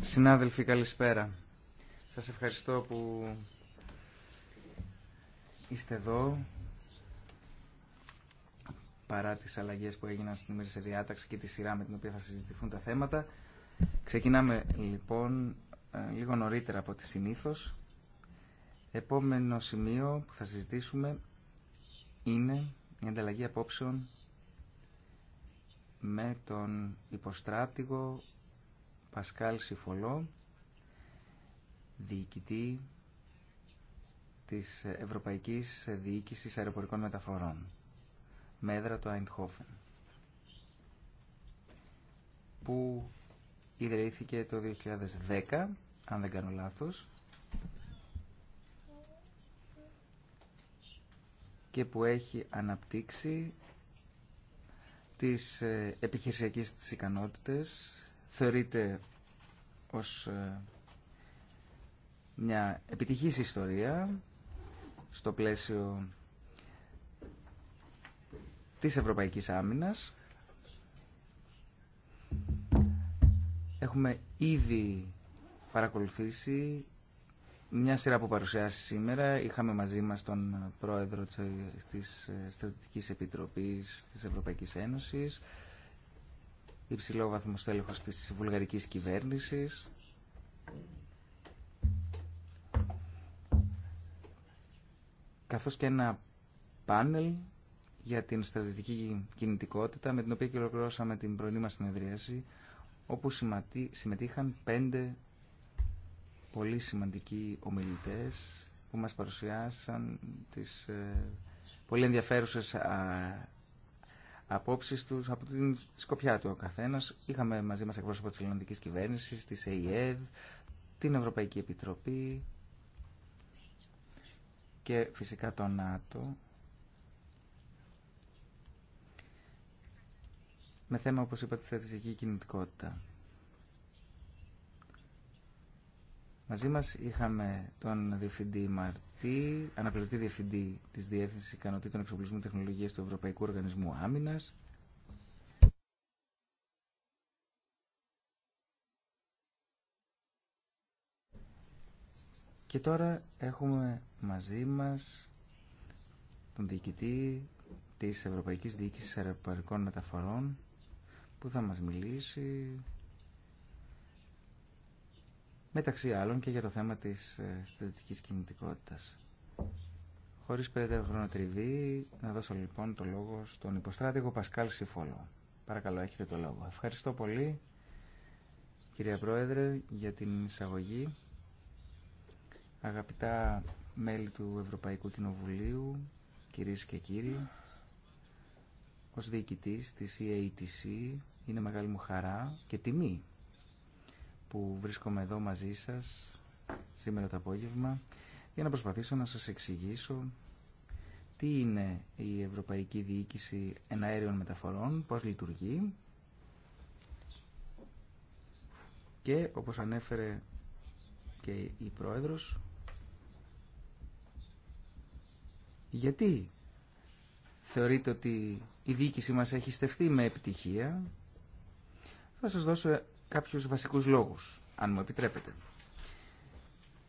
Συνάδελφοι, καλησπέρα. Σας ευχαριστώ που είστε εδώ παρά τις αλλαγές που έγιναν στην σε διάταξη και τη σειρά με την οποία θα συζητηθούν τα θέματα. Ξεκινάμε λοιπόν ε, λίγο νωρίτερα από τη συνήθως. Επόμενο σημείο που θα συζητήσουμε είναι η ανταλλαγή απόψεων με τον υποστράτηγο Πασκάλ Σιφολό, διοικητή της Ευρωπαϊκής Διοίκησης Αεροπορικών Μεταφορών, μέδρα του Αιντχόφεν, που ιδρύθηκε το 2010, αν δεν κάνω λάθος, και που έχει αναπτύξει τις ε, επιχειρησιακές της ικανότητες. Θεωρείται ως ε, μια επιτυχής ιστορία στο πλαίσιο της Ευρωπαϊκής Άμυνας. Έχουμε ήδη παρακολουθήσει μια σειρά από παρουσιάσει σήμερα. Είχαμε μαζί μας τον πρόεδρο της Στρατιωτική Επιτροπής της Ευρωπαϊκής Ένωσης, υψηλό βαθμό της βουλγαρικής κυβέρνησης. Καθώς και ένα πάνελ για την στρατιωτική κινητικότητα με την οποία και την πρωινή μας συνεδρίαση όπου συμμετείχαν πέντε πολύ σημαντικοί ομιλητές που μας παρουσιάσαν τις ε, πολύ ενδιαφέρουσες απόψεις τους από την σκοπιά του ο καθένας. Είχαμε μαζί μας εκπρόσωπο της ελληνικής κυβέρνησης, της ΕΙΕΔ, την Ευρωπαϊκή Επιτροπή και φυσικά το ΝΑΤΟ. Με θέμα, όπως είπα, τη στρατηγική κινητικότητα. Μαζί μας είχαμε τον Διευθυντή Μαρτή, αναπληρωτή Διευθυντή της Διεύθυνσης Ικανοτήτων Εξοπλισμού Τεχνολογίας του Ευρωπαϊκού Οργανισμού Άμυνας, Και τώρα έχουμε μαζί μας τον διοικητή της Ευρωπαϊκής Διοίκησης Αεροπαρικών Μεταφορών που θα μας μιλήσει μεταξύ άλλων και για το θέμα της ε, στρατιωτικής κινητικότητας. Χωρίς περαιτέρω χρονοτριβή, να δώσω λοιπόν το λόγο στον υποστράτηγο Πασκάλ Σιφόλο. Παρακαλώ, έχετε το λόγο. Ευχαριστώ πολύ, κυρία Πρόεδρε, για την εισαγωγή. Αγαπητά μέλη του Ευρωπαϊκού Κοινοβουλίου, κυρίες και κύριοι, ως διοικητής της EATC είναι μεγάλη μου χαρά και τιμή που βρίσκομαι εδώ μαζί σας σήμερα το απόγευμα για να προσπαθήσω να σας εξηγήσω τι είναι η Ευρωπαϊκή Διοίκηση Εναέριων Μεταφορών, πώς λειτουργεί και όπως ανέφερε και η Πρόεδρος γιατί θεωρείτε ότι η διοίκηση μας έχει στεφτεί με επιτυχία θα σας δώσω Κάποιου βασικούς λόγους, αν μου επιτρέπετε.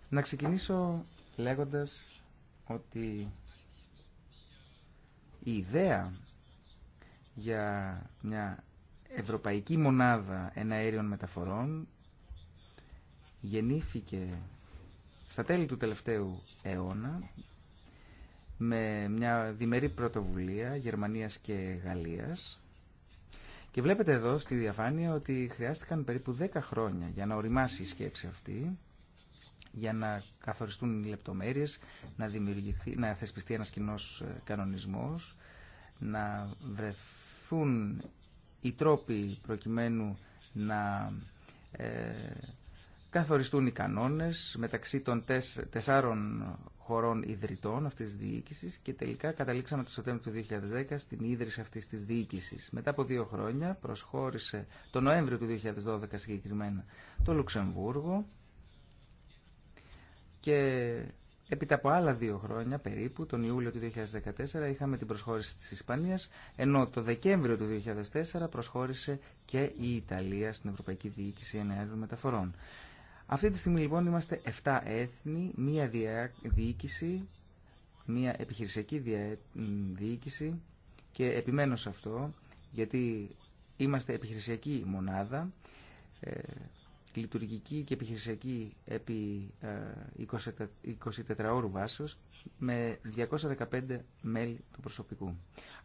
Να ξεκινήσω λέγοντας ότι η ιδέα για μια Ευρωπαϊκή Μονάδα Εναέριων Μεταφορών γεννήθηκε στα τέλη του τελευταίου αιώνα με μια διμερή πρωτοβουλία Γερμανίας και Γαλλίας και βλέπετε εδώ στη διαφάνεια ότι χρειάστηκαν περίπου 10 χρόνια για να οριμάσει η σκέψη αυτή, για να καθοριστούν οι λεπτομέρειες, να, δημιουργηθεί, να θεσπιστεί ένας κοινό ε, κανονισμός, να βρεθούν οι τρόποι προκειμένου να ε, καθοριστούν οι κανόνες μεταξύ των τεσσάρων χωρών ιδρυτών αυτή τη διοίκηση και τελικά καταλήξαμε το Σεπτέμβριο του 2010 στην ίδρυση αυτή τη διοίκηση. Μετά από δύο χρόνια προσχώρησε το Νοέμβριο του 2012 συγκεκριμένα το Λουξεμβούργο και έπειτα από άλλα δύο χρόνια περίπου, τον Ιούλιο του 2014 είχαμε την προσχώρηση της Ισπανίας ενώ το Δεκέμβριο του 2004 προσχώρησε και η Ιταλία στην Ευρωπαϊκή Διοίκηση ενέργων Μεταφορών. Αυτή τη στιγμή λοιπόν είμαστε 7 έθνη, μία διοίκηση, μία επιχειρησιακή διοίκηση και επιμένω σε αυτό γιατί είμαστε επιχειρησιακή μονάδα, ε, λειτουργική και επιχειρησιακή επί 24 ε, ώρου βάσεως με 215 μέλη του προσωπικού.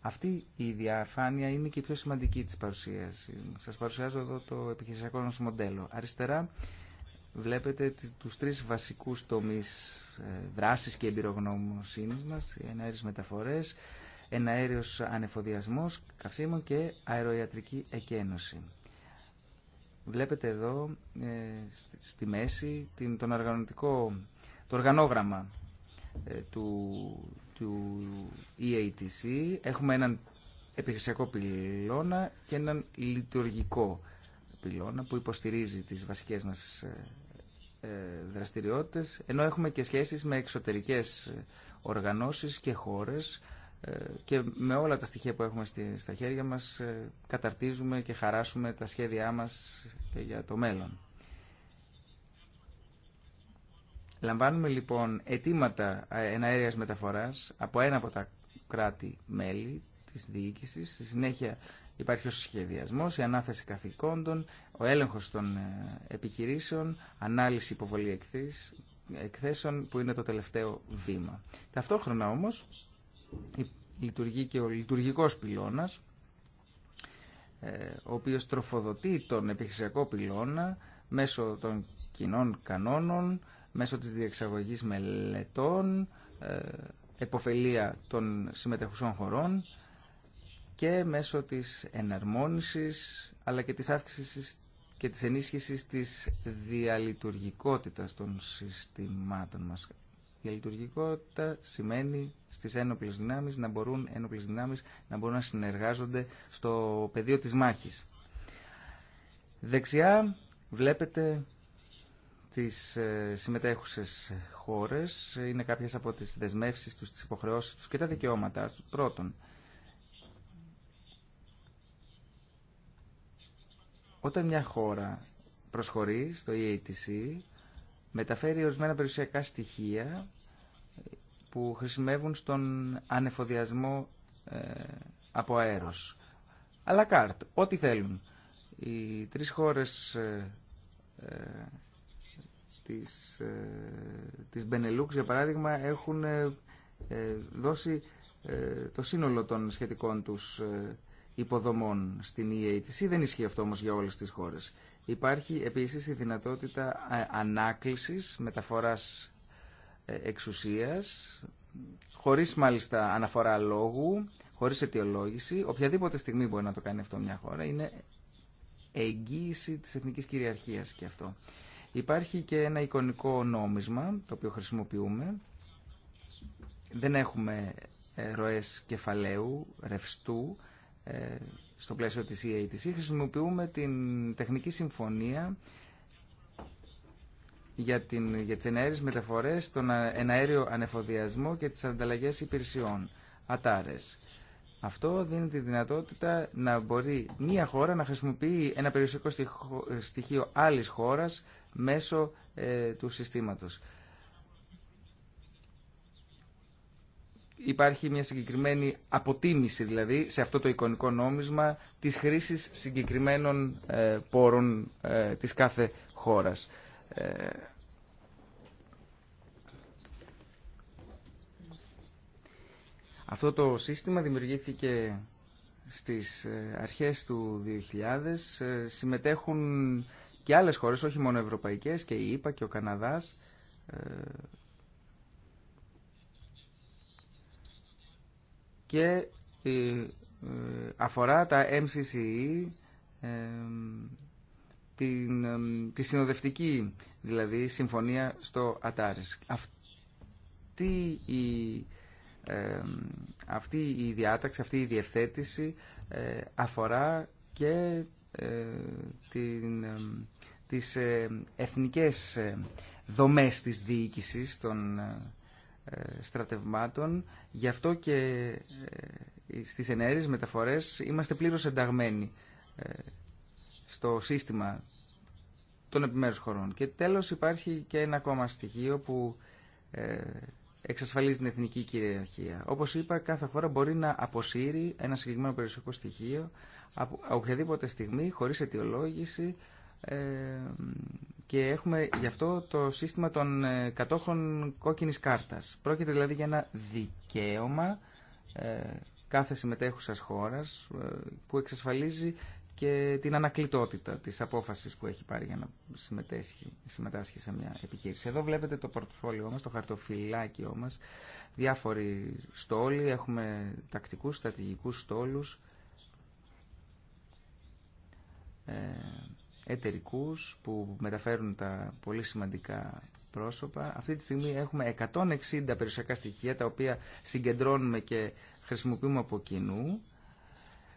Αυτή η διαφάνεια είναι και η πιο σημαντική της παρουσίασης. Σας παρουσιάζω εδώ το επιχειρησιακό μας μοντέλο. Αριστερά βλέπετε τους τρεις βασικούς τομείς ε, δράσης και εμπειρογνωμοσύνης μας, ενάεριες μεταφορές, εναέριος ανεφοδιασμός καυσίμων και αεροιατρική εκένωση. Βλέπετε εδώ ε, στη μέση τον οργανωτικό, το οργανόγραμμα ε, του, του EATC. Έχουμε έναν επιχειρησιακό πυλώνα και έναν λειτουργικό πυλώνα που υποστηρίζει τις βασικές μας ε, ε, δραστηριότητες, ενώ έχουμε και σχέσεις με εξωτερικές ε, οργανώσεις και χώρες και με όλα τα στοιχεία που έχουμε στα χέρια μας καταρτίζουμε και χαράσουμε τα σχέδιά μας για το μέλλον. Λαμβάνουμε λοιπόν αιτήματα εναέρειας μεταφοράς από ένα από τα κράτη-μέλη της διοίκησης. Στη συνέχεια Υπάρχει ο σχεδιασμός, η ανάθεση καθηκόντων, ο έλεγχος των ε, επιχειρήσεων, ανάλυση υποβολή εκθέσεων που είναι το τελευταίο βήμα. Ταυτόχρονα όμως λειτουργεί και ο λειτουργικός πυλώνας, ε, ο οποίος τροφοδοτεί τον επιχειρησιακό πυλώνα μέσω των κοινών κανόνων, μέσω της διεξαγωγής μελετών, ε, εποφελία των συμμετεχουσών χωρών και μέσω της εναρμόνισης αλλά και της αύξησης και της ενίσχυσης της διαλειτουργικότητας των συστημάτων μας. Διαλειτουργικότητα σημαίνει στις ένοπλες δυνάμεις να μπορούν, ένοπλες δυνάμεις, να μπορούν να συνεργάζονται στο πεδίο της μάχης. Δεξιά βλέπετε τις ε, συμμετέχουσες χώρες. Είναι κάποιες από τις δεσμεύσεις τους, τις υποχρεώσεις τους και τα δικαιώματα. Πρώτον, Όταν μια χώρα προσχωρεί στο EATC, μεταφέρει ορισμένα περιουσιακά στοιχεία που χρησιμεύουν στον ανεφοδιασμό ε, από αέρος. Αλλά κάρτ, ό,τι θέλουν. Οι τρεις χώρες ε, ε της, ε, της για παράδειγμα, έχουν δώσει το σύνολο των σχετικών τους υποδομών στην EATC. Δεν ισχύει αυτό όμως για όλες τις χώρες. Υπάρχει επίσης η δυνατότητα ε, ανάκλησης, μεταφοράς ε, εξουσίας, χωρίς μάλιστα αναφορά λόγου, χωρίς αιτιολόγηση. Οποιαδήποτε στιγμή μπορεί να το κάνει αυτό μια χώρα. Είναι εγγύηση της εθνικής κυριαρχίας και αυτό. Υπάρχει και ένα εικονικό νόμισμα, το οποίο χρησιμοποιούμε. Δεν έχουμε ε, ροές κεφαλαίου, ρευστού, ε, στο πλαίσιο της EATC χρησιμοποιούμε την τεχνική συμφωνία για, την, για τις μεταφορές, τον εναέριο ανεφοδιασμό και τις ανταλλαγές υπηρεσιών, ατάρες. Αυτό δίνει τη δυνατότητα να μπορεί μία χώρα να χρησιμοποιεί ένα περιουσιακό στοιχείο άλλης χώρας μέσω ε, του συστήματος. υπάρχει μια συγκεκριμένη αποτίμηση δηλαδή σε αυτό το εικονικό νόμισμα της χρήσης συγκεκριμένων ε, πόρων ε, της κάθε χώρας. Ε, αυτό το σύστημα δημιουργήθηκε στις ε, αρχές του 2000. Συμμετέχουν και άλλες χώρες, όχι μόνο ευρωπαϊκές, και η ΕΠΑ και ο Καναδάς και ε, ε, αφορά τα MCCE, ε, την, τη συνοδευτική δηλαδή συμφωνία στο Ατάρις. Αυτή η, αυτή η διάταξη, αυτή η διευθέτηση αφορά και ε, την, τις εθνικές δομές της διοίκησης των ε, στρατευμάτων. Γι' αυτό και ε, στις ενέργειες μεταφορές είμαστε πλήρως ενταγμένοι ε, στο σύστημα των επιμέρους χωρών. Και τέλος υπάρχει και ένα ακόμα στοιχείο που εξασφαλίζει την εθνική κυριαρχία. Όπως είπα, κάθε χώρα μπορεί να αποσύρει ένα συγκεκριμένο περιουσιακό στοιχείο από οποιαδήποτε στιγμή, χωρίς αιτιολόγηση, και έχουμε γι' αυτό το σύστημα των ε, κατόχων κόκκινης κάρτας. Πρόκειται δηλαδή για ένα δικαίωμα ε, κάθε συμμετέχουσας χώρας ε, που εξασφαλίζει και την ανακλητότητα της απόφασης που έχει πάρει για να συμμετάσχει, σε μια επιχείρηση. Εδώ βλέπετε το πορτοφόλιό μας, το χαρτοφυλάκιό μας, διάφοροι στόλοι, έχουμε τακτικούς, στρατηγικούς στόλους, εταιρικούς που μεταφέρουν τα πολύ σημαντικά πρόσωπα. Αυτή τη στιγμή έχουμε 160 περιουσιακά στοιχεία τα οποία συγκεντρώνουμε και χρησιμοποιούμε από κοινού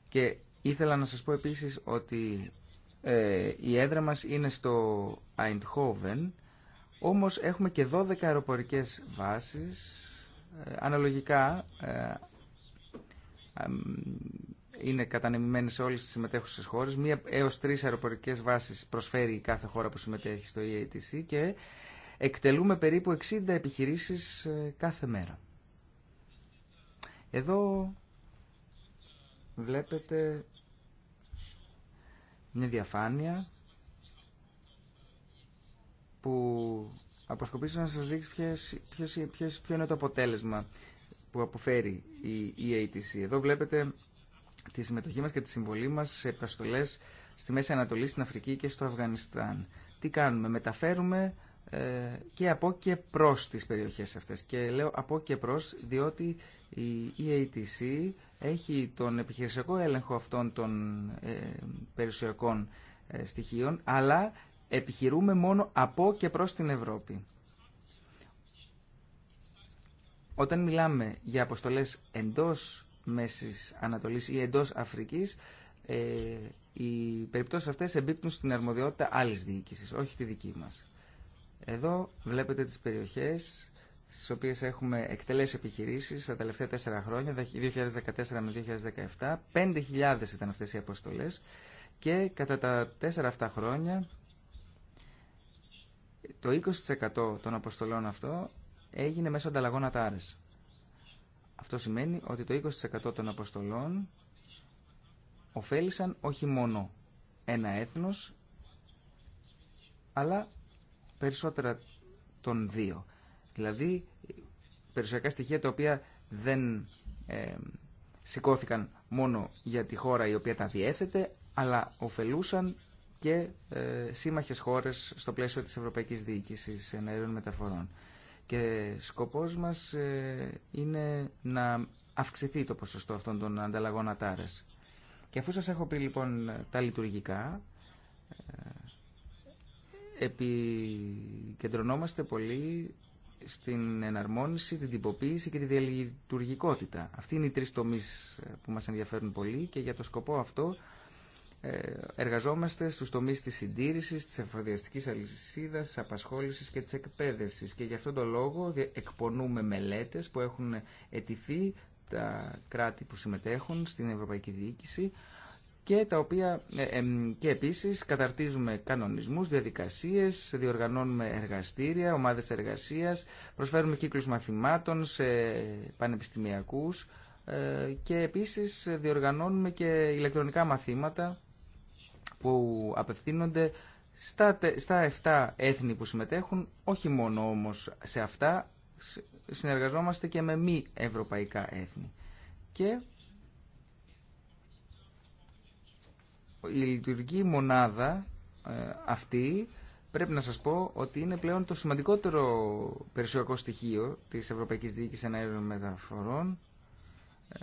και ήθελα να σας πω επίσης ότι ε, η έδρα μας είναι στο Eindhoven όμως έχουμε και 12 αεροπορικές βάσεις ε, αναλογικά ε, είναι κατανεμημένη σε όλες τις συμμετέχουσες χώρες. Μία έως τρεις αεροπορικές βάσεις προσφέρει η κάθε χώρα που συμμετέχει στο EATC και εκτελούμε περίπου 60 επιχειρήσεις ε, κάθε μέρα. Εδώ βλέπετε μια διαφάνεια που αποσκοπήσω να σας δείξει ποιο είναι το αποτέλεσμα που αποφέρει η EATC. Εδώ βλέπετε τη συμμετοχή μας και τη συμβολή μας σε επαστολές στη Μέση Ανατολή, στην Αφρική και στο Αφγανιστάν. Τι κάνουμε, μεταφέρουμε ε, και από και προς τις περιοχές αυτές. Και λέω από και προς διότι η EATC έχει τον επιχειρησιακό έλεγχο αυτών των ε, περιουσιακών ε, στοιχείων, αλλά επιχειρούμε μόνο από και προς την Ευρώπη. Όταν μιλάμε για αποστολές εντός Μέσης Ανατολής ή εντός Αφρικής, ε, οι περιπτώσεις αυτές εμπίπτουν στην αρμοδιότητα άλλης διοίκησης, όχι τη δική μας. Εδώ βλέπετε τις περιοχές στις οποίες έχουμε εκτελέσει επιχειρήσεις τα τελευταία τέσσερα χρόνια, 2014 με 2017, 5.000 ήταν αυτές οι αποστολές και κατά τα τέσσερα αυτά χρόνια το 20% των αποστολών αυτό έγινε μέσω ανταλλαγών ατάρες. Αυτό σημαίνει ότι το 20% των αποστολών ωφέλησαν όχι μόνο ένα έθνος, αλλά περισσότερα των δύο. Δηλαδή, περιουσιακά στοιχεία τα οποία δεν ε, σηκώθηκαν μόνο για τη χώρα η οποία τα διέθετε, αλλά ωφελούσαν και ε, σύμμαχες χώρες στο πλαίσιο της Ευρωπαϊκής Διοίκησης Εναέριων Μεταφορών. Και σκοπός μας ε, είναι να αυξηθεί το ποσοστό αυτών των ανταλλαγών ατάρες. Και αφού σας έχω πει λοιπόν τα λειτουργικά, ε, επικεντρωνόμαστε πολύ στην εναρμόνιση, την τυποποίηση και τη διαλειτουργικότητα. Αυτοί είναι οι τρεις τομείς ε, που μας ενδιαφέρουν πολύ και για το σκοπό αυτό ε, εργαζόμαστε στους τομείς της συντήρησης, της εφοδιαστικής αλυσίδας, της απασχόλησης και της εκπαίδευσης. Και γι' αυτόν τον λόγο εκπονούμε μελέτες που έχουν ετηθεί τα κράτη που συμμετέχουν στην Ευρωπαϊκή Διοίκηση και τα οποία ε, και επίσης καταρτίζουμε κανονισμούς, διαδικασίες, διοργανώνουμε εργαστήρια, ομάδες εργασίας, προσφέρουμε κύκλους μαθημάτων σε πανεπιστημιακούς ε, και επίσης διοργανώνουμε και ηλεκτρονικά μαθήματα που απευθύνονται στα, στα 7 έθνη που συμμετέχουν, όχι μόνο όμως σε αυτά, συνεργαζόμαστε και με μη ευρωπαϊκά έθνη. Και η λειτουργική μονάδα ε, αυτή πρέπει να σας πω ότι είναι πλέον το σημαντικότερο περισσοιακό στοιχείο της Ευρωπαϊκής Διοίκησης Εναέριων Μεταφορών ε,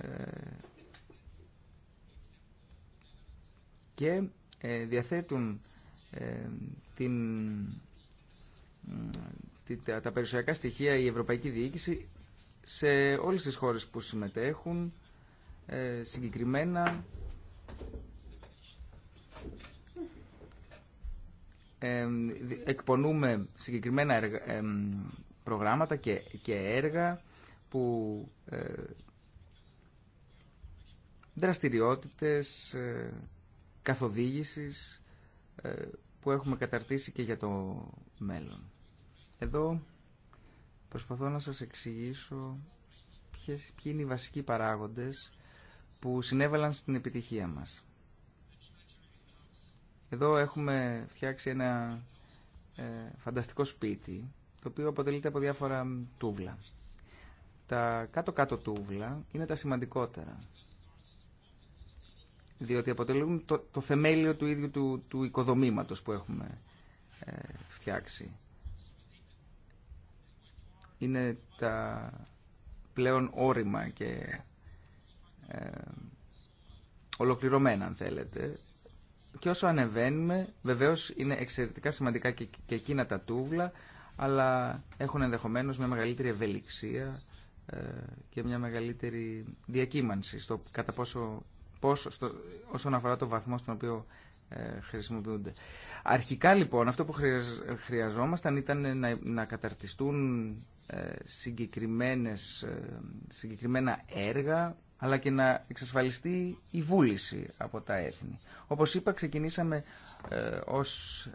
και ε, διαθέτουν ε, την, τα περιουσιακά στοιχεία η Ευρωπαϊκή Διοίκηση σε όλες τις χώρες που συμμετέχουν ε, συγκεκριμένα εκπονούμε συγκεκριμένα προγράμματα και, και έργα που δραστηριότητες καθοδήγησης ε, που έχουμε καταρτήσει και για το μέλλον. Εδώ προσπαθώ να σας εξηγήσω ποιες, ποιοι είναι οι βασικοί παράγοντες που συνέβαλαν στην επιτυχία μας. Εδώ έχουμε φτιάξει ένα ε, φανταστικό σπίτι, το οποίο αποτελείται από διάφορα τούβλα. Τα κάτω-κάτω τούβλα είναι τα σημαντικότερα διότι αποτελούν το, το θεμέλιο του ίδιου του, του οικοδομήματος που έχουμε ε, φτιάξει. Είναι τα πλέον όρημα και ε, ολοκληρωμένα αν θέλετε και όσο ανεβαίνουμε βεβαίως είναι εξαιρετικά σημαντικά και, και εκείνα τα τούβλα αλλά έχουν ενδεχομένως μια μεγαλύτερη ευελιξία ε, και μια μεγαλύτερη διακύμανση στο κατά πόσο πώς, στο, όσον αφορά το βαθμό στον οποίο ε, χρησιμοποιούνται. Αρχικά λοιπόν αυτό που χρειαζόμασταν ήταν να, να καταρτιστούν ε, συγκεκριμένες, ε, συγκεκριμένα έργα αλλά και να εξασφαλιστεί η βούληση από τα έθνη. Όπως είπα ξεκινήσαμε ως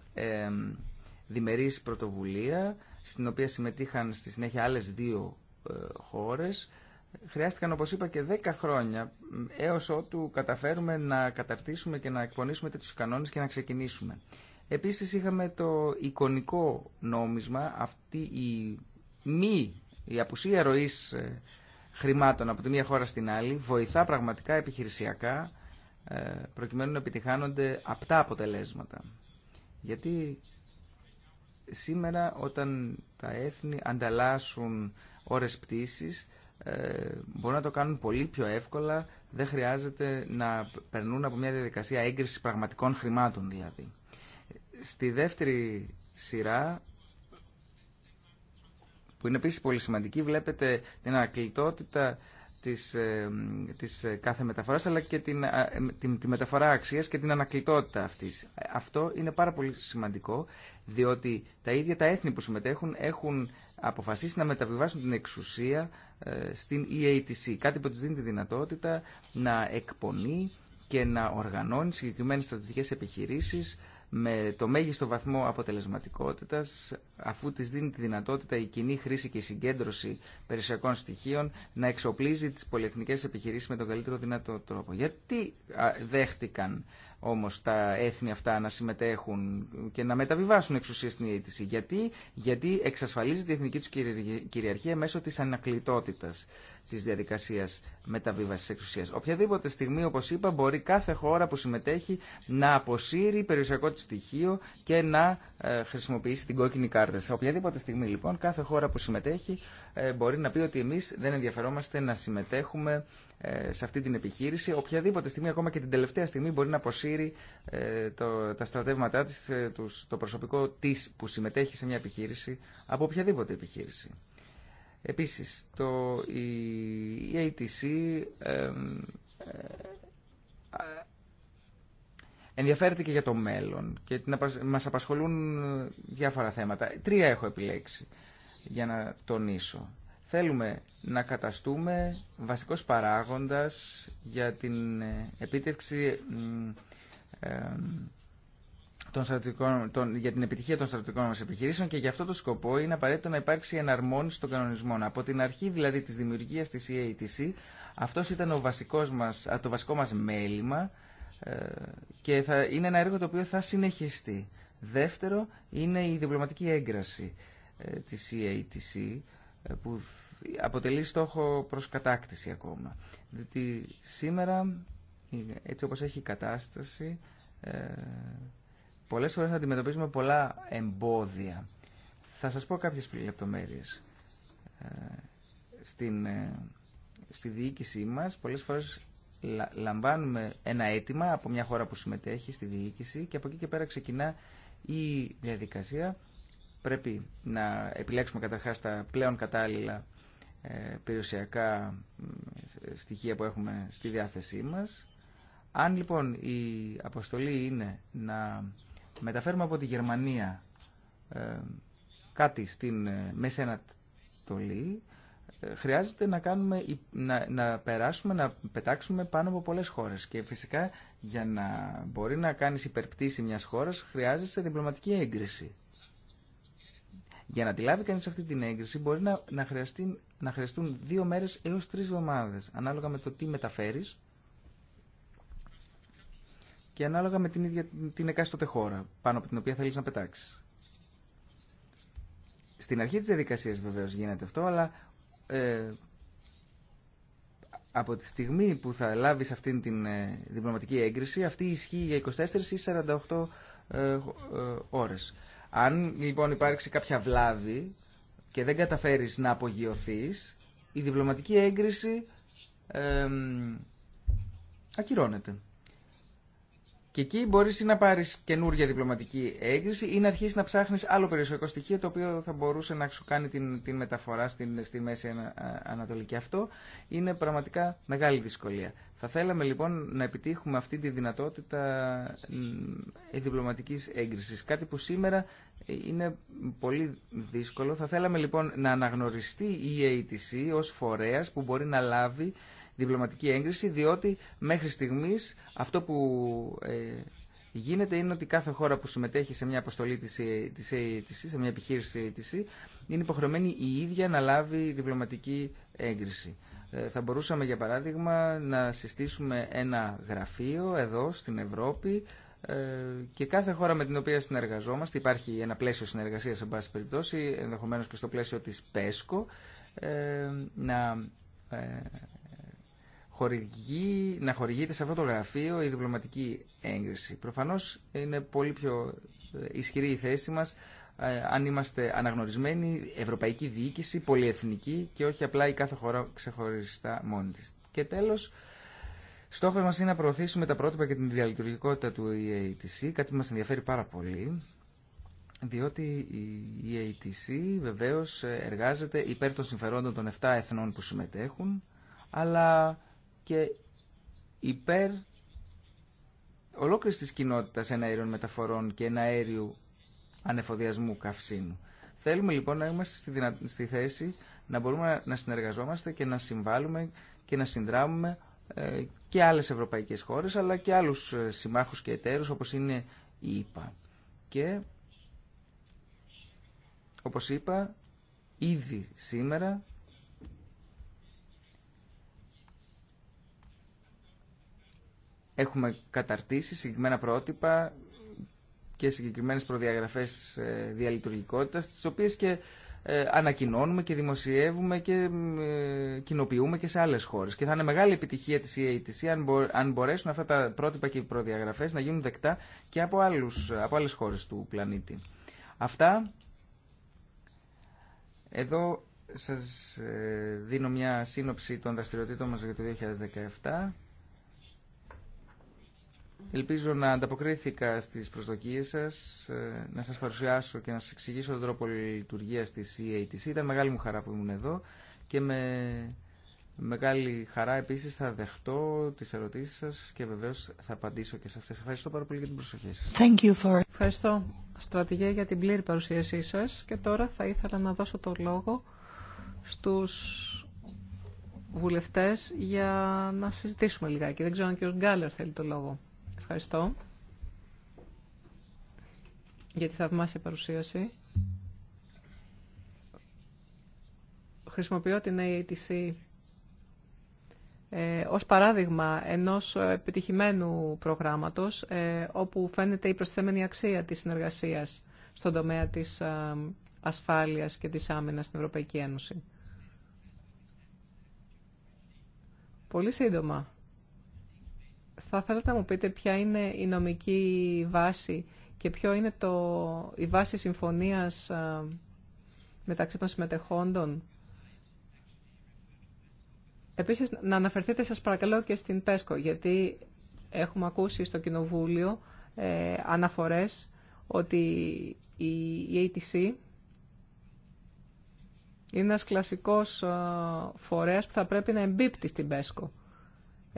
διμερής πρωτοβουλία στην οποία συμμετείχαν στη συνέχεια άλλες δύο χώρες χρειάστηκαν όπως είπα και 10 χρόνια έως ότου καταφέρουμε να καταρτήσουμε και να εκπονήσουμε τέτοιους κανόνες και να ξεκινήσουμε. Επίσης είχαμε το εικονικό νόμισμα, αυτή η μη, η απουσία ροής ε, χρημάτων από τη μία χώρα στην άλλη βοηθά πραγματικά επιχειρησιακά ε, προκειμένου να επιτυχάνονται απτά αποτελέσματα. Γιατί σήμερα όταν τα έθνη ανταλλάσσουν ώρες πτήσης ε, μπορούν να το κάνουν πολύ πιο εύκολα, δεν χρειάζεται να περνούν από μια διαδικασία έγκρισης πραγματικών χρημάτων δηλαδή. Στη δεύτερη σειρά, που είναι επίσης πολύ σημαντική, βλέπετε την ανακλητότητα της, ε, της ε, κάθε μεταφοράς, αλλά και την, τη μεταφορά αξίας και την ανακλητότητα αυτής. Αυτό είναι πάρα πολύ σημαντικό, διότι τα ίδια τα έθνη που συμμετέχουν έχουν αποφασίσει να μεταβιβάσουν την εξουσία ε, στην EATC. Κάτι που της δίνει τη δυνατότητα να εκπονεί και να οργανώνει συγκεκριμένες στρατηγικές επιχειρήσεις με το μέγιστο βαθμό αποτελεσματικότητας, αφού της δίνει τη δυνατότητα η κοινή χρήση και η συγκέντρωση περιουσιακών στοιχείων να εξοπλίζει τις πολυεθνικές επιχειρήσεις με τον καλύτερο δυνατό τρόπο. Γιατί δέχτηκαν όμως τα έθνη αυτά να συμμετέχουν και να μεταβιβάσουν εξουσία στην αίτηση. Γιατί, γιατί εξασφαλίζεται η εθνική του κυριαρχία μέσω της ανακλητότητας της διαδικασίας μεταβίβασης εξουσίας. Οποιαδήποτε στιγμή, όπως είπα, μπορεί κάθε χώρα που συμμετέχει να αποσύρει περιουσιακό τη στοιχείο και να ε, χρησιμοποιήσει την κόκκινη κάρτα. Σε οποιαδήποτε στιγμή, λοιπόν, κάθε χώρα που συμμετέχει ε, μπορεί να πει ότι εμείς δεν ενδιαφερόμαστε να συμμετέχουμε ε, σε αυτή την επιχείρηση. Οποιαδήποτε στιγμή, ακόμα και την τελευταία στιγμή, μπορεί να αποσύρει ε, το, τα στρατεύματά της, το προσωπικό της που συμμετέχει σε μια επιχείρηση, από οποιαδήποτε επιχείρηση. Επίσης, το, η, ATC ενδιαφέρεται και για το μέλλον και μα μας απασχολούν διάφορα θέματα. Τρία έχω επιλέξει για να τονίσω. Θέλουμε να καταστούμε βασικός παράγοντας για την ε, επίτευξη ε, των των, για την επιτυχία των στρατιωτικών μας επιχειρήσεων και για αυτό το σκοπό είναι απαραίτητο να υπάρξει εναρμόνιση των κανονισμών. Από την αρχή δηλαδή της δημιουργίας της EATC, αυτό ήταν ο βασικός μας, το βασικό μας μέλημα ε, και θα, είναι ένα έργο το οποίο θα συνεχιστεί. Δεύτερο είναι η διπλωματική έγκραση. Ε, της EATC ε, που αποτελεί στόχο προς κατάκτηση ακόμα. Διότι σήμερα, έτσι όπως έχει η κατάσταση, ε, πολλές φορές αντιμετωπίζουμε πολλά εμπόδια. Θα σας πω κάποιες λεπτομέρειες. Στην, στη διοίκησή μας πολλές φορές λαμβάνουμε ένα αίτημα από μια χώρα που συμμετέχει στη διοίκηση και από εκεί και πέρα ξεκινά η διαδικασία πρέπει να επιλέξουμε καταρχάς τα πλέον κατάλληλα ε, περιουσιακά στοιχεία που έχουμε στη διάθεσή μας. Αν λοιπόν η αποστολή είναι να μεταφέρουμε από τη Γερμανία ε, κάτι στην ε, Μέση Ανατολή, χρειάζεται να, κάνουμε, να, περάσουμε, να πετάξουμε πάνω από πολλές χώρες. Και φυσικά για να μπορεί να κάνεις υπερπτήση μιας χώρας χρειάζεσαι διπλωματική έγκριση. Για να τη λάβει κανείς αυτή την έγκριση μπορεί να, να, χρειαστεί, να χρειαστούν δύο μέρες έως τρεις εβδομάδες, ανάλογα με το τι μεταφέρεις και ανάλογα με την ίδια την εκάστοτε χώρα, πάνω από την οποία θέλεις να πετάξεις. Στην αρχή της διαδικασίας βεβαίως γίνεται αυτό, αλλά ε, από τη στιγμή που θα λάβεις αυτήν την ε, διπλωματική έγκριση, αυτή ισχύει για 24 ή 48 ε, ε, ώρες. Αν λοιπόν υπάρξει κάποια βλάβη και δεν καταφέρεις να απογειωθείς, η διπλωματική έγκριση ακυρώνεται. Και εκεί μπορεί να πάρει καινούργια διπλωματική έγκριση ή να αρχίσει να ψάχνει άλλο περιουσιακό στοιχείο το οποίο θα μπορούσε να σου κάνει την, την μεταφορά στην, στη Μέση ε, Ανατολική. Αυτό είναι πραγματικά μεγάλη δυσκολία. Θα θέλαμε λοιπόν να επιτύχουμε αυτή τη δυνατότητα ε, διπλωματική έγκριση. Κάτι που σήμερα ε, είναι πολύ δύσκολο. Θα θέλαμε λοιπόν να αναγνωριστεί η ATC ω φορέα που μπορεί να λάβει διπλωματική έγκριση, διότι μέχρι στιγμή αυτό που ε, γίνεται είναι ότι κάθε χώρα που συμμετέχει σε μια αποστολή τη σε μια επιχείρηση ATC, είναι υποχρεωμένη η ίδια να λάβει διπλωματική έγκριση. Ε, θα μπορούσαμε, για παράδειγμα, να συστήσουμε ένα γραφείο εδώ στην Ευρώπη ε, και κάθε χώρα με την οποία συνεργαζόμαστε, υπάρχει ένα πλαίσιο συνεργασίας, σε πάση περιπτώσει, ενδεχομένως και στο πλαίσιο της ΠΕΣΚΟ, να χορηγεί, να χορηγείται σε αυτό το γραφείο η διπλωματική έγκριση. Προφανώς είναι πολύ πιο ε, ισχυρή η θέση μας ε, αν είμαστε αναγνωρισμένοι, ευρωπαϊκή διοίκηση, πολυεθνική και όχι απλά η κάθε χώρα ξεχωριστά μόνη της. Και τέλος, στόχος μας είναι να προωθήσουμε τα πρότυπα και την διαλειτουργικότητα του EATC, κάτι που μας ενδιαφέρει πάρα πολύ, διότι η EATC βεβαίως ε, εργάζεται υπέρ των συμφερόντων των 7 εθνών που συμμετέχουν, αλλά και υπέρ ολόκληρης της κοινότητας εναέριων μεταφορών και εναέριου ανεφοδιασμού καυσίνου. Θέλουμε λοιπόν να είμαστε στη, θέση να μπορούμε να συνεργαζόμαστε και να συμβάλλουμε και να συνδράμουμε ε, και άλλες ευρωπαϊκές χώρες αλλά και άλλους ε, συμμάχους και εταίρους όπως είναι η ΕΠΑ. Και όπως είπα ήδη σήμερα Έχουμε καταρτήσει συγκεκριμένα πρότυπα και συγκεκριμένες προδιαγραφές ε, διαλειτουργικότητας, τις οποίες και ε, ανακοινώνουμε και δημοσιεύουμε και ε, κοινοποιούμε και σε άλλες χώρες. Και θα είναι μεγάλη επιτυχία της EATC αν μπορέσουν αυτά τα πρότυπα και οι προδιαγραφές να γίνουν δεκτά και από, άλλους, από άλλες χώρες του πλανήτη. Αυτά. Εδώ σας δίνω μια σύνοψη των δραστηριοτήτων μας για το 2017. Ελπίζω να ανταποκρίθηκα στις προσδοκίες σας, ε, να σας παρουσιάσω και να σας εξηγήσω τον τρόπο λειτουργίας της EATC. Ήταν μεγάλη μου χαρά που ήμουν εδώ και με μεγάλη χαρά επίσης θα δεχτώ τις ερωτήσεις σας και βεβαίως θα απαντήσω και σε αυτές. Ευχαριστώ πάρα πολύ για την προσοχή σας. for... Ευχαριστώ στρατηγέ για την πλήρη παρουσίασή σας και τώρα θα ήθελα να δώσω το λόγο στους βουλευτές για να συζητήσουμε λιγάκι. Δεν ξέρω αν και ο Γκάλερ θέλει το λόγο ευχαριστώ για τη θαυμάσια παρουσίαση. Χρησιμοποιώ την AATC ε, ως παράδειγμα ενός επιτυχημένου προγράμματος ε, όπου φαίνεται η προσθέμενη αξία της συνεργασίας στον τομέα της ε, ασφάλειας και της άμυνας στην Ευρωπαϊκή Ένωση. Πολύ σύντομα θα θέλατε να μου πείτε ποια είναι η νομική βάση και ποιο είναι το, η βάση συμφωνίας μεταξύ των συμμετεχόντων. Επίσης, να αναφερθείτε σας παρακαλώ και στην ΠΕΣΚΟ, γιατί έχουμε ακούσει στο Κοινοβούλιο ε, αναφορές ότι η ATC είναι ένας κλασικός φορέας που θα πρέπει να εμπίπτει στην ΠΕΣΚΟ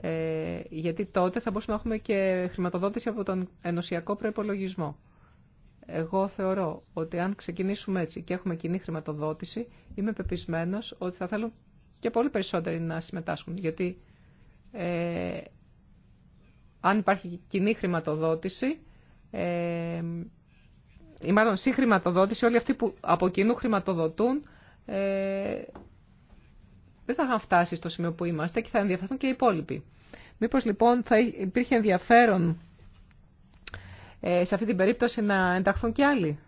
ε, γιατί τότε θα μπορούσαμε να έχουμε και χρηματοδότηση από τον ενωσιακό προπολογισμό. Εγώ θεωρώ ότι αν ξεκινήσουμε έτσι και έχουμε κοινή χρηματοδότηση, είμαι πεπισμένο ότι θα θέλουν και πολύ περισσότεροι να συμμετάσχουν, γιατί ε, αν υπάρχει κοινή χρηματοδότηση, ε, ή μάλλον συγχρηματοδότηση, όλοι αυτοί που από κοινού χρηματοδοτούν, ε, δεν θα είχαν φτάσει στο σημείο που είμαστε και θα ενδιαφερθούν και οι υπόλοιποι. Μήπως λοιπόν θα υπήρχε ενδιαφέρον ε, σε αυτή την περίπτωση να ενταχθούν και άλλοι.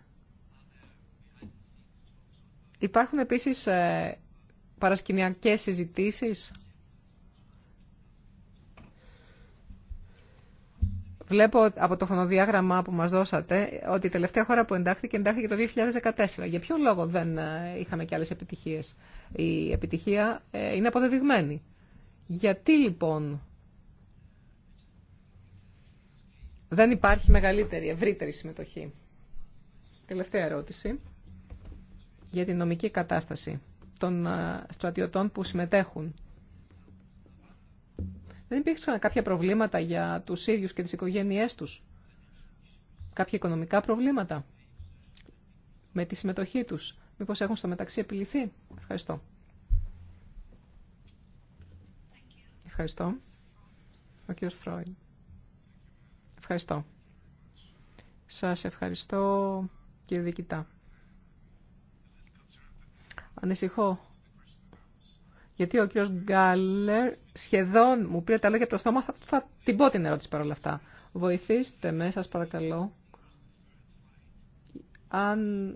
Υπάρχουν επίσης ε, παρασκηνιακές συζητήσεις Βλέπω από το χρονοδιάγραμμα που μας δώσατε ότι η τελευταία χώρα που εντάχθηκε εντάχθηκε το 2014. Για ποιο λόγο δεν ε, είχαμε και άλλες επιτυχίες. Η επιτυχία ε, είναι αποδεδειγμένη. Γιατί λοιπόν δεν υπάρχει μεγαλύτερη, ευρύτερη συμμετοχή. Τελευταία ερώτηση για την νομική κατάσταση των ε, στρατιωτών που συμμετέχουν δεν υπήρξαν κάποια προβλήματα για τους ίδιους και τις οικογένειές τους. Κάποια οικονομικά προβλήματα με τη συμμετοχή τους. Μήπως έχουν στο μεταξύ επιληθεί. Ευχαριστώ. Ευχαριστώ. Ο κύριος Φρόιν. Ευχαριστώ. Σας ευχαριστώ κύριε Δικητά. Ανησυχώ γιατί ο κύριος Γκάλερ σχεδόν μου πήρε τα λόγια από το στόμα, θα, θα την πω την ερώτηση παρόλα αυτά. Βοηθήστε με, σας παρακαλώ. Αν...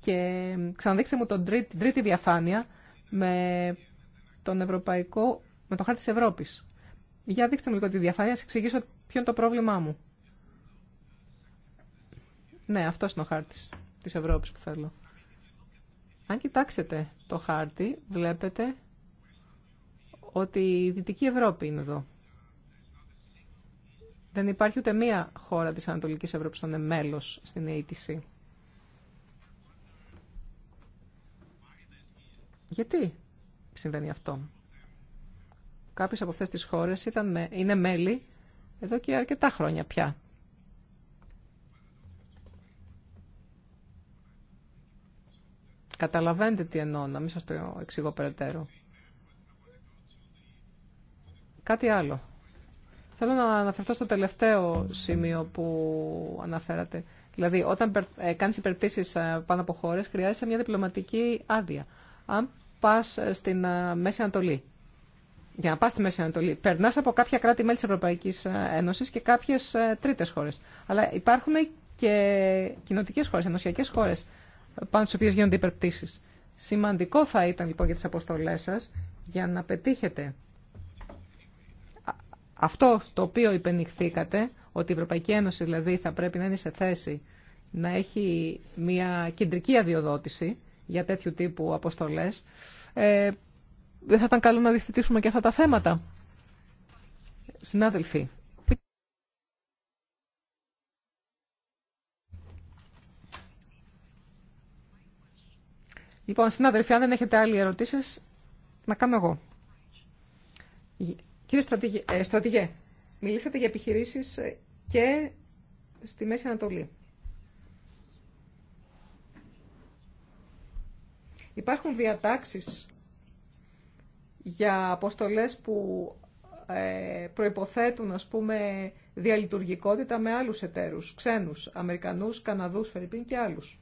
Και ξαναδείξτε μου τον τρίτη, τρίτη διαφάνεια με τον ευρωπαϊκό, με το χάρτη της Ευρώπης. Για δείξτε μου λίγο τη διαφάνεια, σας εξηγήσω ποιο είναι το πρόβλημά μου. Ναι, αυτό είναι ο χάρτης της Ευρώπης που θέλω. Αν κοιτάξετε το χάρτη, βλέπετε ότι η Δυτική Ευρώπη είναι εδώ. Δεν υπάρχει ούτε μία χώρα της Ανατολικής Ευρώπης που είναι μέλος στην ATC. Γιατί συμβαίνει αυτό. Κάποιες από αυτές τις χώρες είναι μέλη εδώ και αρκετά χρόνια πια. Καταλαβαίνετε τι εννοώ, να μην σας το εξηγώ περαιτέρω. Κάτι άλλο. Θέλω να αναφερθώ στο τελευταίο σημείο που αναφέρατε. Δηλαδή, όταν ε, κάνεις υπερπτήσεις ε, πάνω από χώρες, χρειάζεσαι μια διπλωματική άδεια. Αν πας ε, στην Μέση Ανατολή, για να πας στη Μέση Ανατολή, περνάς από κάποια κράτη-μέλη της Ευρωπαϊκής Ένωσης και κάποιες τρίτες χώρες. Αλλά υπάρχουν και κοινοτικές χώρες, ενωσιακές χώρες, πάνω στις οποίες γίνονται υπερπτήσεις. Σημαντικό θα ήταν λοιπόν για τι αποστολέ σα για να πετύχετε αυτό το οποίο υπενηχθήκατε, ότι η Ευρωπαϊκή Ένωση δηλαδή θα πρέπει να είναι σε θέση να έχει μια κεντρική αδειοδότηση για τέτοιου τύπου αποστολές, ε, δεν θα ήταν καλό να διευθυντήσουμε και αυτά τα θέματα. Συνάδελφοι. Λοιπόν, συνάδελφοι, αν δεν έχετε άλλη ερωτήσεις, να κάνω εγώ. Κύριε ε, στρατηγέ, μιλήσατε για επιχειρήσεις ε, και στη Μέση Ανατολή. Υπάρχουν διατάξεις για αποστολές που ε, προϋποθέτουν, ας πούμε, διαλειτουργικότητα με άλλους εταίρους, ξένους, Αμερικανούς, Καναδούς, Φερρυπίν και άλλους.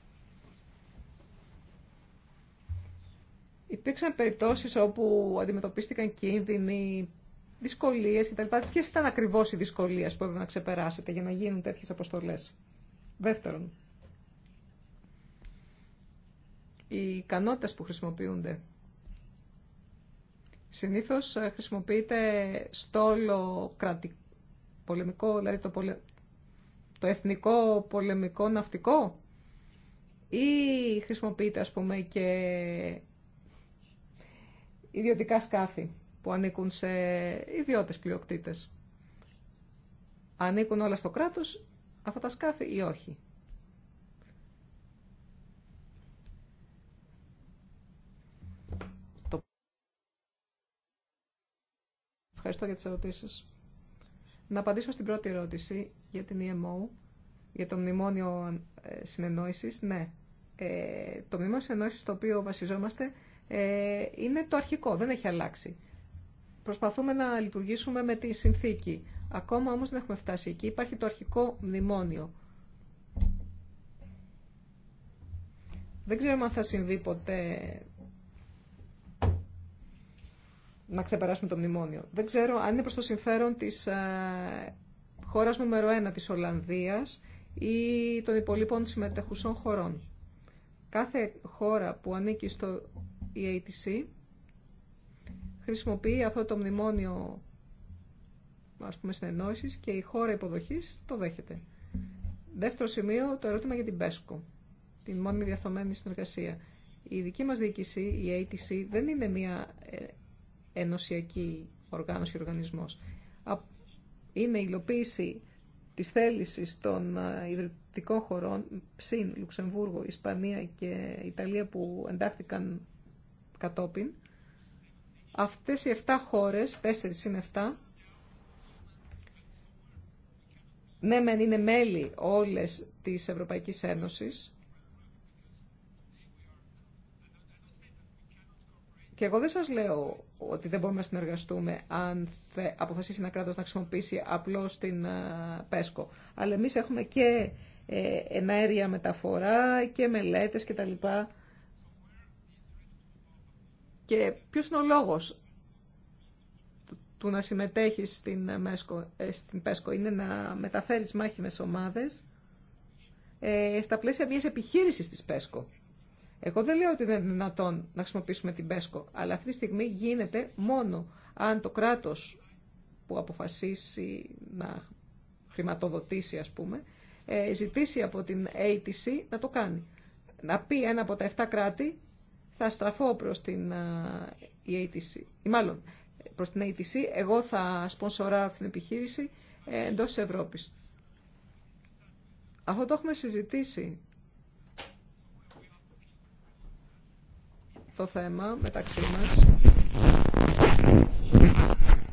Υπήρξαν περιπτώσεις όπου αντιμετωπίστηκαν κίνδυνοι δυσκολίες κτλ. Ποιες ήταν ακριβώς οι δυσκολίες που έπρεπε να ξεπεράσετε για να γίνουν τέτοιες αποστολές. Δεύτερον, οι ικανότητες που χρησιμοποιούνται. Συνήθως ε, χρησιμοποιείται στόλο κρατικό, πολεμικό, δηλαδή το, το εθνικό πολεμικό ναυτικό ή χρησιμοποιείται ας πούμε και ιδιωτικά σκάφη που ανήκουν σε ιδιώτες πλειοκτήτες. Ανήκουν όλα στο κράτος αυτά τα σκάφη ή όχι. Ευχαριστώ για τις ερωτήσεις. Να απαντήσω στην πρώτη ερώτηση για την EMO, για το μνημόνιο ε, συνεννόησης. Ναι, ε, το μνημόνιο συνεννόησης στο οποίο βασιζόμαστε ε, είναι το αρχικό, δεν έχει αλλάξει. Προσπαθούμε να λειτουργήσουμε με τη συνθήκη. Ακόμα όμως δεν έχουμε φτάσει εκεί. Υπάρχει το αρχικό μνημόνιο. Δεν ξέρω αν θα συμβεί ποτέ να ξεπεράσουμε το μνημόνιο. Δεν ξέρω αν είναι προς το συμφέρον της ε, χώρας νούμερο 1 της Ολλανδίας ή των υπολείπων συμμετεχουσών χωρών. Κάθε χώρα που ανήκει στο EATC χρησιμοποιεί αυτό το μνημόνιο ας πούμε συνεννόησης και η χώρα υποδοχής το δέχεται. Δεύτερο σημείο, το ερώτημα για την ΠΕΣΚΟ, την μόνιμη διαθωμένη συνεργασία. Η δική μας διοίκηση, η ATC, δεν είναι μια ε, ενωσιακή οργάνωση οργανισμός. Είναι η υλοποίηση της θέλησης των ε, ιδρυτικών χωρών, ΨΥΝ, Λουξεμβούργο, Ισπανία και Ιταλία που εντάχθηκαν κατόπιν, Αυτές οι 7 χώρες, 4 είναι 7, ναι μεν είναι μέλη όλες της Ευρωπαϊκής Ένωσης, Και εγώ δεν σας λέω ότι δεν μπορούμε να συνεργαστούμε αν αποφασίσει ένα κράτος να χρησιμοποιήσει απλώς την ΠΕΣΚΟ. Αλλά εμείς έχουμε και ε, εναέρια μεταφορά και μελέτες και τα λοιπά και ποιος είναι ο λόγος του να συμμετέχεις στην, ΠΕΣΚΟ. Ε, είναι να μεταφέρεις μάχη ομάδες ε, στα πλαίσια μιας επιχείρησης της ΠΕΣΚΟ. Εγώ δεν λέω ότι δεν είναι δυνατόν να χρησιμοποιήσουμε την ΠΕΣΚΟ, αλλά αυτή τη στιγμή γίνεται μόνο αν το κράτος που αποφασίσει να χρηματοδοτήσει, ας πούμε, ε, ζητήσει από την ATC να το κάνει. Να πει ένα από τα 7 κράτη θα στραφώ προς την ε, η ATC, ή μάλλον προς την ATC, εγώ θα σπονσορά την επιχείρηση ε, εντός της Ευρώπης. Αυτό το έχουμε συζητήσει το θέμα μεταξύ μας.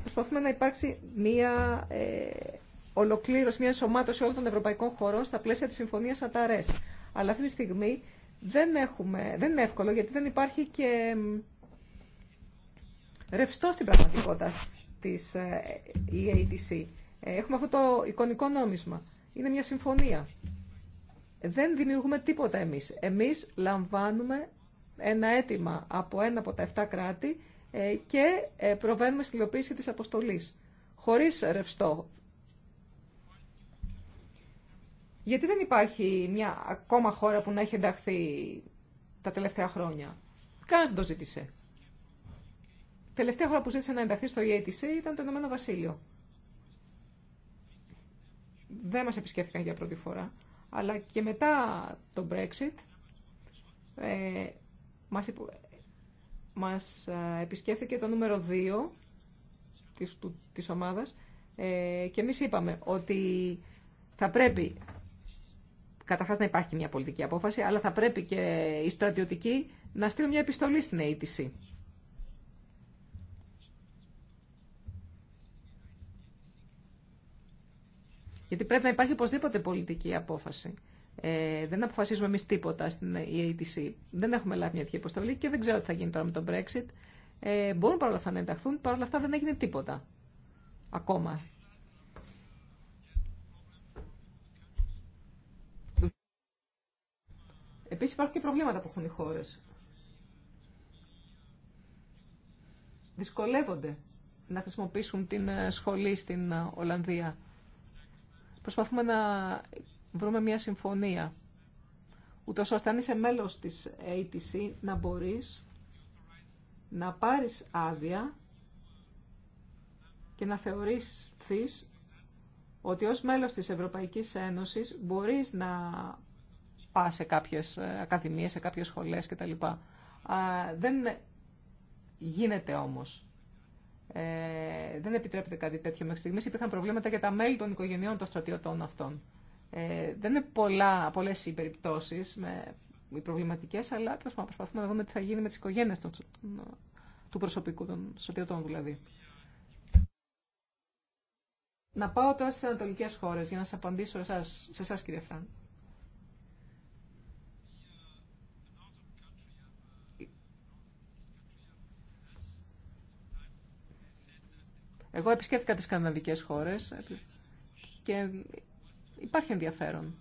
Προσπαθούμε να υπάρξει μία ε, ολοκλήρωση, μία ενσωμάτωση όλων των ευρωπαϊκών χωρών στα πλαίσια της Συμφωνίας Αταρές. Αλλά αυτή τη στιγμή δεν, έχουμε, δεν είναι εύκολο γιατί δεν υπάρχει και ρευστό στην πραγματικότητα της EADC. Ε, ε, έχουμε αυτό το εικονικό νόμισμα. Είναι μια συμφωνία. Δεν δημιουργούμε τίποτα εμείς. Εμείς λαμβάνουμε ένα αίτημα από ένα από τα 7 κράτη ε, και προβαίνουμε στην υλοποίηση της αποστολής. Χωρίς ρευστό γιατί δεν υπάρχει μια ακόμα χώρα που να έχει ενταχθεί τα τελευταία χρόνια. Κανένα δεν το ζήτησε. Τελευταία χώρα που ζήτησε να ενταχθεί στο EATC ήταν το Ηνωμένο Βασίλειο. Δεν μας επισκέφθηκαν για πρώτη φορά. Αλλά και μετά το Brexit ε, μας, μας ε, επισκέφθηκε το νούμερο 2 της, του, της ομάδας ε, και εμείς είπαμε ότι θα πρέπει καταρχά να υπάρχει μια πολιτική απόφαση, αλλά θα πρέπει και οι στρατιωτικοί να στείλουν μια επιστολή στην ATC. Γιατί πρέπει να υπάρχει οπωσδήποτε πολιτική απόφαση. Ε, δεν αποφασίζουμε εμεί τίποτα στην ATC. Δεν έχουμε λάβει μια τέτοια επιστολή και δεν ξέρω τι θα γίνει τώρα με τον Brexit. Ε, μπορούν παρόλα αυτά να ενταχθούν, παρόλα αυτά δεν έγινε τίποτα ακόμα Επίσης υπάρχουν και προβλήματα που έχουν οι χώρε. Δυσκολεύονται να χρησιμοποιήσουν την ε, σχολή στην ε, Ολλανδία. Προσπαθούμε να βρούμε μια συμφωνία, ούτω ώστε αν είσαι μέλος της ATC να μπορείς να πάρεις άδεια και να θεωρήσεις ότι ως μέλος της Ευρωπαϊκής Ένωσης μπορείς να σε κάποιε ε, ακαδημίες, σε κάποιε σχολέ κτλ. Δεν γίνεται όμω. Ε, δεν επιτρέπεται κάτι τέτοιο μέχρι στιγμή. Υπήρχαν προβλήματα για τα μέλη των οικογενειών των στρατιωτών αυτών. Ε, δεν είναι πολλέ οι περιπτώσει με, οι προβληματικές, αλλά προσπαθούμε να δούμε τι θα γίνει με τις οικογένειε των, του προσωπικού, των στρατιωτών δηλαδή. Να πάω τώρα στι ανατολικέ χώρε για να σα απαντήσω σε εσά, κύριε Φραν. Εγώ επισκέφθηκα τις Καναδικές χώρες και υπάρχει ενδιαφέρον.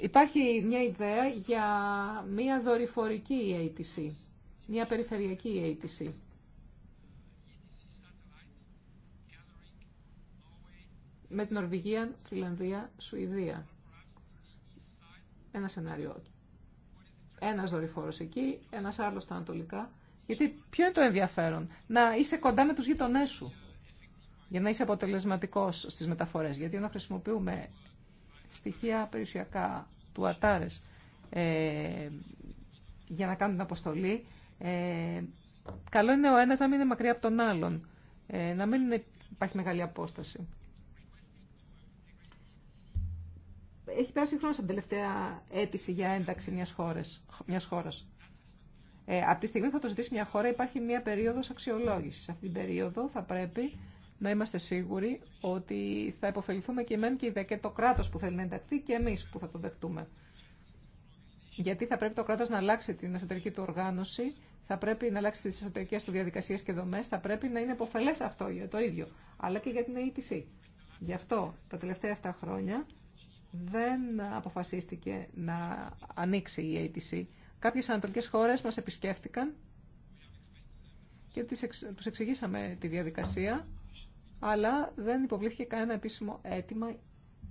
Υπάρχει μια ιδέα για μια δορυφορική ATC, μια περιφερειακή ATC. Με την Νορβηγία, Φιλανδία, Σουηδία. Ένα σενάριο ένας δορυφόρος εκεί, ένας άλλος στα ανατολικά. Γιατί ποιο είναι το ενδιαφέρον, να είσαι κοντά με τους γειτονέ σου, για να είσαι αποτελεσματικός στις μεταφορές. Γιατί όταν χρησιμοποιούμε στοιχεία περιουσιακά του ατάρες ε, για να κάνουν την αποστολή, ε, καλό είναι ο ένας να μην είναι μακριά από τον άλλον, ε, να μην υπάρχει μεγάλη απόσταση. έχει περάσει χρόνο στην τελευταία αίτηση για ένταξη μια χώρα. Ε, από τη στιγμή που θα το ζητήσει μια χώρα υπάρχει μια περίοδο αξιολόγηση. Σε αυτή την περίοδο θα πρέπει να είμαστε σίγουροι ότι θα υποφεληθούμε και εμένα και, και το κράτο που θέλει να ενταχθεί και εμεί που θα το δεχτούμε. Γιατί θα πρέπει το κράτο να αλλάξει την εσωτερική του οργάνωση, θα πρέπει να αλλάξει τι εσωτερικέ του διαδικασίε και δομέ. θα πρέπει να είναι υποφελέ αυτό για το ίδιο, αλλά και για την ATC. Γι' αυτό τα τελευταία 7 χρόνια δεν αποφασίστηκε να ανοίξει η ATC. Κάποιες ανατολικές χώρες μας επισκέφτηκαν και τους εξηγήσαμε τη διαδικασία, αλλά δεν υποβλήθηκε κανένα επίσημο αίτημα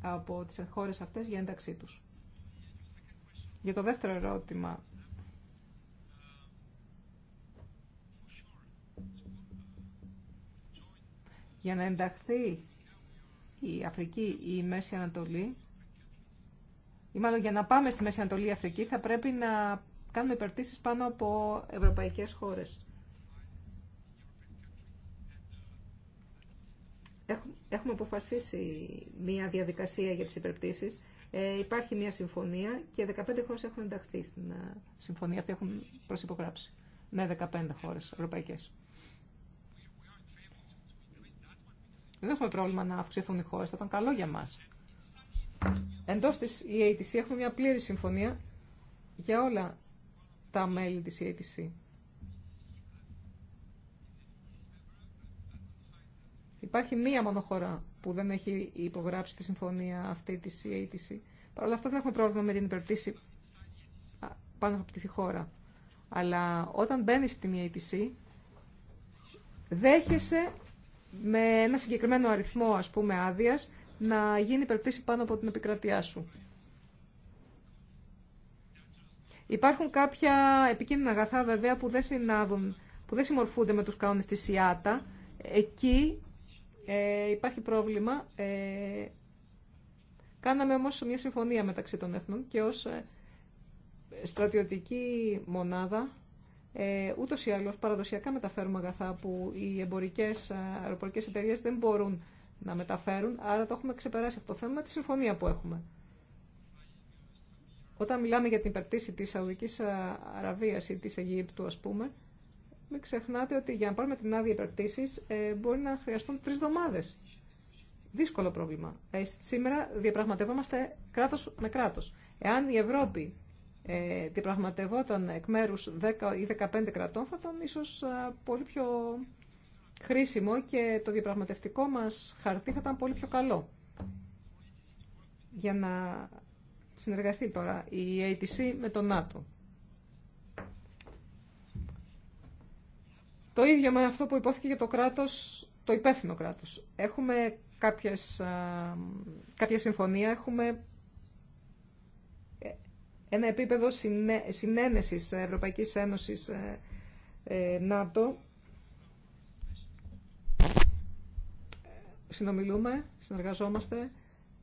από τις χώρες αυτές για ένταξή τους. Για το δεύτερο ερώτημα, για να ενταχθεί η Αφρική ή η Μέση Ανατολή, ή μάλλον για να πάμε στη Μέση Ανατολή Αφρική θα πρέπει να κάνουμε υπερτήσεις πάνω από ευρωπαϊκές χώρες. Έχουμε αποφασίσει μία διαδικασία για τις υπερπτήσεις. Ε, υπάρχει μία συμφωνία και 15 χώρες έχουν ενταχθεί στην ε, συμφωνία αυτή, έχουν προσυπογράψει. Ναι, 15 χώρες ευρωπαϊκές. Δεν έχουμε πρόβλημα να αυξηθούν οι χώρες, θα ήταν καλό για μας. Εντό τη EATC έχουμε μια πλήρη συμφωνία για όλα τα μέλη τη EATC. Υπάρχει μία μόνο χώρα που δεν έχει υπογράψει τη συμφωνία αυτή της EATC. Παρ' όλα αυτά δεν έχουμε πρόβλημα με την υπερπτήση πάνω από τη χώρα. Αλλά όταν μπαίνει στην EATC, δέχεσαι με ένα συγκεκριμένο αριθμό ας πούμε άδειας να γίνει υπερπτήση πάνω από την επικρατεία σου. Υπάρχουν κάποια επικίνδυνα αγαθά βέβαια που δεν συνάδουν, που δεν συμμορφούνται με τους κανόνες της ΙΑΤΑ. Εκεί ε, υπάρχει πρόβλημα. Ε, κάναμε όμως μια συμφωνία μεταξύ των έθνων και ως ε, στρατιωτική μονάδα ε, ούτως ή άλλως παραδοσιακά μεταφέρουμε αγαθά που οι εμπορικές ε, αεροπορικές εταιρείες δεν μπορούν να μεταφέρουν, άρα το έχουμε ξεπεράσει αυτό το θέμα με τη συμφωνία που έχουμε. Όταν μιλάμε για την υπερπτήση της Σαουδικής Αραβίας ή της Αιγύπτου, ας πούμε, μην ξεχνάτε ότι για να πάρουμε την άδεια υπερπτήσης ε, μπορεί να χρειαστούν τρεις εβδομάδες. Δύσκολο πρόβλημα. Ε, σήμερα διαπραγματευόμαστε κράτος με κράτος. Εάν η Ευρώπη ε, διαπραγματευόταν εκ μέρου 10 ή 15 κρατών, θα ήταν ίσω πολύ πιο χρήσιμο και το διαπραγματευτικό μας χαρτί θα ήταν πολύ πιο καλό. Για να συνεργαστεί τώρα η ATC με τον ΝΑΤΟ. Το ίδιο με αυτό που υπόθηκε για το κράτος, το υπεύθυνο κράτος. Έχουμε κάποιες, κάποια συμφωνία, έχουμε ένα επίπεδο συνένεσης Ευρωπαϊκής Ένωσης ε, ε, ΝΑΤΟ συνομιλούμε, συνεργαζόμαστε,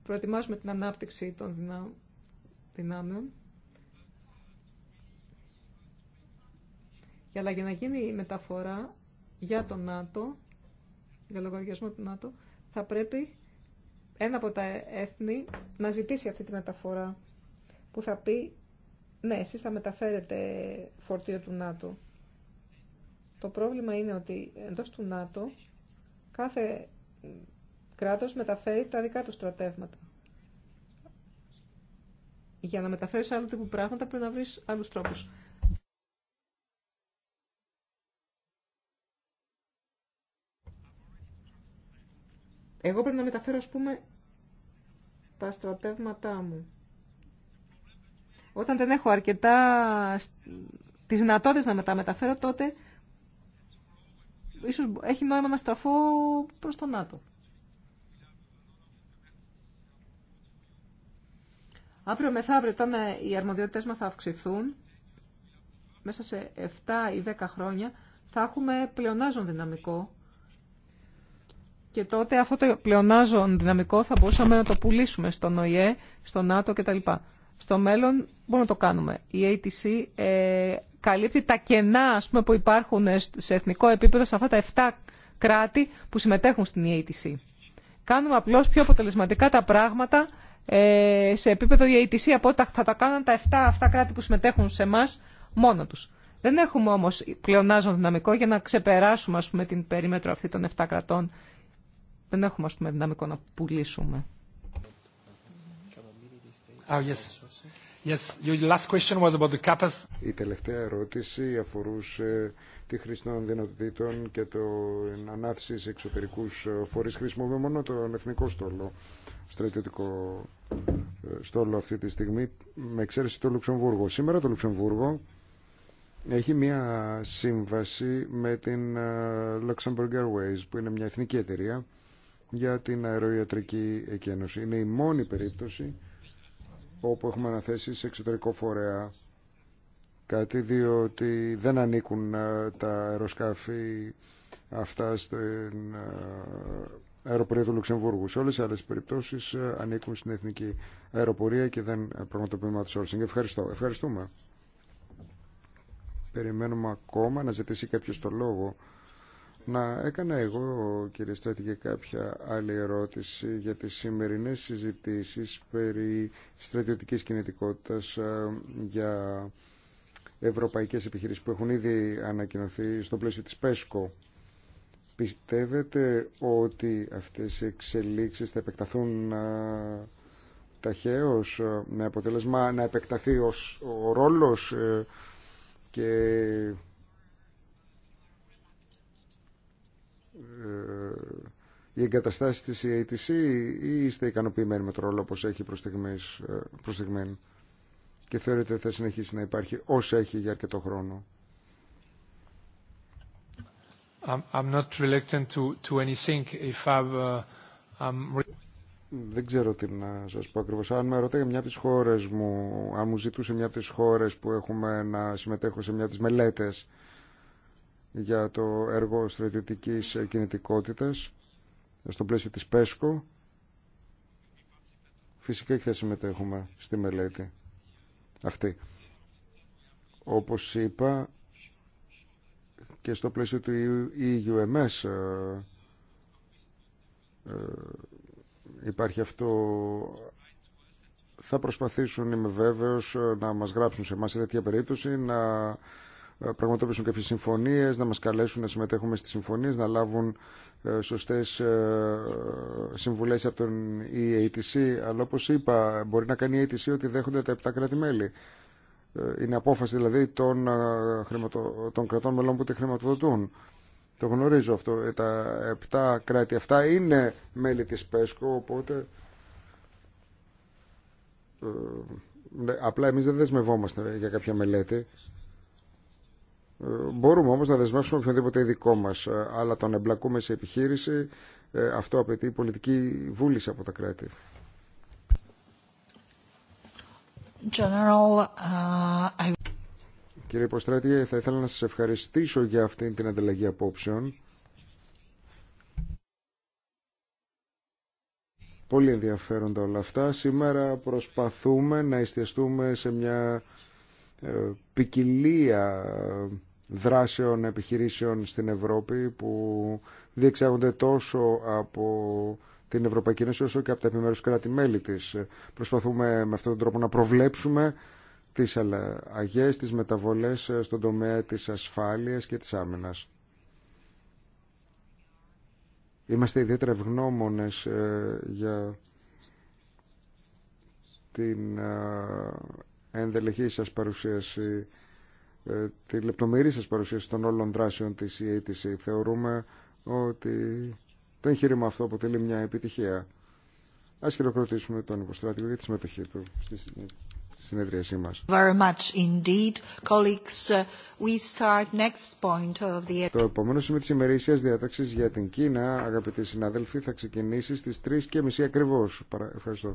προετοιμάζουμε την ανάπτυξη των δυνάμεων. αλλά για να γίνει η μεταφορά για το ΝΑΤΟ, για λογαριασμό του ΝΑΤΟ, θα πρέπει ένα από τα έθνη να ζητήσει αυτή τη μεταφορά που θα πει ναι, εσείς θα μεταφέρετε φορτίο του ΝΑΤΟ. Το πρόβλημα είναι ότι εντός του ΝΑΤΟ κάθε κράτος μεταφέρει τα δικά του στρατεύματα. Για να μεταφέρεις άλλο τύπου πράγματα πρέπει να βρεις άλλους τρόπους. Εγώ πρέπει να μεταφέρω, ας πούμε, τα στρατεύματά μου. Όταν δεν έχω αρκετά τις δυνατότητες να μετά μεταφέρω, τότε ίσως έχει νόημα να στραφώ προς τον Άτομο. Αύριο μεθαύριο, όταν ε, οι αρμοδιότητες μας θα αυξηθούν, μέσα σε 7 ή 10 χρόνια, θα έχουμε πλεονάζον δυναμικό. Και τότε αυτό το πλεονάζον δυναμικό θα μπορούσαμε να το πουλήσουμε στον ΟΗΕ, στον ΝΑΤΟ κτλ. Στο μέλλον μπορούμε να το κάνουμε. Η ATC ε, καλύπτει τα κενά που υπάρχουν σε εθνικό επίπεδο σε αυτά τα 7 κράτη που συμμετέχουν στην ATC. Κάνουμε απλώς πιο αποτελεσματικά τα πράγματα ε, σε επίπεδο η e διαιτησία από ό,τι θα τα κάναν τα 7 αυτά κράτη που συμμετέχουν σε εμά μόνο του. Δεν έχουμε όμω πλεονάζον δυναμικό για να ξεπεράσουμε ας πούμε, την περίμετρο αυτή των 7 κρατών. Δεν έχουμε ας πούμε, δυναμικό να πουλήσουμε. Oh, yes. Yes, your last was about the Η τελευταία ερώτηση αφορούσε τη χρήση των δυνατοτήτων και την ανάθεση σε εξωτερικού φορεί Χρησιμοποιούμε μόνο τον εθνικό στόλο στρατιωτικό ε, στόλο αυτή τη στιγμή με εξαίρεση το Λουξεμβούργο. Σήμερα το Λουξεμβούργο έχει μία σύμβαση με την ε, Luxembourg Airways που είναι μια εθνική εταιρεία για την αεροϊατρική εκένωση. Είναι η μόνη περίπτωση όπου έχουμε αναθέσει σε εξωτερικό φορέα κάτι διότι δεν ανήκουν ε, τα αεροσκάφη αυτά στην αεροπορία του Λουξεμβούργου. Σε όλε τι άλλε περιπτώσει ε, ανήκουν στην εθνική αεροπορία και δεν πραγματοποιούμε outsourcing. Ευχαριστώ. Ευχαριστούμε. Περιμένουμε ακόμα να ζητήσει κάποιο το λόγο. Να έκανα εγώ, κύριε Στράτη, κάποια άλλη ερώτηση για τις σημερινές συζητήσεις περί στρατιωτικής κινητικότητας ε, για ευρωπαϊκές επιχειρήσεις που έχουν ήδη ανακοινωθεί στο πλαίσιο της ΠΕΣΚΟ. Πιστεύετε ότι αυτές οι εξελίξεις θα επεκταθούν ε, ταχαίως ε, με αποτέλεσμα να επεκταθεί ο ρόλος ε, και η εγκαταστάσεις της EATC ή είστε ικανοποιημένοι με το ρόλο όπως έχει προς Και θεωρείτε ότι θα συνεχίσει να υπάρχει όσο έχει για αρκετό χρόνο. Δεν ξέρω τι να σας πω ακριβώς. Αν με ρωτάει μια από τις χώρες μου, αν μου ζητούσε μια από τις χώρες που έχουμε να συμμετέχω σε μια από τις μελέτες για το έργο στρατιωτικής κινητικότητας στο πλαίσιο της ΠΕΣΚΟ, φυσικά και θα συμμετέχουμε στη μελέτη αυτή. Όπως είπα, και στο πλαίσιο του EUMS ε, ε, υπάρχει αυτό θα προσπαθήσουν είμαι βέβαιος να μας γράψουν σε εμάς σε τέτοια περίπτωση να ε, πραγματοποιήσουν κάποιες συμφωνίες να μας καλέσουν να συμμετέχουμε στις συμφωνίες να λάβουν σωστές συμβουλές από τον EATC αλλά όπως είπα μπορεί να κάνει η EATC ότι δέχονται τα επτα κράτη-μέλη ε, είναι απόφαση δηλαδή των, ε, χρηματο... των κρατών μελών που τη χρηματοδοτούν. Το γνωρίζω αυτό. Ε, τα επτά κράτη αυτά είναι μέλη της ΠΕΣΚΟ, οπότε ναι, απλά εμείς δεν δεσμευόμαστε για κάποια μελέτη. Μπορούμε όμως να δεσμεύσουμε οποιονδήποτε ειδικό μας, αλλά το να εμπλακούμε σε επιχείρηση, αυτό απαιτεί πολιτική βούληση από τα κράτη. Uh, Κύριε Υποστράτη, θα ήθελα να σας ευχαριστήσω για αυτή την ανταλλαγή απόψεων. Πολύ ενδιαφέροντα όλα αυτά. Σήμερα προσπαθούμε να εστιαστούμε σε μια ε, ποικιλία ε, δράσεων επιχειρήσεων στην Ευρώπη που διεξάγονται τόσο από την Ευρωπαϊκή Ένωση όσο και από τα επιμέρους κράτη-μέλη της. Προσπαθούμε με αυτόν τον τρόπο να προβλέψουμε τις αλλαγές, τις μεταβολές στον τομέα της ασφάλειας και της άμυνας. Είμαστε ιδιαίτερα ευγνώμονες ε, για την ε, ενδελεχή σας παρουσίαση, ε, τη λεπτομερή σας παρουσίαση των όλων δράσεων της EATC. Θεωρούμε ότι το εγχείρημα αυτό αποτελεί μια επιτυχία. Ας χειροκροτήσουμε τον υποστράτηγο για τη συμμετοχή του στη συνεδρίασή μας. Το επόμενο σημείο τη ημερήσιας διάταξης για την Κίνα, αγαπητοί συνάδελφοι, θα ξεκινήσει στις 3.30 ακριβώ. Ευχαριστώ.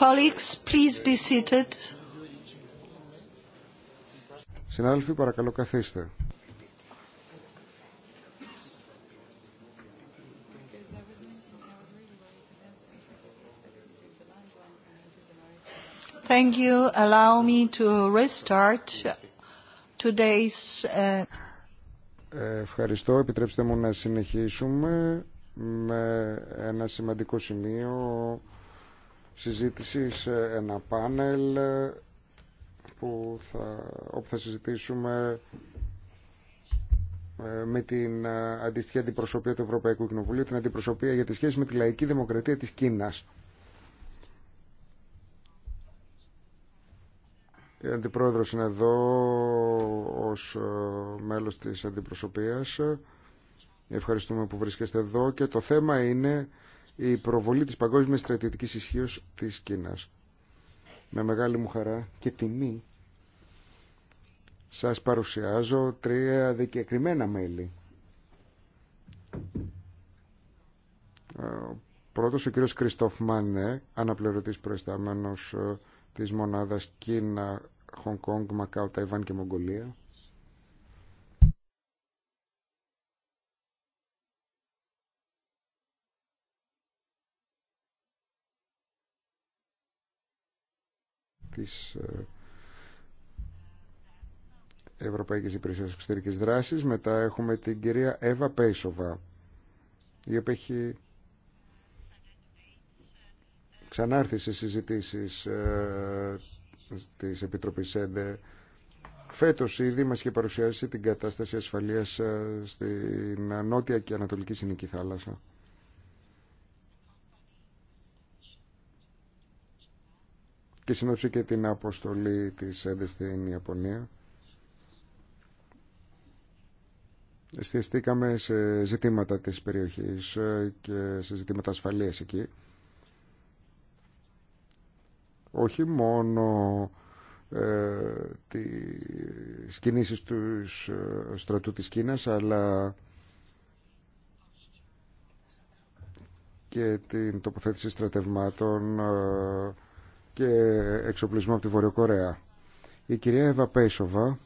Colleagues, please be seated. Συνάδελφοι, παρακαλώ καθίστε. Thank you. Allow me to restart today's. Uh, ε, ευχαριστώ. Επιτρέψτε μου να συνεχίσουμε με ένα σημαντικό σημείο συζήτηση σε ένα πάνελ ε, που θα, όπου θα συζητήσουμε ε, με την ε, αντίστοιχη αντιπροσωπεία του Ευρωπαϊκού Κοινοβουλίου, την αντιπροσωπεία για τη σχέση με τη λαϊκή δημοκρατία της Κίνας. Η Αντιπρόεδρος είναι εδώ ως μέλος της αντιπροσωπείας. Ευχαριστούμε που βρίσκεστε εδώ και το θέμα είναι η προβολή της παγκόσμιας στρατιωτικής ισχύω της Κίνας. Με μεγάλη μου χαρά και τιμή σας παρουσιάζω τρία δικαιοκριμένα μέλη. Ε, πρώτος ο κύριος Κριστόφ Μάνε, αναπληρωτής προϊστάμενος ε, της μονάδας Κίνα, Χονγκ Κόνγκ, Ταϊβάν και Μογγολία. της ε, Ευρωπαϊκής Υπηρεσίας Εξωτερικής Δράσης. Μετά έχουμε την κυρία Εύα Πέισοβα, η οποία έχει ξανάρθει σε συζητήσεις ε, της Επιτροπής ΕΝΤΕ. Φέτος ήδη μας είχε παρουσιάσει την κατάσταση ασφαλείας ε, στην νότια και ανατολική συνική θάλασσα. και σύνοψη και την αποστολή της έδες στην Ιαπωνία. Εστιαστήκαμε σε ζητήματα της περιοχής ε, και σε ζητήματα ασφαλείας εκεί. Όχι μόνο ε, τις κινήσεις του ε, στρατού της Κίνας, αλλά και την τοποθέτηση στρατευμάτων ε, και εξοπλισμό από τη Βορειοκορέα. Η κυρία Εύα Πέισοβα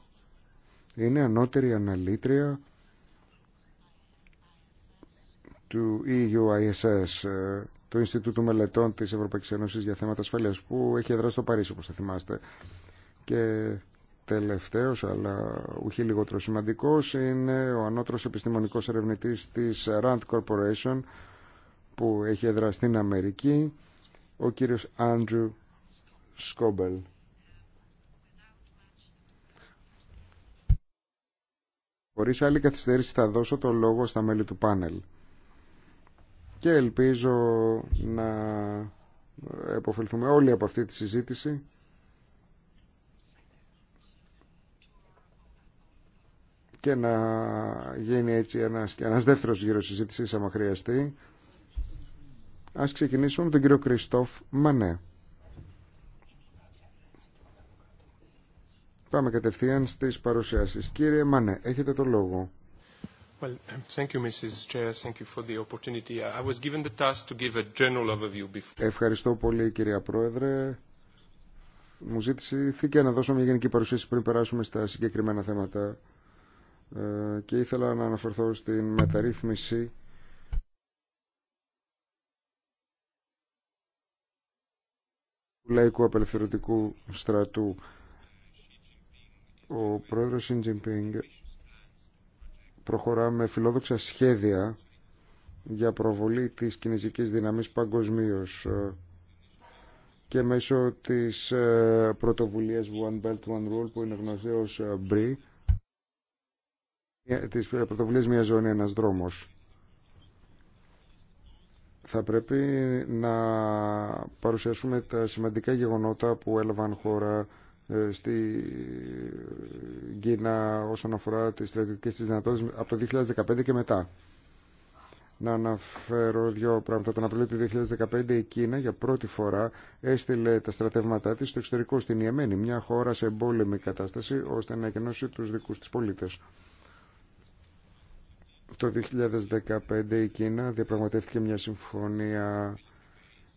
είναι ανώτερη αναλήτρια του EUISS, ε, του Ινστιτούτου Μελετών της Ευρωπαϊκής Ένωσης για θέματα ασφαλείας, που έχει εδράσει στο Παρίσι, όπως θα θυμάστε. Και τελευταίος, αλλά ουχή λιγότερο σημαντικός, είναι ο ανώτερος επιστημονικός ερευνητής της RAND Corporation, που έχει έδρα στην Αμερική, ο κύριος Άντρου Σκόμπελ. Χωρίς άλλη καθυστέρηση θα δώσω το λόγο στα μέλη του πάνελ και ελπίζω να εποφελθούμε όλοι από αυτή τη συζήτηση. και να γίνει έτσι ένας, και ένας δεύτερος γύρος συζήτησης άμα χρειαστεί. Ας ξεκινήσουμε με τον κύριο Κριστόφ Μανέ. Πάμε κατευθείαν στις παρουσιάσεις. Κύριε Μανέ, έχετε το λόγο. Well, thank you, Mrs. Chair. Thank you for the opportunity. I was given the task to give a general overview before. Ευχαριστώ πολύ, κυρία Πρόεδρε. Μου ζήτησε θήκη να δώσω μια γενική παρουσίαση πριν περάσουμε στα συγκεκριμένα θέματα ε, και ήθελα να αναφερθώ στην μεταρρύθμιση του λαϊκού απελευθερωτικού στρατού ο πρόεδρος Σιντζιμπίνγκ προχωρά με φιλόδοξα σχέδια για προβολή της κινέζικης δύναμης παγκοσμίω ε, και μέσω της ε, πρωτοβουλίας One Belt One Rule που είναι γνωστή ως ε, BRI της πρωτοβουλίας Μια Ζώνη Ένας Δρόμος θα πρέπει να παρουσιάσουμε τα σημαντικά γεγονότα που έλαβαν χώρα ε, στην Κίνα όσον αφορά τις στρατιωτικές της δυνατότητες από το 2015 και μετά. Να αναφέρω δύο πράγματα. Τον Απριλίο του 2015 η Κίνα για πρώτη φορά έστειλε τα στρατεύματά της στο εξωτερικό στην Ιεμένη, μια χώρα σε εμπόλεμη κατάσταση, ώστε να εκενώσει τους δικούς της πολίτες. Το 2015 η Κίνα διαπραγματεύτηκε μια συμφωνία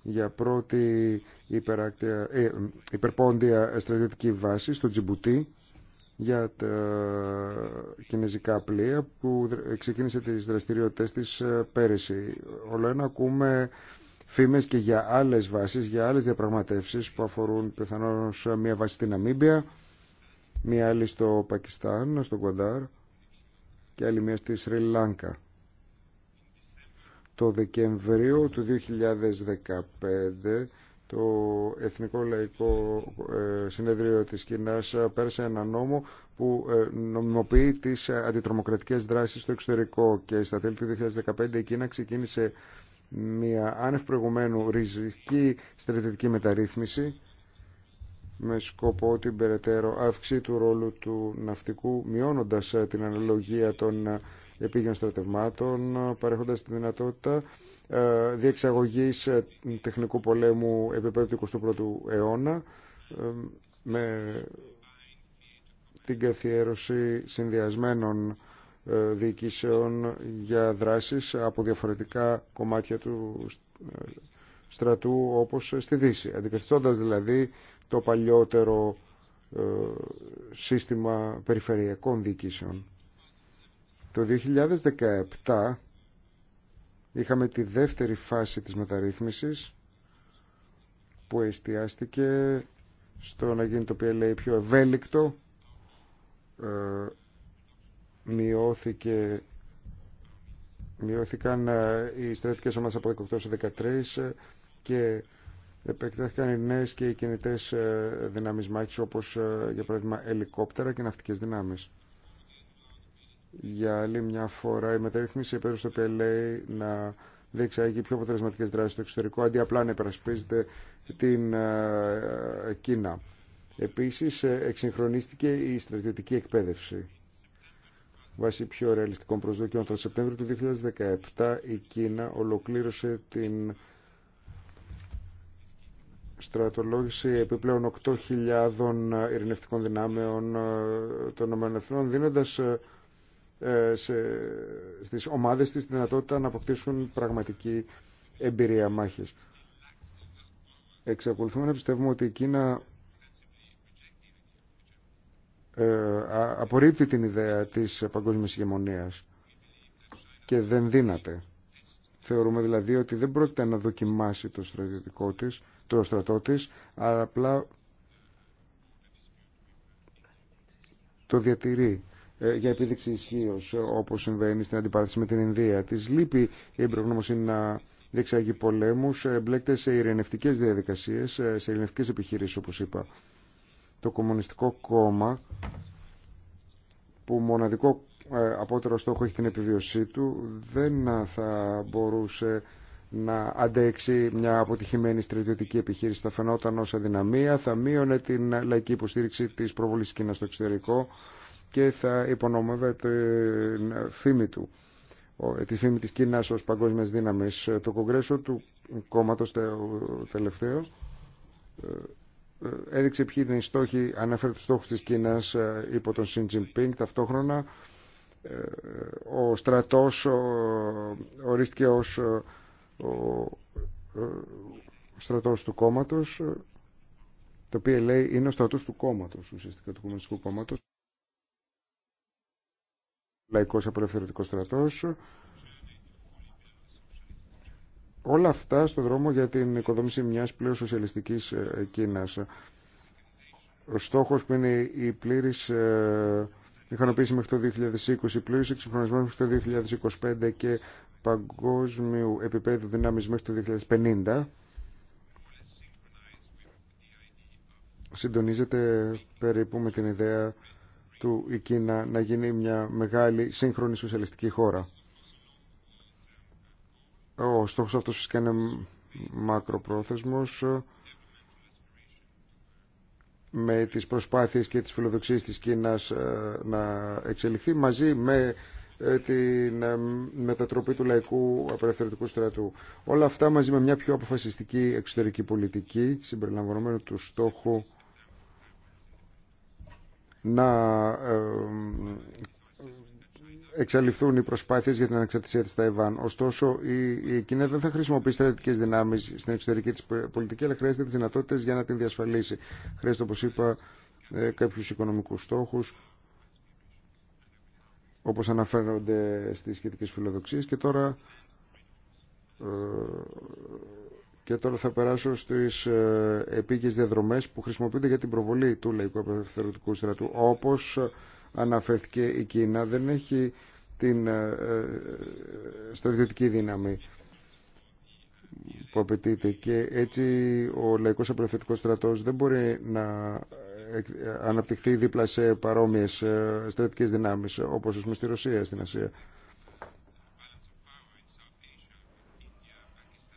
για πρώτη υπεράκτια, ε, υπερπόντια στρατιωτική βάση στο Τζιμπουτί για τα κινέζικα πλοία που ξεκίνησε τις δραστηριότητες της ε, πέρυσι. Όλο ένα ακούμε φήμες και για άλλες βάσεις, για άλλες διαπραγματεύσεις που αφορούν πιθανώς μια βάση στην Αμίμπια, μια άλλη στο Πακιστάν, στο Κοντάρ και άλλη μια στη Σρι Λάνκα. Το Δεκεμβρίο του 2015 το Εθνικό Λαϊκό ε, Συνεδρίο της Κίνας πέρασε ένα νόμο που ε, νομιμοποιεί τις αντιτρομοκρατικές δράσεις στο εξωτερικό και στα τέλη του 2015 η Κίνα ξεκίνησε μια άνευ προηγουμένου ριζική στρατιωτική μεταρρύθμιση με σκοπό την περαιτέρω αύξηση του ρόλου του ναυτικού μειώνοντας ε, την αναλογία των επίγειων στρατευμάτων, παρέχοντας τη δυνατότητα ε, διεξαγωγή ε, τεχνικού πολέμου επίπεδου του 21ου αιώνα ε, με την καθιέρωση συνδυασμένων διοικήσεων για δράσεις από διαφορετικά κομμάτια του στρατού όπως στη Δύση. Αντικαθιστώντας δηλαδή το παλιότερο σύστημα περιφερειακών διοικήσεων. Το 2017 είχαμε τη δεύτερη φάση της μεταρρύθμισης που εστιάστηκε στο να γίνει το PLA πιο ευέλικτο ε, μειώθηκε μειώθηκαν ε, οι στρατιωτικές ομάδες από 18 σε 13 ε, και επεκτάθηκαν οι νέες και οι κινητές δυνάμεις μάχης όπως για παράδειγμα ελικόπτερα και ναυτικές δυνάμεις για άλλη μια φορά η μεταρρύθμιση επέδρου στο PLA να διεξάγει πιο αποτελεσματικέ δράσει στο εξωτερικό αντί απλά να υπερασπίζεται την ε, ε, Κίνα. Επίση, ε, εξυγχρονίστηκε η στρατιωτική εκπαίδευση. Βάσει πιο ρεαλιστικών προσδοκιών, τον Σεπτέμβριο του 2017 η Κίνα ολοκλήρωσε την στρατολόγηση επιπλέον 8.000 ειρηνευτικών δυνάμεων των ΗΠΑ, δίνοντας ε, σε, στις ομάδες της τη δυνατότητα να αποκτήσουν πραγματική εμπειρία μάχης. Εξακολουθούμε να πιστεύουμε ότι η Κίνα ε, απορρίπτει την ιδέα της παγκόσμιας ηγεμονίας και δεν δύναται. Θεωρούμε δηλαδή ότι δεν πρόκειται να δοκιμάσει το στρατιωτικό το στρατό της, αλλά απλά το διατηρεί ε, για επίδειξη ισχύω, όπω συμβαίνει στην αντιπαράθεση με την Ινδία. Τη λείπει η εμπειρογνωμοσύνη να διεξάγει πολέμου, μπλέκεται σε ειρηνευτικέ διαδικασίε, ε, σε ειρηνευτικέ επιχειρήσει, όπω είπα. Το Κομμουνιστικό Κόμμα, που μοναδικό ε, απότερο στόχο έχει την επιβίωσή του, δεν θα μπορούσε να αντέξει μια αποτυχημένη στρατιωτική επιχείρηση. Θα φαινόταν ως αδυναμία, θα μείωνε την λαϊκή υποστήριξη της προβολής Κίνας στο εξωτερικό, και θα υπονόμευε τη φήμη του, τη φήμη της Κίνας ως παγκόσμιας δύναμης. Το κογκρέσο του κόμματος τελευταίο ε, ε, έδειξε ποιοι είναι οι στόχοι, ανέφερε τους στόχους της Κίνας ε, υπό τον Σιν Τζιμπίνγκ ταυτόχρονα ο στρατός ορίστηκε ως ο στρατός του κόμματος το λέει είναι ο στρατός του κόμματος ουσιαστικά του κομμουνιστικού κόμματος Λαϊκός Απελευθερωτικός Στρατός. Όλα αυτά στον δρόμο για την οικοδόμηση μιας πλέον σοσιαλιστικής ε, Κίνας. Ο στόχος που είναι η πλήρης μηχανοποίηση ε, μέχρι το 2020, η πλήρης εξυγχρονισμός μέχρι το 2025 και παγκόσμιου επίπεδου δυνάμεις μέχρι το 2050 συντονίζεται περίπου με την ιδέα του η Κίνα να γίνει μια μεγάλη σύγχρονη σοσιαλιστική χώρα. Ο στόχος αυτός φυσικά είναι μακροπρόθεσμος με τις προσπάθειες και τις φιλοδοξίες της Κίνας ε, να εξελιχθεί μαζί με ε, την ε, μετατροπή του λαϊκού απελευθερωτικού στρατού. Όλα αυτά μαζί με μια πιο αποφασιστική εξωτερική πολιτική συμπεριλαμβανομένου του στόχου να ε, εξαλειφθούν οι προσπάθειε για την ανεξαρτησία τη Ταϊβάν. Ωστόσο, η, Κίνα δεν θα χρησιμοποιήσει στρατιωτικέ δυνάμει στην εξωτερική τη πολιτική, αλλά χρειάζεται τι δυνατότητε για να την διασφαλίσει. Χρειάζεται, όπω είπα, ε, κάποιου οικονομικού στόχου, όπως αναφέρονται στις σχετικές φιλοδοξίες. Και τώρα ε, και τώρα θα περάσω στις ε, επίκες διαδρομές που χρησιμοποιούνται για την προβολή του λαϊκού απελευθερωτικού στρατού. Όπως αναφέρθηκε η Κίνα, δεν έχει την ε, ε, στρατιωτική δύναμη που απαιτείται και έτσι ο λαϊκός απελευθερωτικός στρατός δεν μπορεί να αναπτυχθεί δίπλα σε παρόμοιες στρατικές δυνάμεις όπως στη Ρωσία, στην Ασία.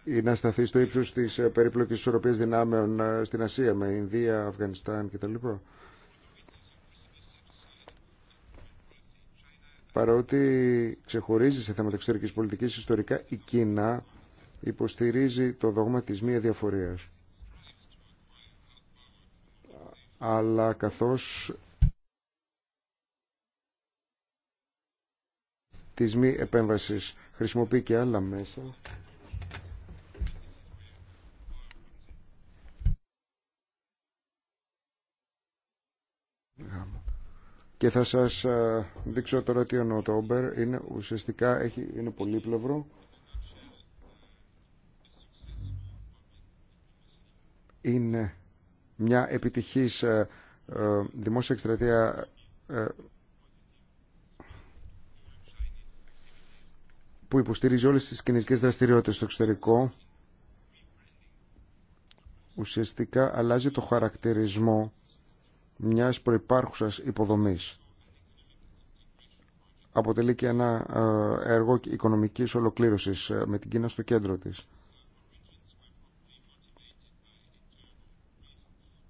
ή να σταθεί στο ύψος της ε, περίπλοκης ισορροπίας δυνάμεων ε, στην Ασία με Ινδία, Αφγανιστάν κτλ. Παρότι ξεχωρίζει σε θέματα εξωτερικής πολιτικής ιστορικά η Κίνα υποστηρίζει το δόγμα της περιπλοκης ισορροπια δυναμεων στην ασια με ινδια διαφορίας. εξωτερικη πολιτικη ιστορικα η κινα υποστηριζει το δογμα τη μια διαφορία. αλλα καθως της μη επέμβαση χρησιμοποιεί και άλλα μέσα Και θα σας δείξω τώρα τι εννοώ. Το Uber είναι ουσιαστικά έχει, είναι πολύπλευρο. Είναι μια επιτυχής δημόσια εκστρατεία που υποστηρίζει όλες τις κοινωνικές δραστηριότητες στο εξωτερικό. Ουσιαστικά αλλάζει το χαρακτηρισμό μιας προϋπάρχουσας υποδομής. Αποτελεί και ένα ε, έργο οικονομικής ολοκλήρωσης ε, με την Κίνα στο κέντρο της.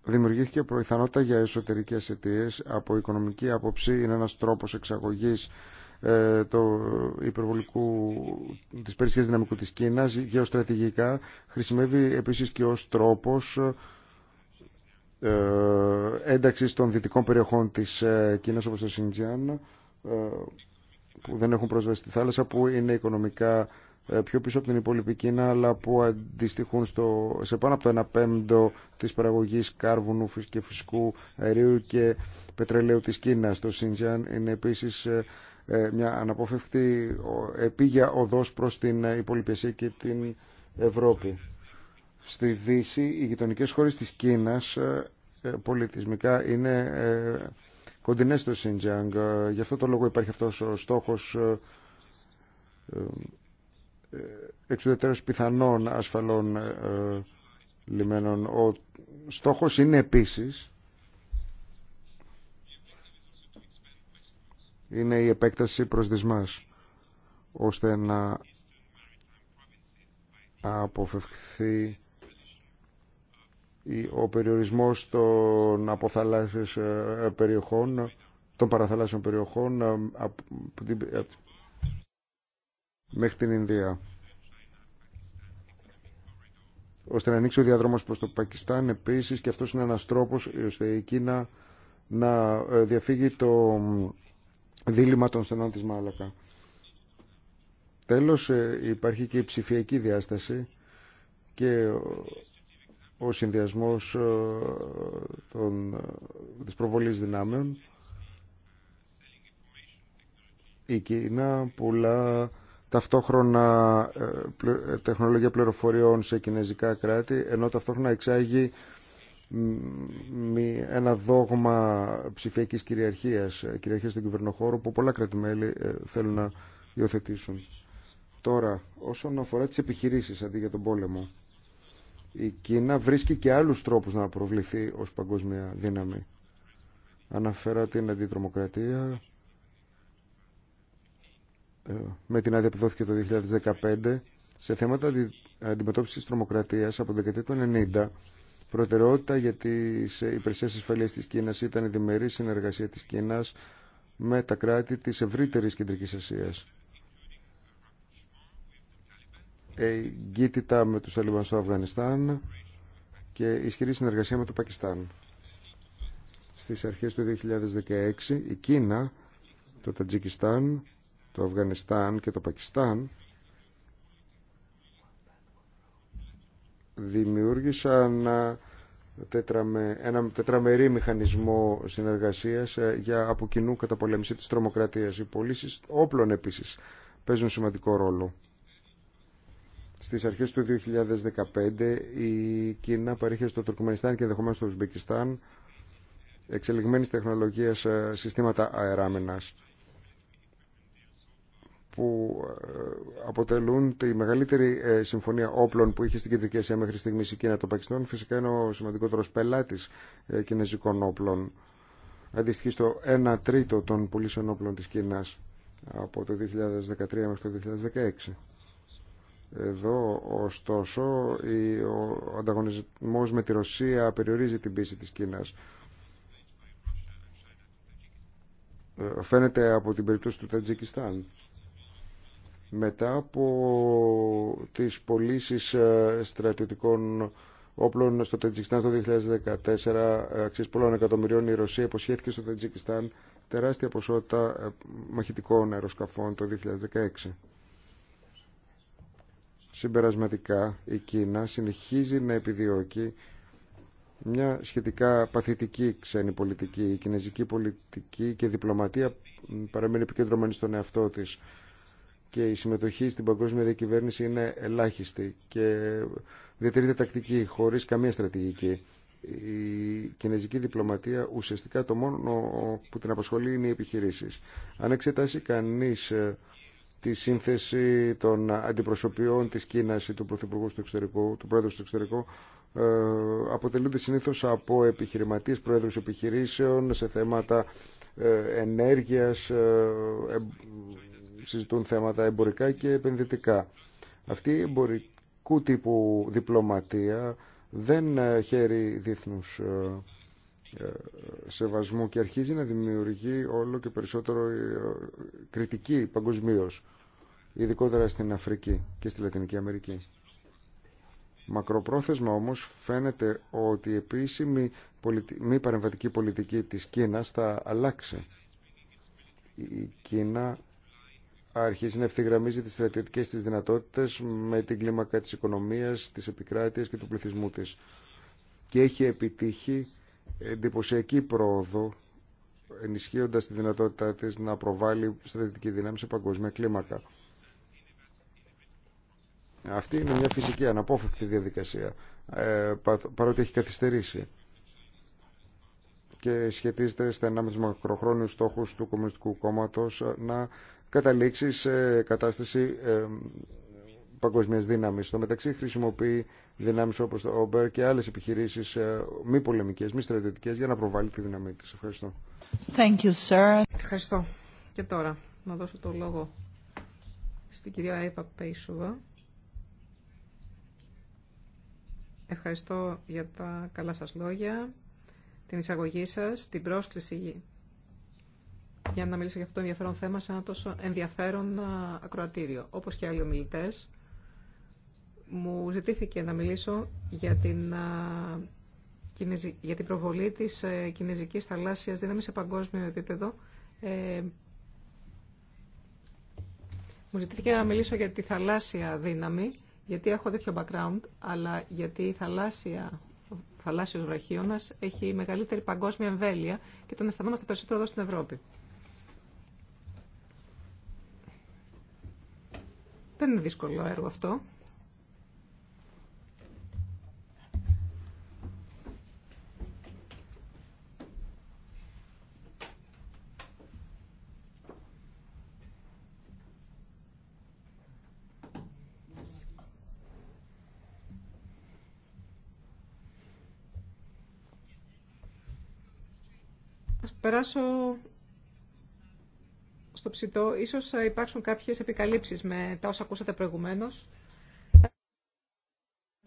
Δημιουργήθηκε προϊθανότητα για εσωτερικές αιτίε. Από οικονομική άποψη είναι ένας τρόπος εξαγωγής ε, το υπερβολικού, της περισσίας δυναμικού της Κίνας. Γεωστρατηγικά χρησιμεύει επίσης και ως τρόπος ε, ένταξη των δυτικών περιοχών της ε, Κίνας όπω το Σιντζιάν ε, που δεν έχουν πρόσβαση στη θάλασσα που είναι οικονομικά πιο πίσω από την υπόλοιπη Κίνα αλλά που αντιστοιχούν στο, σε πάνω από το 1 πέμπτο της παραγωγής κάρβουνου και φυσικού αερίου και πετρελαίου της Κίνας. Το Σιντζιάν είναι επίσης μια αναπόφευκτη επίγεια οδός προς την υπόλοιπη και την Ευρώπη. Στη Δύση οι γειτονικέ χώρε της Κίνας ε, ε, πολιτισμικά είναι ε, κοντινέ στο Σιντζιάνγκ. Γι' αυτό το λόγο υπάρχει αυτός ο στόχος εξουδετερώ πιθανών ασφαλών λιμένων. Ο στόχος είναι επίση. είναι η επέκταση προς δυσμάς ώστε να αποφευχθεί ο περιορισμός των αποθαλάσσιες ε, περιοχών, των παραθαλάσσιων περιοχών ε, από ε, μέχρι την Ινδία ώστε να ανοίξει ο διαδρόμος προς το Πακιστάν επίσης και αυτός είναι ένας τρόπος ώστε η Κίνα να διαφύγει το δίλημα των στενών της Μάλακα. Τέλος υπάρχει και η ψηφιακή διάσταση και ο συνδυασμός ε, των, ε, της προβολής δυνάμεων. Η Κίνα πουλά ταυτόχρονα ε, τεχνολογία πληροφοριών σε κινέζικα κράτη, ενώ ταυτόχρονα εξάγει ένα δόγμα ψηφιακής κυριαρχίας, κυριαρχίας του κυβερνοχώρου που πολλά κράτη-μέλη θέλουν να υιοθετήσουν. Τώρα, όσον αφορά τις επιχειρήσεις αντί για τον πόλεμο, η Κίνα βρίσκει και άλλους τρόπους να προβληθεί ως παγκόσμια δύναμη. Αναφέρα την αντιτρομοκρατία ε, με την άδεια που δόθηκε το 2015 σε θέματα αντιμετώπισης τη τρομοκρατίας από το δεκαετία του 1990 προτεραιότητα για τις ε, υπηρεσίες ασφαλείας της Κίνας ήταν η διμερή συνεργασία της Κίνας με τα κράτη της ευρύτερης Κεντρικής Ασίας εγκύτητα με τους Ταλιμπάν στο Αφγανιστάν και ισχυρή συνεργασία με το Πακιστάν. Στις αρχές του 2016 η Κίνα, το Τατζικιστάν, το Αφγανιστάν και το Πακιστάν δημιούργησαν ένα τετραμερή μηχανισμό συνεργασίας ε, για από καταπολέμηση της τρομοκρατίας. Οι πωλήσει όπλων επίσης παίζουν σημαντικό ρόλο. Στις αρχές του 2015 η Κίνα παρήχε στο Τουρκμενιστάν και δεχομένως στο Ουσμπικιστάν εξελιγμένης τεχνολογίας ε, συστήματα αεράμενας που ε, αποτελούν τη μεγαλύτερη ε, συμφωνία όπλων που είχε στην Κεντρική Ασία μέχρι στιγμή η Κίνα. Το Πακιστάν φυσικά είναι ο σημαντικότερο πελάτη κινέζικων όπλων. Αντιστοιχεί στο 1 τρίτο των πουλήσεων όπλων τη Κίνα από το 2013 μέχρι το 2016. Εδώ, ωστόσο, ο ανταγωνισμός με τη Ρωσία περιορίζει την πίστη της Κίνας. Ε, φαίνεται από την περίπτωση του Τατζικιστάν. Μετά από τις πωλήσει ε, στρατιωτικών όπλων στο Τατζικιστάν το 2014, ε, αξίες πολλών εκατομμυρίων, η Ρωσία υποσχέθηκε στο Τατζικιστάν τεράστια ποσότητα μαχητικών αεροσκαφών το 2016. Συμπερασματικά η Κίνα συνεχίζει να επιδιώκει μια σχετικά παθητική ξένη πολιτική. Η κινέζικη πολιτική και διπλωματία παραμένει επικεντρωμένη στον εαυτό της και η συμμετοχή στην παγκόσμια διακυβέρνηση είναι ελάχιστη και διατηρείται τακτική χωρίς καμία στρατηγική. Η κινέζικη διπλωματία ουσιαστικά το μόνο που την απασχολεί είναι οι επιχειρήσεις. Αν εξετάσει κανείς ε, τη σύνθεση των αντιπροσωπιών της Κίνας ή του Πρωθυπουργού του Εξωτερικού, του Πρόεδρου του Εξωτερικού, ε, αποτελούνται συνήθως από επιχειρηματίες, πρόεδρους επιχειρήσεων σε θέματα ε, ενέργειας, ε, συζητούν θέματα εμπορικά και επενδυτικά. Αυτή η του πρωθυπουργου του εξωτερικου του προεδρου στο εξωτερικό αποτελουνται συνηθως απο επιχειρηματιες προεδρους επιχειρησεων σε θεματα ε ενεργειας διπλωματία δεν ε, χαίρει διεθνούς ε, ε, σεβασμού και αρχίζει να δημιουργεί όλο και περισσότερο ε, κριτική παγκοσμίω, ειδικότερα στην Αφρική και στη Λατινική Αμερική. Μακροπρόθεσμα όμως φαίνεται ότι η επίσημη μη παρεμβατική πολιτική της Κίνας θα αλλάξει. Η Κίνα αρχίζει να ευθυγραμμίζει τις στρατιωτικές της δυνατότητες με την κλίμακα της οικονομίας, της επικράτειας και του πληθυσμού της. Και έχει επιτύχει εντυπωσιακή πρόοδο ενισχύοντας τη δυνατότητά της να προβάλλει στρατιωτική δύναμη σε παγκόσμια κλίμακα. Αυτή είναι μια φυσική αναπόφευκτη διαδικασία, ε, παρότι έχει καθυστερήσει και σχετίζεται στενά με τους μακροχρόνιους στόχους του Κομμουνιστικού Κόμματος να καταλήξει σε κατάσταση ε, Παγκόσμια δύναμη. Στο μεταξύ χρησιμοποιεί δυνάμεις όπως το ΟΜΠΕΡ και άλλες επιχειρήσεις ε, μη πολεμικέ, μη στρατιωτικέ για να προβάλλει τη δύναμή τη. Ευχαριστώ. Thank you, sir. Ευχαριστώ. Και τώρα να δώσω το λόγο στην κυρία Εύα Πέισουβα. Ευχαριστώ για τα καλά σας λόγια, την εισαγωγή σας, την πρόσκληση για να μιλήσω για αυτό το ενδιαφέρον θέμα σε ένα τόσο ενδιαφέρον ακροατήριο. Όπως και άλλοι ομιλητές, μου ζητήθηκε να μιλήσω για την, για την προβολή της ε, κινέζικης θαλάσσιας δύναμης σε παγκόσμιο επίπεδο. Ε, μου ζητήθηκε να μιλήσω για τη θαλάσσια δύναμη, γιατί έχω τέτοιο background, αλλά γιατί η θαλάσσια ο θαλάσσιος βραχίωνας έχει μεγαλύτερη παγκόσμια εμβέλεια και τον αισθανόμαστε περισσότερο εδώ στην Ευρώπη. Δεν είναι δύσκολο έργο αυτό. περάσω στο ψητό. Ίσως θα υπάρξουν κάποιες επικαλύψεις με τα όσα ακούσατε προηγουμένως. Θα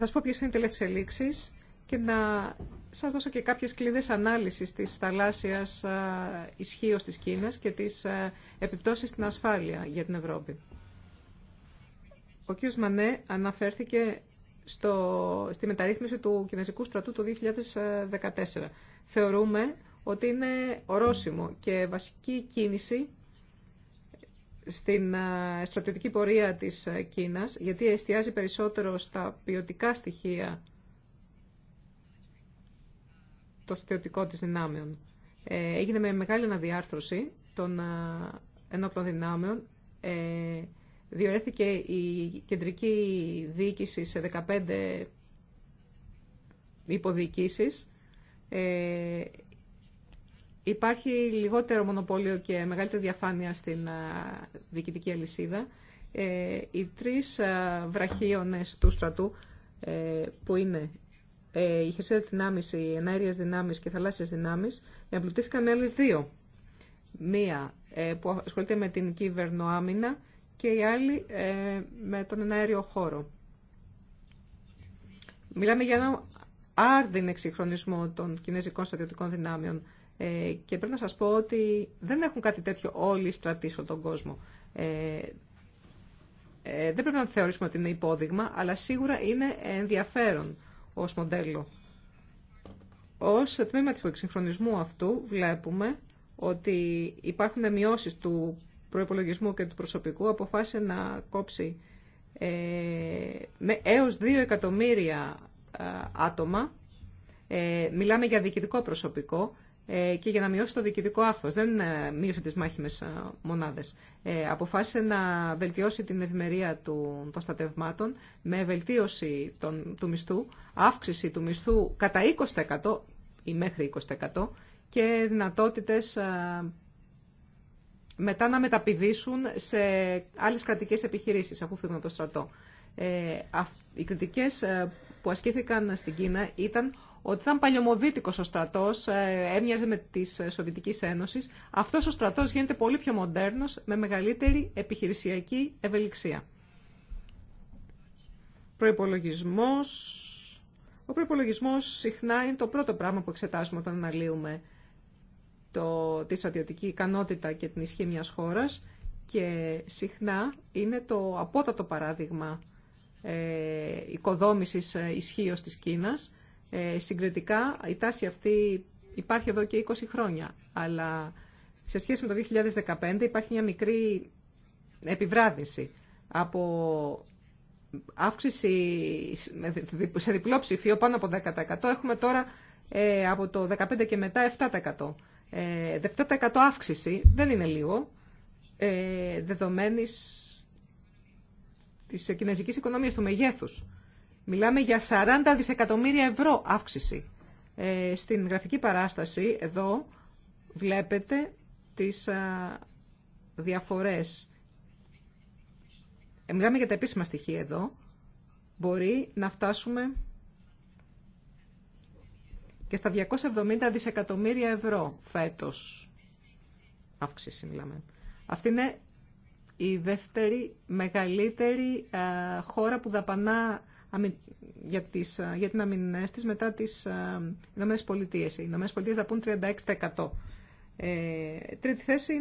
σας πω ποιες είναι οι τελευταίες και να σας δώσω και κάποιες κλίδες ανάλυσης της θαλάσσιας ισχύω της Κίνας και της επιπτώσεις στην ασφάλεια για την Ευρώπη. Ο κ. Μανέ αναφέρθηκε στο, στη μεταρρύθμιση του Κινέζικου στρατού το 2014. Θεωρούμε ότι είναι ορόσημο και βασική κίνηση στην στρατιωτική πορεία της Κίνας, γιατί εστιάζει περισσότερο στα ποιοτικά στοιχεία το στρατιωτικών της δυνάμεων. Ε, έγινε με μεγάλη αναδιάρθρωση των ενόπλων δυνάμεων. Ε, διορέθηκε η κεντρική διοίκηση σε 15 υποδιοίκησεις. Ε, Υπάρχει λιγότερο μονοπόλιο και μεγαλύτερη διαφάνεια στην διοικητική αλυσίδα. Ε, οι τρεις βραχίονες του στρατού ε, που είναι ε, οι χερσαίε δυνάμεις, οι εναέριες δυνάμεις και οι θαλάσσιες δυνάμεις εμπλουτίστηκαν άλλε δύο. Μία που ασχολείται με την κυβερνοάμυνα και η άλλη με τον εναέριο χώρο. Μιλάμε για ένα άρδιν εξυγχρονισμό των κινέζικων στρατιωτικών δυνάμεων ε, και πρέπει να σας πω ότι δεν έχουν κάτι τέτοιο όλοι οι στρατοί σε τον κόσμο. Ε, ε, δεν πρέπει να θεωρήσουμε ότι είναι υπόδειγμα, αλλά σίγουρα είναι ενδιαφέρον ως μοντέλο. Ως τμήμα του εξυγχρονισμού αυτού βλέπουμε ότι υπάρχουν μειώσεις του προϋπολογισμού και του προσωπικού αποφάσισε να κόψει ε, με έως 2 εκατομμύρια άτομα. Ε, μιλάμε για διοικητικό προσωπικό ε, και για να μειώσει το διοικητικό άφθος. Δεν ε, μείωσε τις μάχημες ε, μονάδες. αποφάσισε να βελτιώσει την ευημερία των στατευμάτων με βελτίωση των, του μισθού, αύξηση του μισθού κατά 20% ή μέχρι 20% και δυνατότητες μετά να μεταπηδήσουν σε άλλες κρατικές επιχειρήσεις αφού φύγουν από το στρατό. οι κριτικές που ασκήθηκαν στην Κίνα ήταν ότι ήταν παλιωμοδίτικο ο στρατό, ε, έμοιαζε με τη Σοβιετική Ένωση. Αυτό ο στρατό γίνεται πολύ πιο μοντέρνο, με μεγαλύτερη επιχειρησιακή ευελιξία. Προπολογισμό. Ο προπολογισμό συχνά είναι το πρώτο πράγμα που εξετάζουμε όταν αναλύουμε το, τη στρατιωτική ικανότητα και την ισχύ μια χώρας και συχνά είναι το απότατο παράδειγμα ε, οικοδόμησης ε, ισχύω της Κίνας ε, συγκριτικά η τάση αυτή υπάρχει εδώ και 20 χρόνια, αλλά σε σχέση με το 2015 υπάρχει μια μικρή επιβράδυνση από αύξηση σε διπλό ψηφίο πάνω από 10%. Έχουμε τώρα ε, από το 15 και μετά 7%. 7% ε, αύξηση δεν είναι λίγο, δεδομένης της κινέζικης οικονομίας, του μεγέθους. Μιλάμε για 40 δισεκατομμύρια ευρώ αύξηση. Ε, στην γραφική παράσταση εδώ βλέπετε τις α, διαφορές. Ε, μιλάμε για τα επίσημα στοιχεία εδώ. Μπορεί να φτάσουμε και στα 270 δισεκατομμύρια ευρώ φέτος. Αύξηση μιλάμε. Αυτή είναι η δεύτερη μεγαλύτερη χώρα που δαπανά για, τις, για την αμυνές μετά τις Ηνωμένε Πολιτείες. Οι Ηνωμένε Πολιτείες θα πούν 36%. Ε, τρίτη θέση,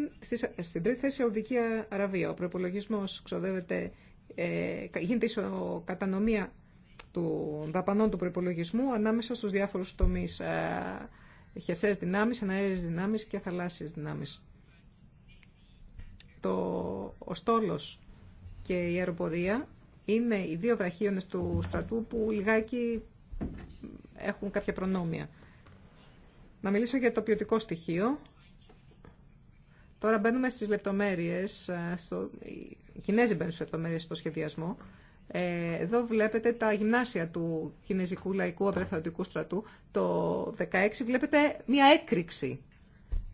στην τρίτη θέση Αουδική Αραβία. Ο προπολογισμό ξοδεύεται, ε, γίνεται ισοκατανομία του δαπανών του προπολογισμού ανάμεσα στους διάφορους τομείς ε, χερσαίες δυνάμεις, αναέρειες δυνάμεις και θαλάσσιες δυνάμεις. Το, ο στόλος και η αεροπορία είναι οι δύο βραχίονες του στρατού που λιγάκι έχουν κάποια προνόμια. Να μιλήσω για το ποιοτικό στοιχείο. Τώρα μπαίνουμε στις λεπτομέρειες, ε, στο... οι Κινέζοι μπαίνουν στις λεπτομέρειες στο σχεδιασμό. Ε, εδώ βλέπετε τα γυμνάσια του Κινέζικου Λαϊκού Απελευθερωτικού Στρατού. Το 16 βλέπετε μια έκρηξη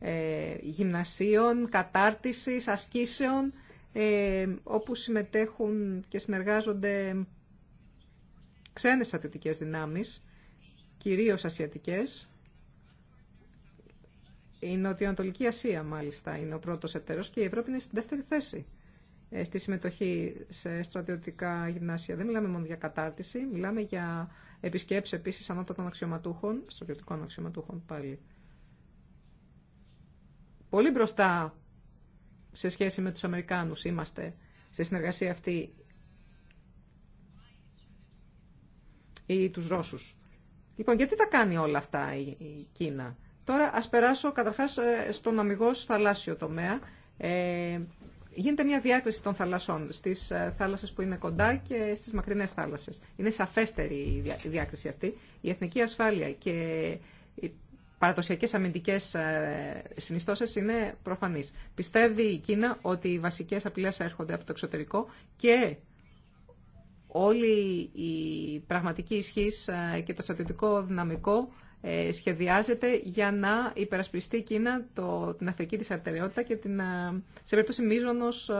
ε, γυμνασίων, κατάρτισης, ασκήσεων ε, όπου συμμετέχουν και συνεργάζονται ξένες αθλητικές δυνάμεις, κυρίως ασιατικές. Η Νοτιοανατολική Ασία, μάλιστα, είναι ο πρώτος εταίρος και η Ευρώπη είναι στην δεύτερη θέση ε, στη συμμετοχή σε στρατιωτικά γυμνάσια. Δεν μιλάμε μόνο για κατάρτιση, μιλάμε για επισκέψεις επίσης ανώτατων αξιωματούχων, στρατιωτικών αξιωματούχων πάλι. Πολύ μπροστά σε σχέση με τους Αμερικάνους είμαστε σε συνεργασία αυτή ή τους Ρώσους. Λοιπόν, γιατί τα κάνει όλα αυτά η Κίνα. Τώρα ας περάσω καταρχάς ε, στον αμυγός θαλάσσιο τομέα. Ε, γίνεται μια διάκριση των θαλασσών στις ε, θάλασσες που είναι κοντά και στις μακρινές θάλασσες. Είναι σαφέστερη η διάκριση αυτή. Η εθνική ασφάλεια και Παρατοσιακές αμυντικέ ε, συνιστώσει είναι προφανείς. Πιστεύει η Κίνα ότι οι βασικέ απειλέ έρχονται από το εξωτερικό και όλη η πραγματική ισχύς ε, και το στρατιωτικό δυναμικό ε, σχεδιάζεται για να υπερασπιστεί η Κίνα το, την αθρική της αρτεραιότητα και την, σε περίπτωση μείζωνος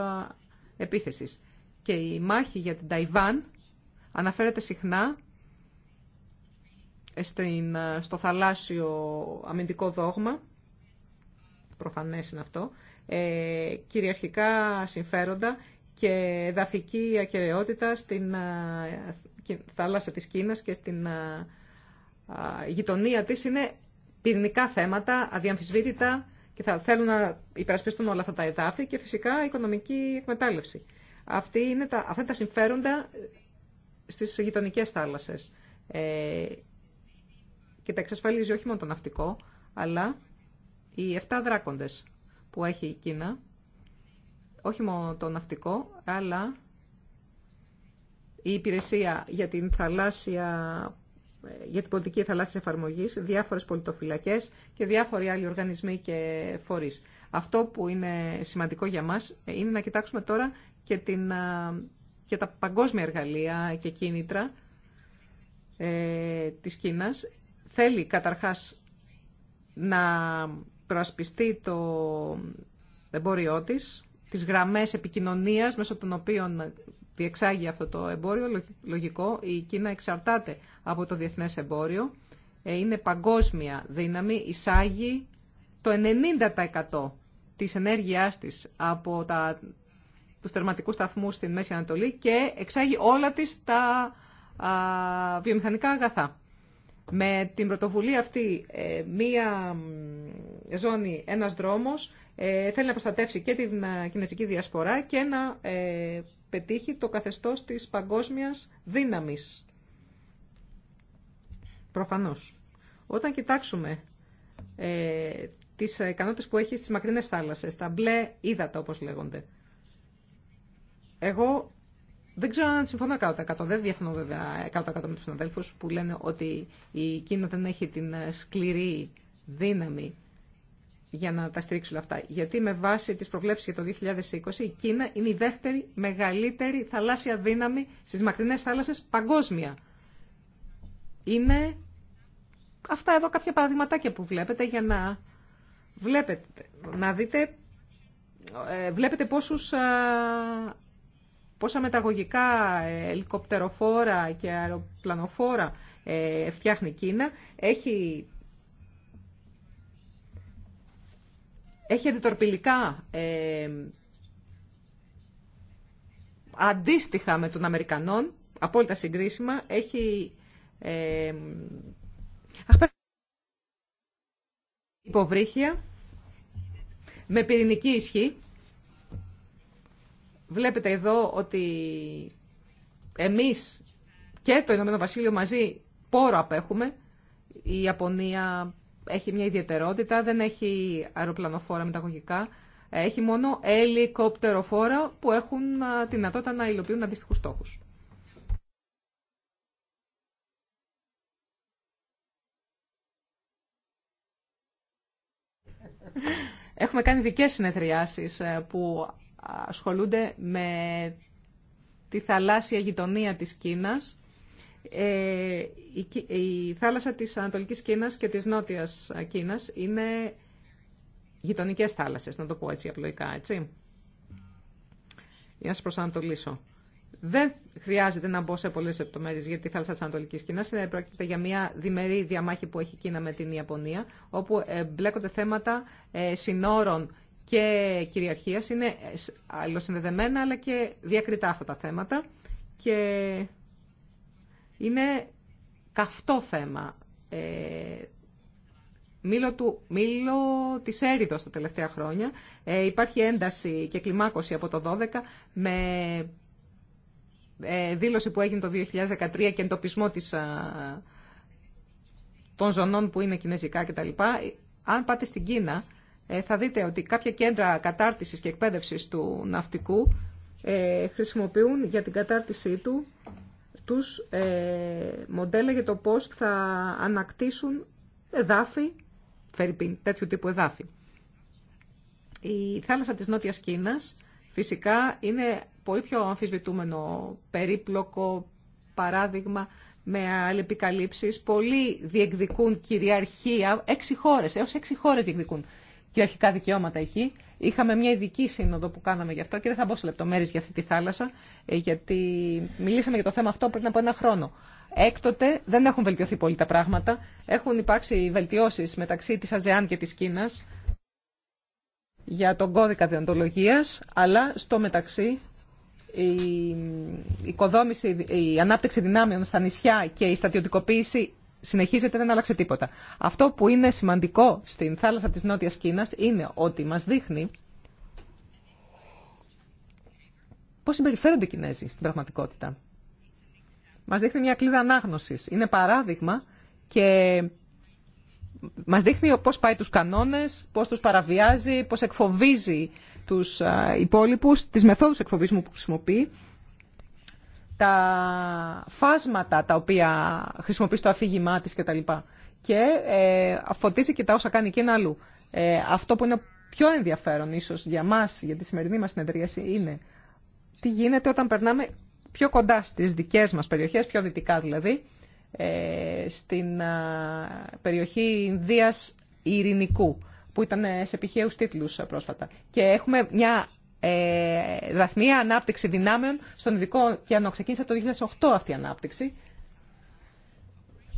επίθεσης. Και η μάχη για την Ταϊβάν αναφέρεται συχνά ε, στο θαλάσσιο αμυντικό δόγμα, προφανές είναι αυτό, ε, κυριαρχικά συμφέροντα και δαφική ακαιρεότητα στην ε, θάλασσα της Κίνας και στην γειτονία της είναι πυρηνικά θέματα, αδιαμφισβήτητα και θα θέλουν να υπερασπιστούν όλα αυτά τα εδάφη και φυσικά οικονομική εκμετάλλευση. Αυτή είναι τα, αυτά είναι τα συμφέροντα στις γειτονικέ θάλασσες και τα εξασφαλίζει όχι μόνο το ναυτικό, αλλά οι 7 δράκοντες που έχει η Κίνα, όχι μόνο το ναυτικό, αλλά η υπηρεσία για την θαλάσσια για την πολιτική θαλάσσια εφαρμογή, διάφορες πολιτοφυλακές και διάφοροι άλλοι οργανισμοί και φορείς. Αυτό που είναι σημαντικό για μας είναι να κοιτάξουμε τώρα και, την, τα παγκόσμια εργαλεία και κίνητρα ε, της Κίνας θέλει καταρχάς να προασπιστεί το εμπόριό της, τις γραμμές επικοινωνίας μέσω των οποίων διεξάγει αυτό το εμπόριο. Λογικό, η Κίνα εξαρτάται από το διεθνές εμπόριο. Ε, είναι παγκόσμια δύναμη, εισάγει το 90% της ενέργειάς της από τα, τους θερματικούς σταθμούς στην Μέση Ανατολή και εξάγει όλα της τα βιομηχανικά αγαθά. Με την πρωτοβουλία αυτή, ε, μία ζώνη, ένας δρόμος, ε, θέλει να προστατεύσει και την ε, κινέζικη διασπορά και να πετύχει το καθεστώς της παγκόσμιας δύναμης. Προφανώς. Όταν κοιτάξουμε ε, τις ικανότητες που έχει στις μακρινές θάλασσες, τα μπλε ύδατα όπως λέγονται, εγώ δεν ξέρω αν συμφωνώ 100%. Δεν διαφωνώ βέβαια 100% με του συναδέλφου που λένε ότι η Κίνα δεν έχει την ε, σκληρή δύναμη για να τα όλα αυτά. Γιατί με βάση τις προβλέψεις για το 2020 η Κίνα είναι η δεύτερη μεγαλύτερη θαλάσσια δύναμη στις μακρινές θάλασσες παγκόσμια. Είναι αυτά εδώ κάποια παραδειγματάκια που βλέπετε για να βλέπετε, να δείτε, ε, βλέπετε πόσους πόσα μεταγωγικά ε, ελικοπτεροφόρα και αεροπλανοφόρα ε, φτιάχνει η Κίνα. Έχει, έχει αντιτορπιλικά ε, αντίστοιχα με τον Αμερικανών, απόλυτα συγκρίσιμα, έχει... Ε, υποβρύχια με πυρηνική ισχύ Βλέπετε εδώ ότι εμείς και το Ηνωμένο Βασίλειο μαζί πόρο απέχουμε. Η Ιαπωνία έχει μια ιδιαιτερότητα, δεν έχει αεροπλανοφόρα μεταγωγικά. Έχει μόνο ελικόπτεροφόρα που έχουν τη δυνατότητα να υλοποιούν αντίστοιχου στόχου. Έχουμε κάνει δικές συνεδριάσεις ε, που ασχολούνται με τη θαλάσσια γειτονία της Κίνας, ε, η θάλασσα της Ανατολικής Κίνας και της Νότιας Κίνας είναι γειτονικές θάλασσες, να το πω έτσι απλοϊκά, έτσι. Για να σας προσανατολίσω. Δεν χρειάζεται να μπω σε πολλές λεπτομέρειε γιατί η θάλασσα τη Ανατολική Κίνα. Ε, πρόκειται για μια διμερή διαμάχη που έχει η Κίνα με την Ιαπωνία, όπου μπλέκονται θέματα ε, συνόρων και κυριαρχίας είναι ε, αλληλοσυνδεδεμένα αλλά και διακριτά αυτά τα θέματα και είναι καυτό θέμα. Ε, μήλο, του, μήλο της έριδος τα τελευταία χρόνια. Ε, υπάρχει ένταση και κλιμάκωση από το 12 με ε, δήλωση που έγινε το 2013 και εντοπισμό της, των ζωνών που είναι κινέζικα κτλ. Ε, αν πάτε στην Κίνα, ε, θα δείτε ότι κάποια κέντρα κατάρτισης και εκπαίδευσης του ναυτικού ε, χρησιμοποιούν για την κατάρτισή του τους ε, μοντέλα για το πώς θα ανακτήσουν εδάφη, φερρυπίν, τέτοιου τύπου εδάφη. Η θάλασσα της Νότιας Κίνας φυσικά είναι πολύ πιο αμφισβητούμενο περίπλοκο παράδειγμα με αλληλεπικαλύψεις. Πολλοί διεκδικούν κυριαρχία, έξι χώρες, έως έξι χώρες διεκδικούν και δικαιώματα εκεί. Είχαμε μια ειδική σύνοδο που κάναμε γι' αυτό και δεν θα μπω σε λεπτομέρειε για αυτή τη θάλασσα, ε, γιατί μιλήσαμε για το θέμα αυτό πριν από ένα χρόνο. Έκτοτε δεν έχουν βελτιωθεί πολύ τα πράγματα. Έχουν υπάρξει βελτιώσει μεταξύ τη ΑΖΕΑΝ και τη Κίνα για τον κώδικα διοντολογία, αλλά στο μεταξύ η, η ανάπτυξη δυνάμεων στα νησιά και η στατιωτικοποίηση συνεχίζεται, δεν άλλαξε τίποτα. Αυτό που είναι σημαντικό στην θάλασσα της Νότιας Κίνας είναι ότι μας δείχνει πώς συμπεριφέρονται οι Κινέζοι στην πραγματικότητα. Μας δείχνει μια κλίδα ανάγνωσης. Είναι παράδειγμα και μας δείχνει πώς πάει τους κανόνες, πώς τους παραβιάζει, πώς εκφοβίζει τους υπόλοιπους, τις μεθόδους εκφοβισμού που χρησιμοποιεί τα φάσματα τα οποία χρησιμοποιεί στο αφήγημά της κτλ. Και, και ε, φωτίζει και τα όσα κάνει και ένα αλλού. Ε, αυτό που είναι πιο ενδιαφέρον ίσως για μας, για τη σημερινή μας συνεδρίαση, είναι τι γίνεται όταν περνάμε πιο κοντά στις δικές μας περιοχές, πιο δυτικά δηλαδή, ε, στην περιοχή Ινδίας Ειρηνικού, που ήταν σε επιχαίους τίτλους πρόσφατα. Και έχουμε μια ε, δαθμία ανάπτυξη δυνάμεων στον ειδικό ωκεανό. Ξεκίνησε το 2008 αυτή η ανάπτυξη.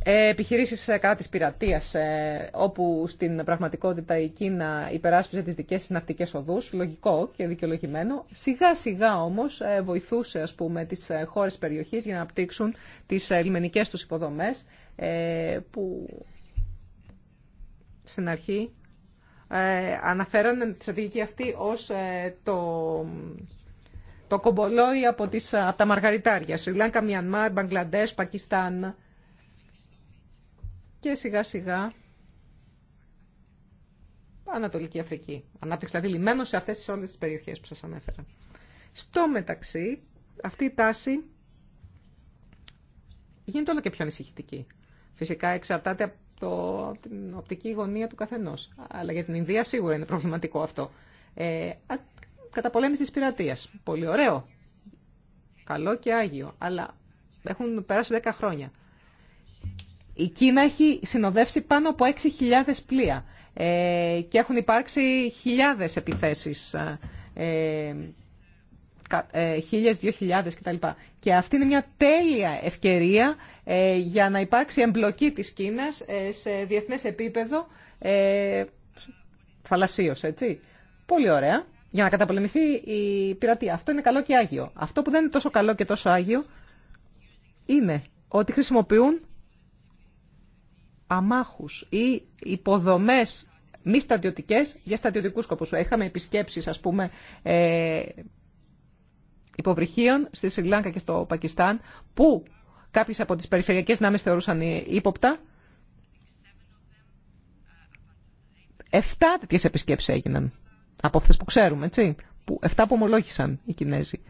Ε, επιχειρήσεις ε, κατά τη πειρατεία, ε, όπου στην πραγματικότητα η Κίνα υπεράσπιζε τι δικέ της ναυτικέ οδούς, λογικό και δικαιολογημένο. Σιγά σιγά όμως ε, βοηθούσε ας πούμε, τις χώρες περιοχής για να απτύξουν τι ε, του υποδομέ υποδομές, που στην αρχή ε, αναφέρανε τη στρατηγική αυτή ως ε, το, το κομπολόι από, τις, ε, από τα μαργαριτάρια. Σρι Λάνκα, Μιανμάρ, Μπαγκλαντές, Πακιστάν. Και σιγά σιγά Ανατολική Αφρική. Ανάπτυξη δηλαδή λιμένο σε αυτές τις όλες τις περιοχές που σας ανέφερα. Στο μεταξύ, αυτή η τάση γίνεται όλο και πιο ανησυχητική. Φυσικά εξαρτάται το, την οπτική γωνία του καθενός. Αλλά για την Ινδία σίγουρα είναι προβληματικό αυτό. Ε, πολέμηση τη πειρατεία. Πολύ ωραίο. Καλό και άγιο. Αλλά έχουν περάσει 10 χρόνια. Η Κίνα έχει συνοδεύσει πάνω από 6.000 πλοία ε, και έχουν υπάρξει χιλιάδες επιθέσεις ε, ε, χίλιες, δύο χιλιάδες κτλ. Και αυτή είναι μια τέλεια ευκαιρία ε, για να υπάρξει εμπλοκή της Κίνας ε, σε διεθνές επίπεδο ε, έτσι. Πολύ ωραία. Για να καταπολεμηθεί η πειρατεία. Αυτό είναι καλό και άγιο. Αυτό που δεν είναι τόσο καλό και τόσο άγιο είναι ότι χρησιμοποιούν αμάχους ή υποδομές μη στρατιωτικέ για στρατιωτικού σκοπού. Είχαμε επισκέψει, α πούμε, ε, υποβρυχίων στη Σιλάνκα και στο Πακιστάν, που κάποιες από τις περιφερειακές δυνάμεις θεωρούσαν ύποπτα. Εφτά τέτοιε επισκέψει έγιναν. Από αυτέ που ξέρουμε, έτσι. Που, εφτά που ομολόγησαν οι Κινέζοι.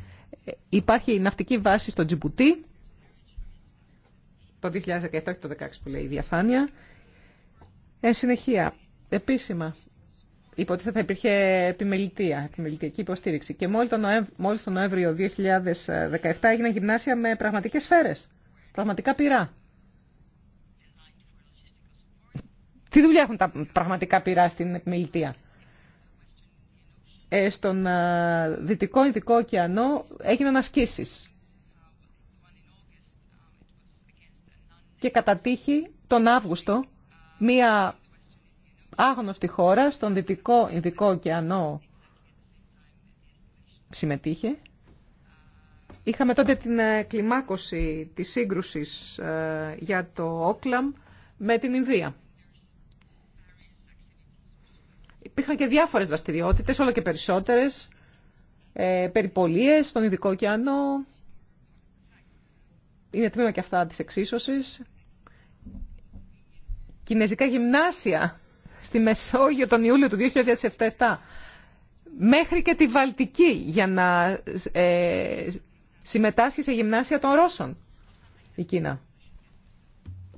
Ε, υπάρχει η ναυτική βάση στο Τζιμπουτί, το 2017 και το 2016 που λέει η διαφάνεια. Εν συνεχεία, επίσημα υποτίθεται θα υπήρχε επιμελητία, επιμελητική υποστήριξη. Και μόλι τον, Νοέμβριο 2017 έγινε γυμνάσια με πραγματικές σφαίρες, πραγματικά πυρά. Τι δουλειά έχουν τα πραγματικά πυρά στην επιμελητία. Ε, στον ε, Δυτικό Ινδικό Ωκεανό έγιναν ασκήσει. Και κατά τύχη τον Αύγουστο μία άγνωστη χώρα στον Δυτικό Ινδικό Ωκεανό συμμετείχε. Είχαμε τότε την ε, κλιμάκωση της σύγκρουσης ε, για το Όκλαμ με την Ινδία. Υπήρχαν και διάφορες δραστηριότητες, όλο και περισσότερες, ε, περιπολίες στον Ινδικό Ωκεανό. Είναι τμήμα και αυτά της εξίσωσης. Κινέζικα γυμνάσια στη Μεσόγειο τον Ιούλιο του 2007 μέχρι και τη Βαλτική για να ε, συμμετάσχει σε γυμνάσια των Ρώσων η Κίνα.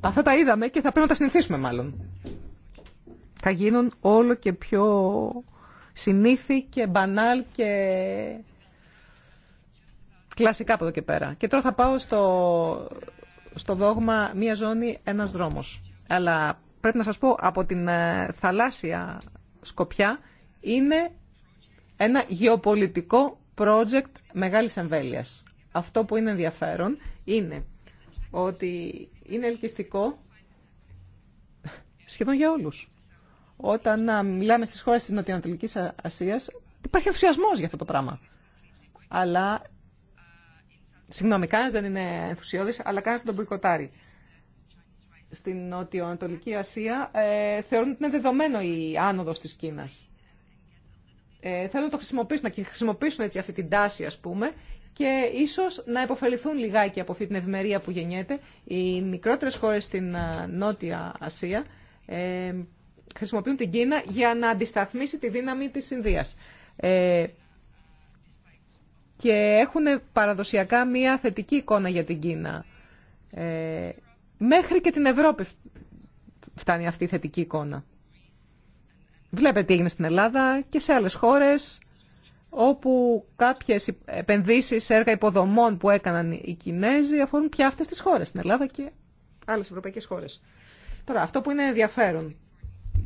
Αυτά τα είδαμε και θα πρέπει να τα συνηθίσουμε μάλλον. Θα γίνουν όλο και πιο συνήθι και μπανάλ και κλασικά από εδώ και πέρα. Και τώρα θα πάω στο, στο δόγμα μία ζώνη, ένας δρόμος. Αλλά πρέπει να σας πω από την ε, θαλάσσια σκοπιά είναι ένα γεωπολιτικό project μεγάλης εμβέλειας. Αυτό που είναι ενδιαφέρον είναι ότι είναι ελκυστικό σχεδόν για όλους. Όταν ε, μιλάμε στις χώρες της Νοτιοανατολικής Ασίας υπάρχει ενθουσιασμός για αυτό το πράγμα. Αλλά, συγγνώμη, κανένας δεν είναι ενθουσιώδης, αλλά κανένας τον στην Νότιο-Ανατολική Ασία ε, θεωρούν ότι είναι δεδομένο η άνοδος της Κίνας. Ε, θέλουν να το χρησιμοποιήσουν, να χρησιμοποιήσουν έτσι αυτή την τάση ας πούμε και ίσως να υποφεληθούν λιγάκι από αυτή την ευημερία που γεννιέται. Οι μικρότερες χώρες στην ε, Νότια Ασία ε, χρησιμοποιούν την Κίνα για να αντισταθμίσει τη δύναμη της Ινδίας. Ε, και έχουν παραδοσιακά μία θετική εικόνα για την Κίνα. Ε, Μέχρι και την Ευρώπη φτάνει αυτή η θετική εικόνα. Βλέπετε τι έγινε στην Ελλάδα και σε άλλες χώρες όπου κάποιες επενδύσεις σε έργα υποδομών που έκαναν οι Κινέζοι αφορούν πια αυτές τις χώρες, στην Ελλάδα και άλλες ευρωπαϊκές χώρες. Τώρα, αυτό που είναι ενδιαφέρον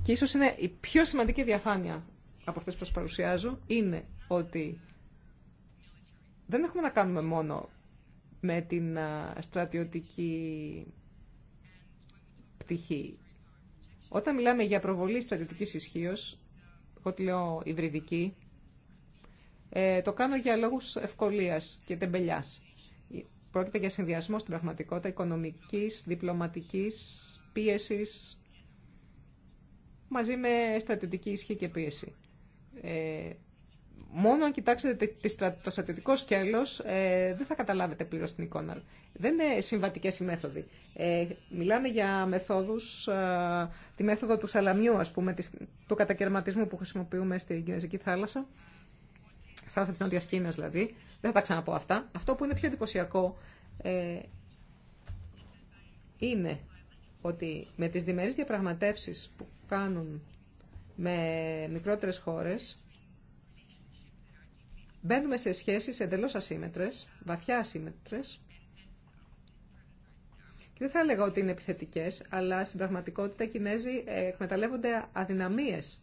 και ίσως είναι η πιο σημαντική διαφάνεια από αυτές που σας παρουσιάζω είναι ότι δεν έχουμε να κάνουμε μόνο με την στρατιωτική όταν μιλάμε για προβολή στρατιωτική ισχύω, εγώ τη λέω υβριδική, ε, το κάνω για λόγου ευκολίας και τεμπελιάς. Πρόκειται για συνδυασμό στην πραγματικότητα οικονομικής, διπλωματικής, πίεσης, μαζί με στρατιωτική ισχύ και πίεση. Ε, μόνο αν κοιτάξετε το στρατιωτικό σκέλος ε, δεν θα καταλάβετε πλήρω την εικόνα. Δεν είναι συμβατικές οι μέθοδοι. Ε, μιλάμε για μεθόδους, ε, τη μέθοδο του σαλαμιού, ας πούμε, του κατακαιρματισμού που χρησιμοποιούμε στην Κινέζικη θάλασσα, θάλασσα τη Νότια δηλαδή. Δεν θα τα ξαναπώ αυτά. Αυτό που είναι πιο εντυπωσιακό είναι ότι με τις διμερείς διαπραγματεύσεις που κάνουν με μικρότερες χώρες, Μπαίνουμε σε σχέσεις εντελώς ασύμετρες, βαθιά ασύμετρες. Και δεν θα έλεγα ότι είναι επιθετικές, αλλά στην πραγματικότητα οι Κινέζοι ε, εκμεταλλεύονται αδυναμίες.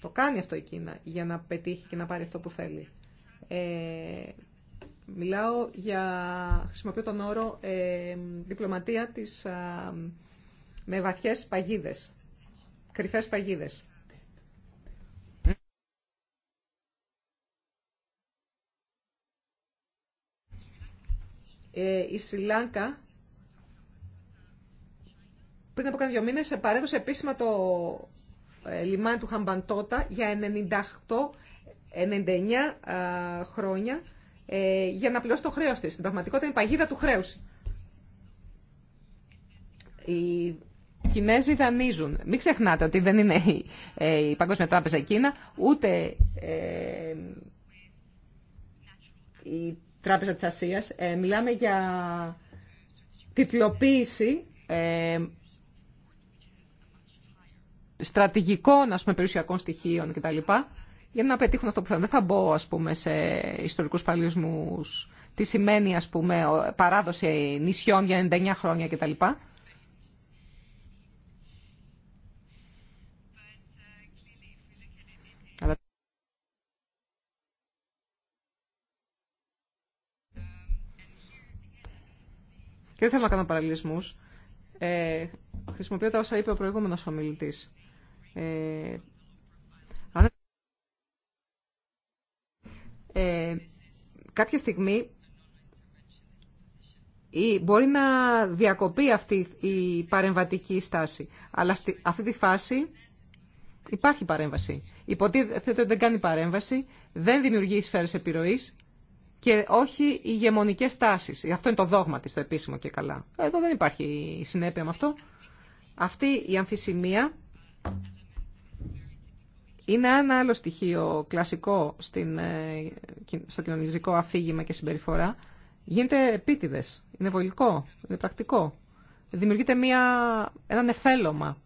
Το κάνει αυτό η Κίνα για να πετύχει και να πάρει αυτό που θέλει. Ε, μιλάω για, χρησιμοποιώ τον όρο, ε, διπλωματία της, με βαθιές παγίδες, κρυφές παγίδες. Ε, η Σιλάνκα πριν από κάνα δύο μήνες παρέδωσε επίσημα το ε, λιμάνι του Χαμπαντότα για 98-99 χρόνια ε, για να πληρώσει το χρέος της. Στην πραγματικότητα είναι η παγίδα του χρέους. Οι Κινέζοι δανείζουν. Μην ξεχνάτε ότι δεν είναι η, η Παγκόσμια Τράπεζα Κίνα, ούτε η Τράπεζα της Ασίας. Ε, μιλάμε για τιτλοποίηση ε, στρατηγικών ας πούμε, περιουσιακών στοιχείων κτλ. Για να πετύχουν αυτό που θέλουν. Δεν θα μπω ας πούμε, σε ιστορικούς παλισμούς, τι σημαίνει ας πούμε, παράδοση νησιών για 99 χρόνια κτλ. δεν θέλω να κάνω παραλληλισμούς, ε, χρησιμοποιώ τα όσα είπε ο προηγούμενο ομιλητή. Ε, αν... ε, κάποια στιγμή ή μπορεί να διακοπεί αυτή η παρεμβατική στάση. Αλλά στη, αυτή τη φάση υπάρχει παρέμβαση. Υποτίθεται ότι δεν κάνει παρέμβαση, δεν δημιουργεί σφαίρε επιρροή και όχι οι γεμονικέ τάσει. Αυτό είναι το δόγμα τη, το επίσημο και καλά. Εδώ δεν υπάρχει συνέπεια με αυτό. Αυτή η αμφισημία είναι ένα άλλο στοιχείο κλασικό στην, ε, στο κοινωνιστικό αφήγημα και συμπεριφορά. Γίνεται επίτηδε. Είναι βολικό, είναι πρακτικό. Δημιουργείται μια, ένα νεφέλωμα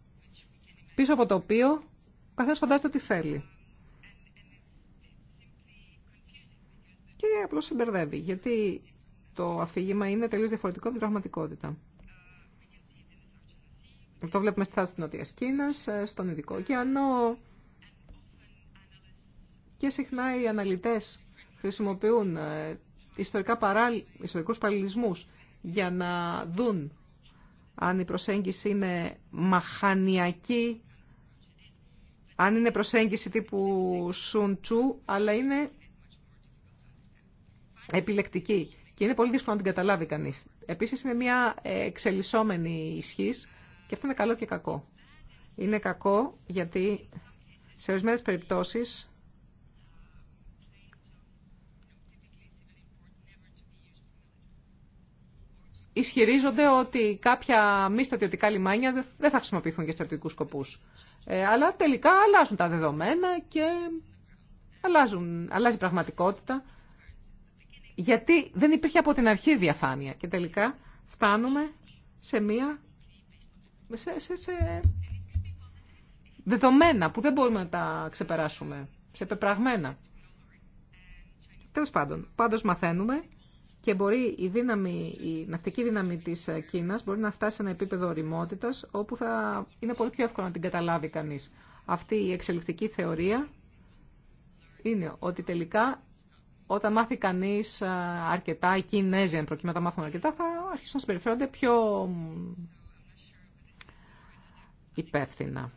πίσω από το οποίο ο καθένα φαντάζεται ότι θέλει. και απλώς συμπερδεύει, γιατί το αφήγημα είναι τελείως διαφορετικό από την πραγματικότητα. Αυτό βλέπουμε στη θάση της Νότιας Κίνας, στον Ειδικό Ωκεανό και συχνά οι αναλυτές χρησιμοποιούν ε, ιστορικά παράλ... ιστορικούς παραλληλισμούς για να δουν αν η προσέγγιση είναι μαχανιακή, αν είναι προσέγγιση τύπου Σουν αλλά είναι επιλεκτική και είναι πολύ δύσκολο να την καταλάβει κανείς. Επίσης είναι μια εξελισσόμενη ισχύς και αυτό είναι καλό και κακό. Είναι κακό γιατί σε ορισμένε περιπτώσεις ισχυρίζονται ότι κάποια μη στρατιωτικά λιμάνια δεν θα χρησιμοποιηθούν για στρατιωτικούς σκοπούς. Ε, αλλά τελικά αλλάζουν τα δεδομένα και αλλάζουν, αλλάζει η πραγματικότητα γιατί δεν υπήρχε από την αρχή διαφάνεια. Και τελικά φτάνουμε σε μία... Σε, σε, σε δεδομένα που δεν μπορούμε να τα ξεπεράσουμε, σε πεπραγμένα. Τέλος πάντων, πάντως μαθαίνουμε και μπορεί η, δύναμη, η ναυτική δύναμη της Κίνας μπορεί να φτάσει σε ένα επίπεδο ρημότητας όπου θα είναι πολύ πιο εύκολο να την καταλάβει κανείς. Αυτή η εξελικτική θεωρία είναι ότι τελικά όταν μάθει κανεί αρκετά, οι Κινέζοι αν προκειμένου να μάθουν αρκετά, θα αρχίσουν να συμπεριφέρονται πιο υπεύθυνα.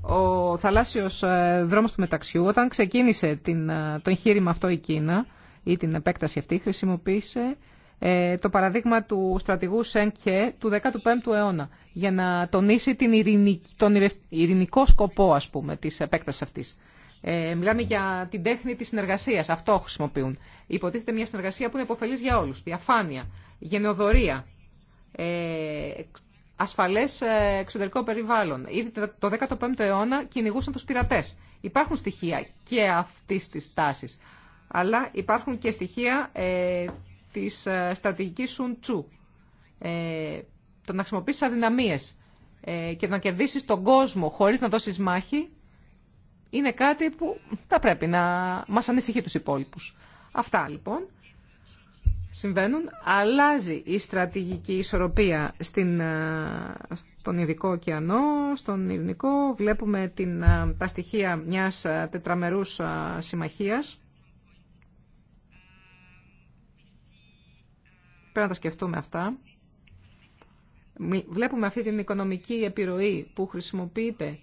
Ο θαλάσσιος ε, δρόμος του μεταξιού, όταν ξεκίνησε την, ε, το εγχείρημα αυτό η Κίνα ή την επέκταση αυτή, χρησιμοποίησε ε, το παραδείγμα του στρατηγού Σεν Κιέ του 15ου αιώνα για να τονίσει την ειρηνική, τον ειρηνικό σκοπό ας πούμε, της επέκτασης αυτής. Ε, μιλάμε για την τέχνη της συνεργασίας, αυτό χρησιμοποιούν. Υποτίθεται μια συνεργασία που είναι υποφελής για όλους. Διαφάνεια, γενεοδορία, ε, ασφαλές ε, εξωτερικό περιβάλλον. Ήδη το 15ο αιώνα κυνηγούσαν τους πειρατές. Υπάρχουν στοιχεία και αυτής της τάσης αλλά υπάρχουν και στοιχεία ε, της ε, στρατηγικής Σουν Τσου. Ε, το να χρησιμοποιήσεις αδυναμίες ε, και να κερδίσεις τον κόσμο χωρίς να δώσεις μάχη είναι κάτι που θα πρέπει να μας ανησυχεί τους υπόλοιπους. Αυτά λοιπόν συμβαίνουν. Αλλάζει η στρατηγική ισορροπία στην, ε, στον Ειδικό Ωκεανό, στον Ειρηνικό. Βλέπουμε την, τα στοιχεία μιας τετραμερούς συμμαχίας Πρέπει να τα σκεφτούμε αυτά. Βλέπουμε αυτή την οικονομική επιρροή που χρησιμοποιείται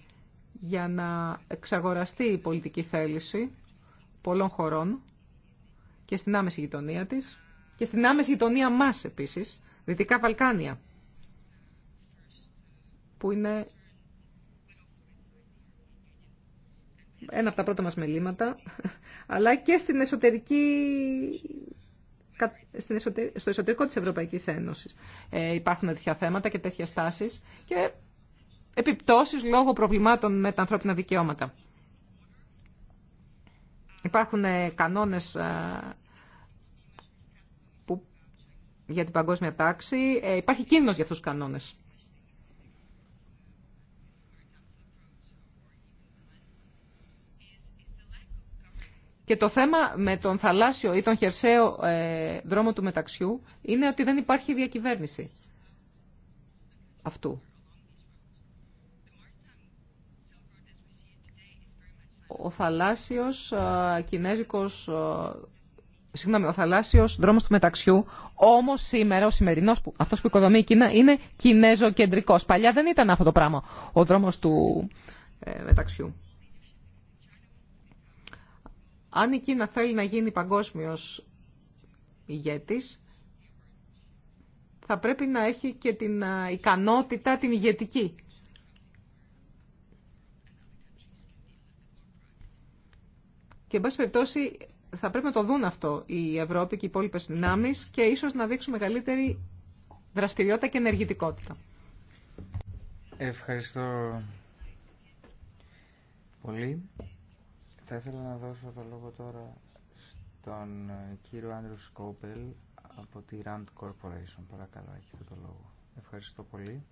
για να εξαγοραστεί η πολιτική θέληση πολλών χωρών και στην άμεση γειτονία της και στην άμεση γειτονία μας επίσης, Δυτικά Βαλκάνια, που είναι ένα από τα πρώτα μας μελήματα, αλλά και στην εσωτερική στο εσωτερικό της Ευρωπαϊκής Ένωσης ε, υπάρχουν τέτοια θέματα και τέτοια τάσεις και επιπτώσεις λόγω προβλημάτων με τα ανθρώπινα δικαιώματα. Υπάρχουν ε, κανόνες ε, για την παγκόσμια τάξη. υπάρχει κίνδυνος για αυτούς τους κανόνες. Και το θέμα με τον θαλάσσιο ή τον χερσαίο ε, δρόμο του μεταξιού είναι ότι δεν υπάρχει διακυβέρνηση αυτού. Ο θαλάσσιος ε, κινέζικος, ε, συγγνώμη, ο θαλάσσιος δρόμος του μεταξιού, όμως σήμερα ο σημερινός, αυτός που οικοδομεί η Κίνα, είναι κινέζο-κεντρικός. Παλιά δεν ήταν αυτό το πράγμα ο δρόμος του μεταξιού. Αν η Κίνα θέλει να γίνει παγκόσμιος ηγέτης, θα πρέπει να έχει και την ικανότητα την ηγετική. Και, εν πάση περιπτώσει, θα πρέπει να το δουν αυτό η Ευρώπη και οι υπόλοιπε δυνάμει και ίσω να δείξουν μεγαλύτερη δραστηριότητα και ενεργητικότητα. Ευχαριστώ πολύ. Θα ήθελα να δώσω το λόγο τώρα στον ε, κύριο Άντρου Σκόπελ από τη Rand Corporation. Παρακαλώ, έχετε το λόγο. Ευχαριστώ πολύ.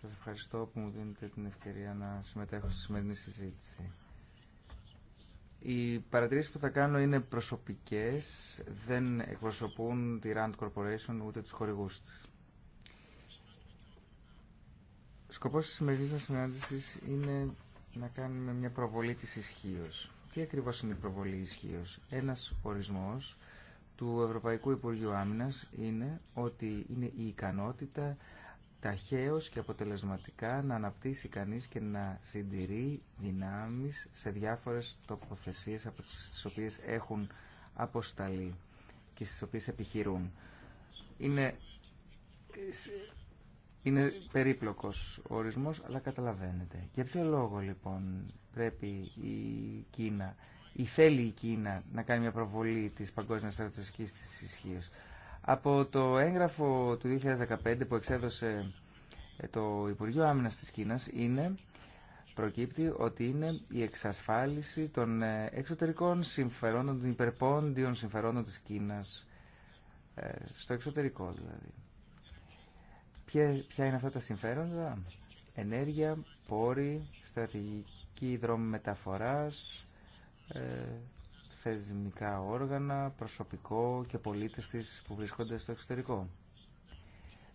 Σας ευχαριστώ που μου δίνετε την ευκαιρία να συμμετέχω στη σημερινή συζήτηση. Οι παρατηρήσεις που θα κάνω είναι προσωπικές, δεν εκπροσωπούν τη Rand Corporation ούτε τους χορηγούς της. Ο σκοπός της σημερινής μας συνάντησης είναι να κάνουμε μια προβολή της ισχύω. Τι ακριβώς είναι η προβολή ισχύω. Ένας ορισμός του Ευρωπαϊκού Υπουργείου Άμυνας είναι ότι είναι η ικανότητα ταχαίως και αποτελεσματικά να αναπτύσσει κανείς και να συντηρεί δυνάμεις σε διάφορες τοποθεσίες από τις οποίες έχουν αποσταλεί και στις οποίες επιχειρούν. Είναι είναι περίπλοκος ο ορισμός, αλλά καταλαβαίνετε. Για ποιο λόγο λοιπόν πρέπει η Κίνα ή θέλει η Κίνα να κάνει μια προβολή της παγκόσμιας στρατιωτικής της ισχύω. Από το έγγραφο του 2015 που εξέδωσε ε, το Υπουργείο Άμυνας της Κίνας είναι, προκύπτει ότι είναι η εξασφάλιση των ε, εξωτερικών συμφερόντων, των υπερπόντιων συμφερόντων της Κίνας, ε, στο εξωτερικό δηλαδή. Ποια, ποια είναι αυτά τα συμφέροντα. Ενέργεια, πόροι, στρατηγική δρόμη μεταφοράς, ε, θεσμικά όργανα, προσωπικό και πολίτες της που βρισκόνται στο εξωτερικό.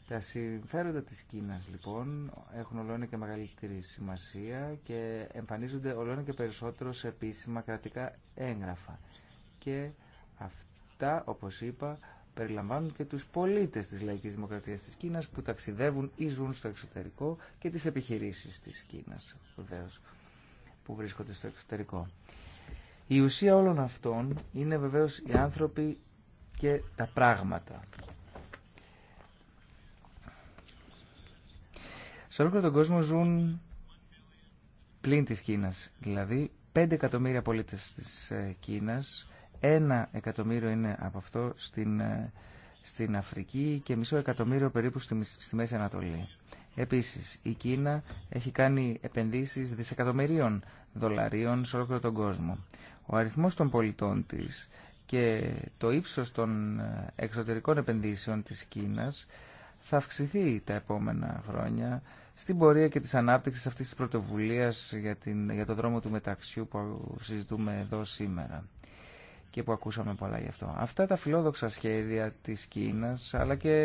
Τα συμφέροντα της Κίνας λοιπόν έχουν ολόνα και μεγαλύτερη σημασία και εμφανίζονται ολόνα και περισσότερο σε επίσημα κρατικά έγγραφα. Και αυτά όπως είπα περιλαμβάνουν και τους πολίτες της λαϊκής δημοκρατίας της Κίνας που ταξιδεύουν ή ζουν στο εξωτερικό και τις επιχειρήσεις της Κίνας, βεβαίως, που βρίσκονται στο εξωτερικό. Η ουσία όλων αυτών είναι βεβαίως οι άνθρωποι και τα πράγματα. Σε όλο τον κόσμο ζουν πλην της Κίνας, δηλαδή 5 εκατομμύρια πολίτες της ε, Κίνας, ένα εκατομμύριο είναι από αυτό στην, ε, στην Αφρική και μισό εκατομμύριο περίπου στη, στη Μέση Ανατολή. Επίσης, η Κίνα έχει κάνει επενδύσεις δισεκατομμυρίων δολαρίων σε όλο τον κόσμο. Ο αριθμός των πολιτών της και το ύψος των ε, εξωτερικών επενδύσεων της Κίνας θα αυξηθεί τα επόμενα χρόνια στην πορεία και της ανάπτυξης αυτής της πρωτοβουλίας για, την, για δρόμο του μεταξιού που συζητούμε εδώ σήμερα και που ακούσαμε πολλά γι' αυτό. Αυτά τα φιλόδοξα σχέδια της Κίνας αλλά και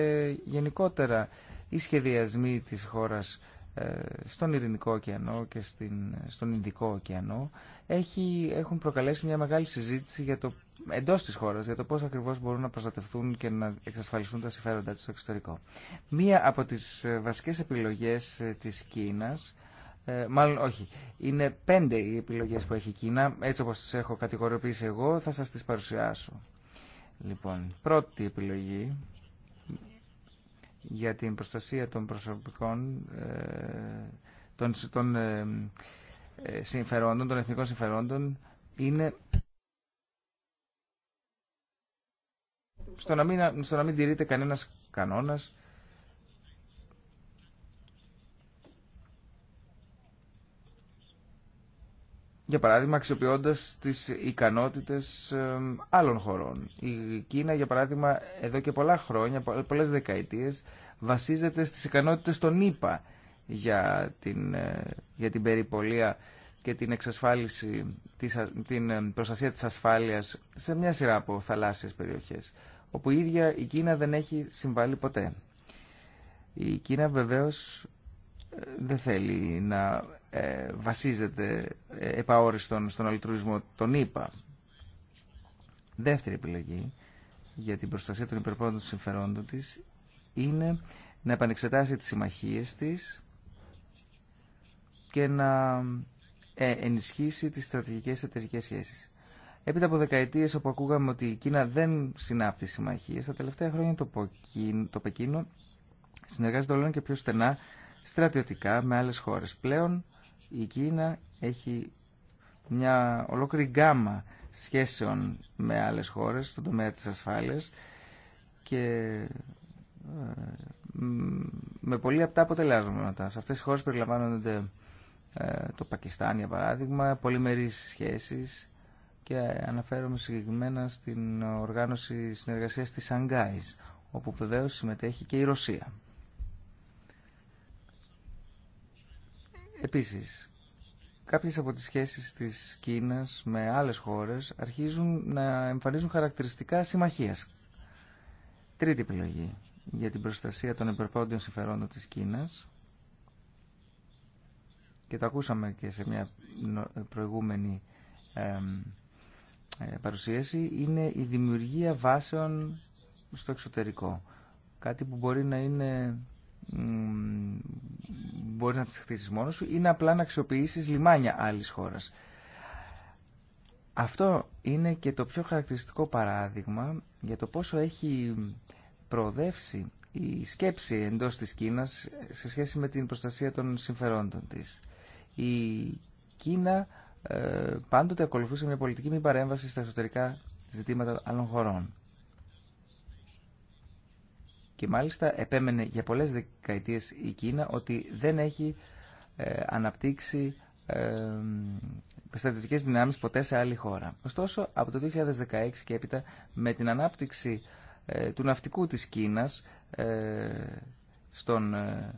γενικότερα οι σχεδιασμοί της χώρας ε, στον Ειρηνικό ωκεανό και στον Ινδικό ωκεανό έχει, έχουν προκαλέσει μια μεγάλη συζήτηση για το, εντός της χώρας για το πώς ακριβώς μπορούν να προστατευτούν και να εξασφαλιστούν τα συμφέροντά τους στο εξωτερικό. Μία από τις ε, βασικές επιλογές ε, της Κίνας ε, μάλλον όχι. Είναι πέντε οι επιλογέ που έχει η Κίνα. Έτσι όπω τι έχω κατηγοριοποιήσει εγώ θα σα τι παρουσιάσω. Λοιπόν, πρώτη επιλογή για την προστασία των προσωπικών ε, των, ε, συμφερόντων, των εθνικών συμφερόντων είναι στο να μην, στο να μην τηρείται κανένας κανόνας για παράδειγμα αξιοποιώντας τις ικανότητες άλλων χωρών. Η Κίνα, για παράδειγμα, εδώ και πολλά χρόνια, πολλές δεκαετίες, βασίζεται στις ικανότητες των ΗΠΑ για την, ε, για την περιπολία και την εξασφάλιση, της, την προστασία της ασφάλειας σε μια σειρά από θαλάσσιες περιοχές, όπου η ίδια η Κίνα δεν έχει συμβάλει ποτέ. Η Κίνα βεβαίως ε, δεν θέλει να ε, βασίζεται ε, επαόριστον στον αλτρουισμό των ΗΠΑ. Δεύτερη επιλογή για την προστασία των υπερπρόντων συμφερόντων της είναι να επανεξετάσει τις συμμαχίες της και να ε, ενισχύσει τις στρατηγικές εταιρικές σχέσεις. Έπειτα από δεκαετίε όπου ακούγαμε ότι η Κίνα δεν συνάπτει συμμαχίε, τα τελευταία χρόνια το, το Πεκίνο συνεργάζεται όλο και πιο στενά στρατιωτικά με άλλε χώρε. Πλέον η Κίνα έχει μια ολόκληρη γκάμα σχέσεων με άλλες χώρες στον τομέα της ασφάλειας και ε, με πολύ απτά αποτελέσματα. Σε αυτές τις χώρες περιλαμβάνονται ε, το Πακιστάν για παράδειγμα, πολυμερείς σχέσεις και αναφέρομαι συγκεκριμένα στην οργάνωση συνεργασίας της Σανγκάης, όπου βεβαίως συμμετέχει και η Ρωσία. Επίσης, κάποιες από τις σχέσεις της Κίνας με άλλες χώρες αρχίζουν να εμφανίζουν χαρακτηριστικά συμμαχίας. Τρίτη επιλογή για την προστασία των υπερπόντιων συμφερόντων της Κίνας και το ακούσαμε και σε μια προηγούμενη ε, παρουσίαση είναι η δημιουργία βάσεων στο εξωτερικό. Κάτι που μπορεί να είναι μπορεί να τις χτίσει μόνο σου ή να απλά να αξιοποιήσει λιμάνια άλλης χώρας. Αυτό είναι και το πιο χαρακτηριστικό παράδειγμα για το πόσο έχει προοδεύσει η σκέψη εντός της Κίνας σε σχέση με την προστασία των συμφερόντων της. Η Κίνα ε, πάντοτε ακολουθούσε μια πολιτική μη παρέμβαση στα εσωτερικά ζητήματα άλλων χωρών. Και μάλιστα επέμενε για πολλές δεκαετίες η Κίνα ότι δεν έχει ε, αναπτύξει ε, στρατιωτικές δυνάμεις ποτέ σε άλλη χώρα. Ωστόσο, από το 2016 και έπειτα, με την ανάπτυξη ε, του ναυτικού της Κίνας ε, στον ε,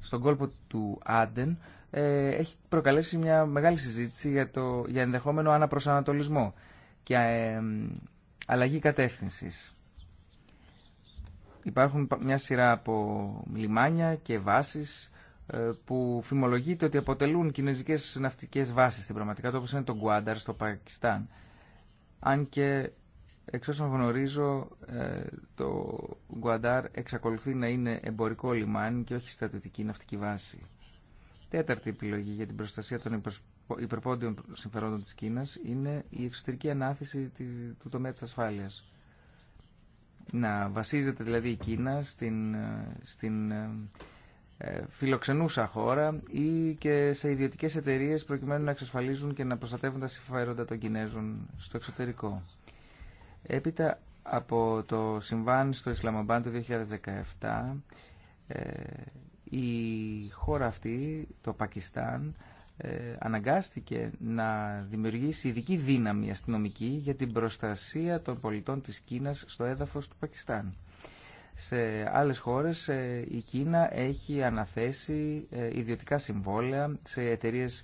στον κόλπο του Άντεν ε, έχει προκαλέσει μια μεγάλη συζήτηση για, το, για ενδεχόμενο αναπροσανατολισμό και ε, αλλαγή κατεύθυνσης. Υπάρχουν μια σειρά από λιμάνια και βάσεις ε, που φημολογείται ότι αποτελούν κινέζικες ναυτικές βάσεις στην πραγματικότητα όπως είναι το Γκουάνταρ στο Πακιστάν. Αν και εξ όσων γνωρίζω το Γκουάνταρ εξακολουθεί να είναι εμπορικό λιμάνι και όχι στρατιωτική ναυτική βάση. Τέταρτη επιλογή για την προστασία των υπερπόντιων συμφερόντων της Κίνας είναι η εξωτερική ανάθεση του τομέα της ασφάλειας. Να βασίζεται δηλαδή η Κίνα στην, ε, στην ε, ε, φιλοξενούσα χώρα ή και σε ιδιωτικές εταιρείες προκειμένου να εξασφαλίζουν και να προστατεύουν τα συμφέροντα των Κινέζων στο εξωτερικό. Έπειτα από το συμβάν στο Ισλαμαμπάν το 2017 η χώρα αυτή, το Πακιστάν, ε, αναγκάστηκε να δημιουργήσει ειδική δύναμη αστυνομική για την προστασία των πολιτών της Κίνας στο έδαφος του Πακιστάν. Σε άλλες χώρες ε, η Κίνα έχει αναθέσει ε, ιδιωτικά συμβόλαια σε εταιρείες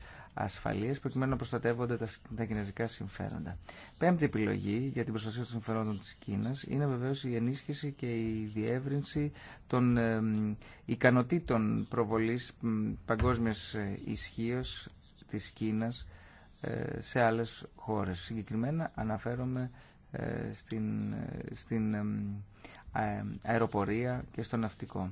προκειμένου να προστατεύονται τα, τα κινέζικα συμφέροντα. Πέμπτη επιλογή για την προστασία των συμφερόντων της Κίνα είναι βεβαίως η ενίσχυση και η διεύρυνση των ικανοτήτων προβολής παγκόσμιας ε, ισχύω της Κίνα ε, σε άλλες χώρες. Συγκεκριμένα αναφέρομαι ε, στην, στην αεροπορία και στο ναυτικό.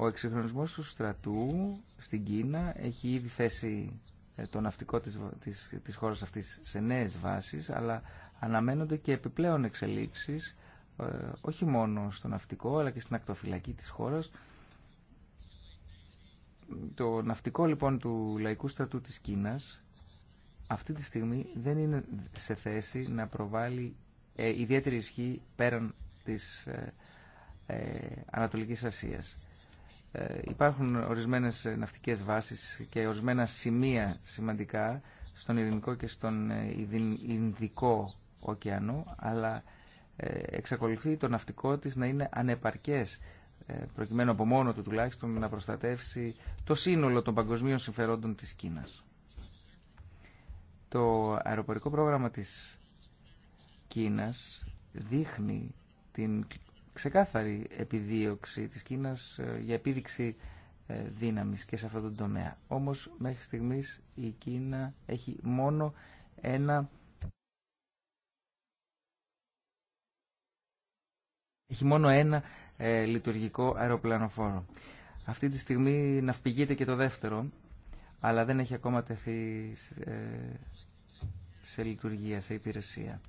Ο εξυγχρονισμός του στρατού στην Κίνα έχει ήδη θέσει ε, το ναυτικό της, της, της χώρας αυτής σε νέες βάσεις, αλλά αναμένονται και επιπλέον εξελίξεις, ε, όχι μόνο στο ναυτικό, αλλά και στην ακτοφυλακή της χώρας. Το ναυτικό λοιπόν του Λαϊκού Στρατού της Κίνας αυτή τη στιγμή δεν είναι σε θέση να προβάλλει ε, ιδιαίτερη ισχύ πέραν της Ανατολικής Ασίας. Ε, υπάρχουν ορισμένες ναυτικές βάσεις και ορισμένα σημεία σημαντικά στον Ειρηνικό και στον ε, Ινδικό ωκεανό, αλλά ε, εξακολουθεί το ναυτικό της να είναι ανεπαρκές προκειμένου από μόνο του τουλάχιστον να προστατεύσει το σύνολο των παγκοσμίων συμφερόντων της Κίνας. Το αεροπορικό πρόγραμμα της Κίνας δείχνει την ξεκάθαρη επιδίωξη της Κίνας ε, για επίδειξη ε, δύναμης και σε αυτόν τον τομέα. Όμως μέχρι στιγμής η Κίνα έχει μόνο ένα έχει μόνο ένα ε, λειτουργικό αεροπλανοφόρο. Αυτή τη στιγμή ναυπηγείται και το δεύτερο, αλλά δεν έχει ακόμα τεθεί σε λειτουργία, σε υπηρεσία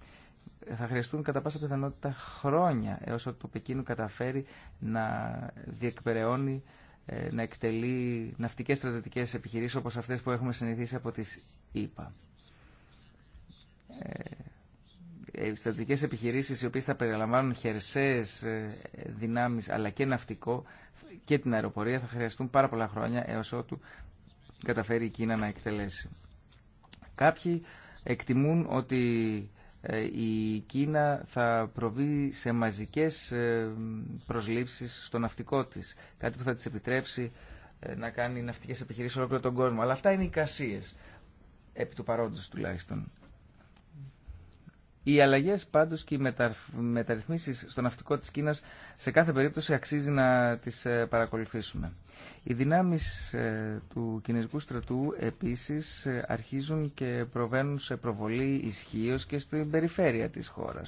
θα χρειαστούν κατά πάσα πιθανότητα χρόνια έως ότι το Πεκίνο καταφέρει να διεκπεραιώνει, ε, να εκτελεί ναυτικές στρατιωτικές επιχειρήσεις όπως αυτές που έχουμε συνηθίσει από τις ΗΠΑ. Οι ε, ε, στρατιωτικές επιχειρήσεις οι οποίες θα περιλαμβάνουν χερσαίες δυνάμεις αλλά και ναυτικό και την αεροπορία θα χρειαστούν πάρα πολλά χρόνια έως ότου καταφέρει η Κίνα να εκτελέσει. Κάποιοι εκτιμούν ότι ε, η Κίνα θα προβεί σε μαζικές ε, προσλήψεις στο ναυτικό της. Κάτι που θα της επιτρέψει ε, να κάνει ναυτικές επιχειρήσεις σε ολόκληρο τον κόσμο. Αλλά αυτά είναι οι κασίες επί του παρόντος τουλάχιστον. Οι αλλαγέ πάντω και οι μεταρρυθμίσει στο ναυτικό τη Κίνα σε κάθε περίπτωση αξίζει να τι ε, παρακολουθήσουμε. Οι δυνάμει ε, του Κινέζικου στρατού επίση ε, αρχίζουν και προβαίνουν σε προβολή ισχύω και στην περιφέρεια τη χώρα.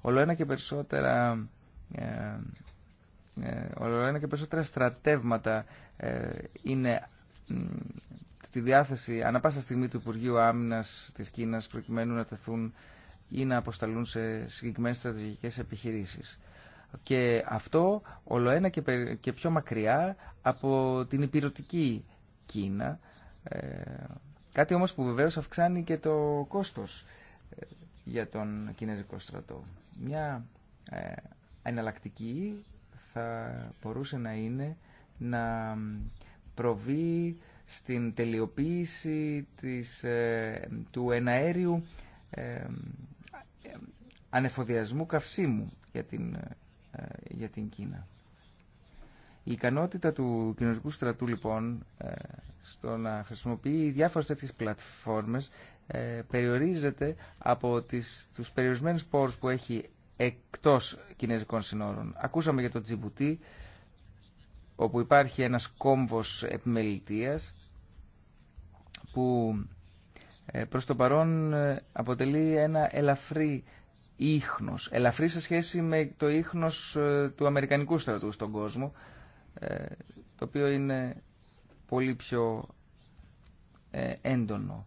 Όλο ένα και περισσότερα. Όλο ένα και περισσότερα στρατεύματα είναι στη διάθεση ανα πάσα στιγμή του Υπουργείου Άμυνας της Κίνας προκειμένου να τεθούν ή να αποσταλούν σε συγκεκριμένες στρατηγικές επιχειρήσεις. Και αυτό ένα και πιο μακριά από την υπηρετική Κίνα, ε, κάτι όμως που βεβαίως αυξάνει και το κόστος ε, για τον Κινέζικο στρατό. Μια ε, εναλλακτική θα μπορούσε να είναι να προβεί στην τελειοποίηση της, του εναέριου ανεφοδιασμού καυσίμου για την, ε, για την Κίνα. Η ικανότητα του κοινωνικού στρατού λοιπόν ε, στο να χρησιμοποιεί διάφορες τέτοιες πλατφόρμες ε, περιορίζεται από τις, τους περιορισμένους πόρους που έχει εκτός κινέζικων συνόρων. Ακούσαμε για το Τζιμπουτί όπου υπάρχει ένας κόμβος επιμελητίας που προς το παρόν αποτελεί ένα ελαφρύ ίχνος, ελαφρύ σε σχέση με το ίχνος ε, του Αμερικανικού στρατού στον κόσμο, ε, το οποίο είναι πολύ πιο ε, έντονο.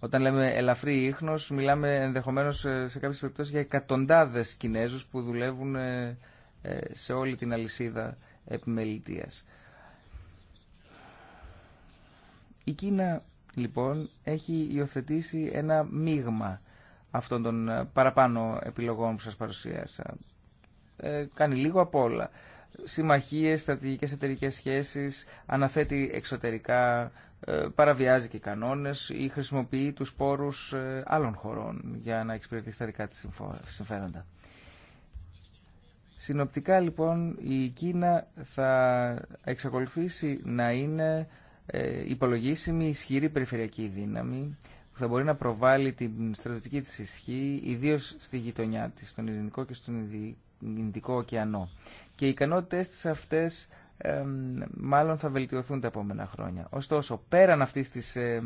Όταν λέμε ελαφρύ ίχνος, μιλάμε ενδεχομένως σε κάποιες περιπτώσεις για εκατοντάδες Κινέζους που δουλεύουν σε όλη την αλυσίδα επιμελητίας. Η Κίνα, λοιπόν, έχει υιοθετήσει ένα μείγμα αυτών των ε, παραπάνω επιλογών που σας παρουσίασα. Ε, κάνει λίγο απ' όλα. Συμμαχίες, στρατηγικές εταιρικέ σχέσεις, αναθέτει εξωτερικά, ε, παραβιάζει και κανόνες ή χρησιμοποιεί τους πόρους ε, άλλων χωρών για να εξυπηρετεί στα δικά της συμφέροντα. Συνοπτικά λοιπόν η Κίνα θα εξακολουθήσει να είναι υπολογίσιμη, ισχυρή περιφερειακή δύναμη που θα μπορεί να προβάλλει την στρατιωτική της ισχύ, ιδίως στη γειτονιά της, στον Ειρηνικό και στον Ινδικό ωκεανό. Και οι ικανότητες της αυτές ε, μάλλον θα βελτιωθούν τα επόμενα χρόνια. Ωστόσο, πέραν αυτής της ε,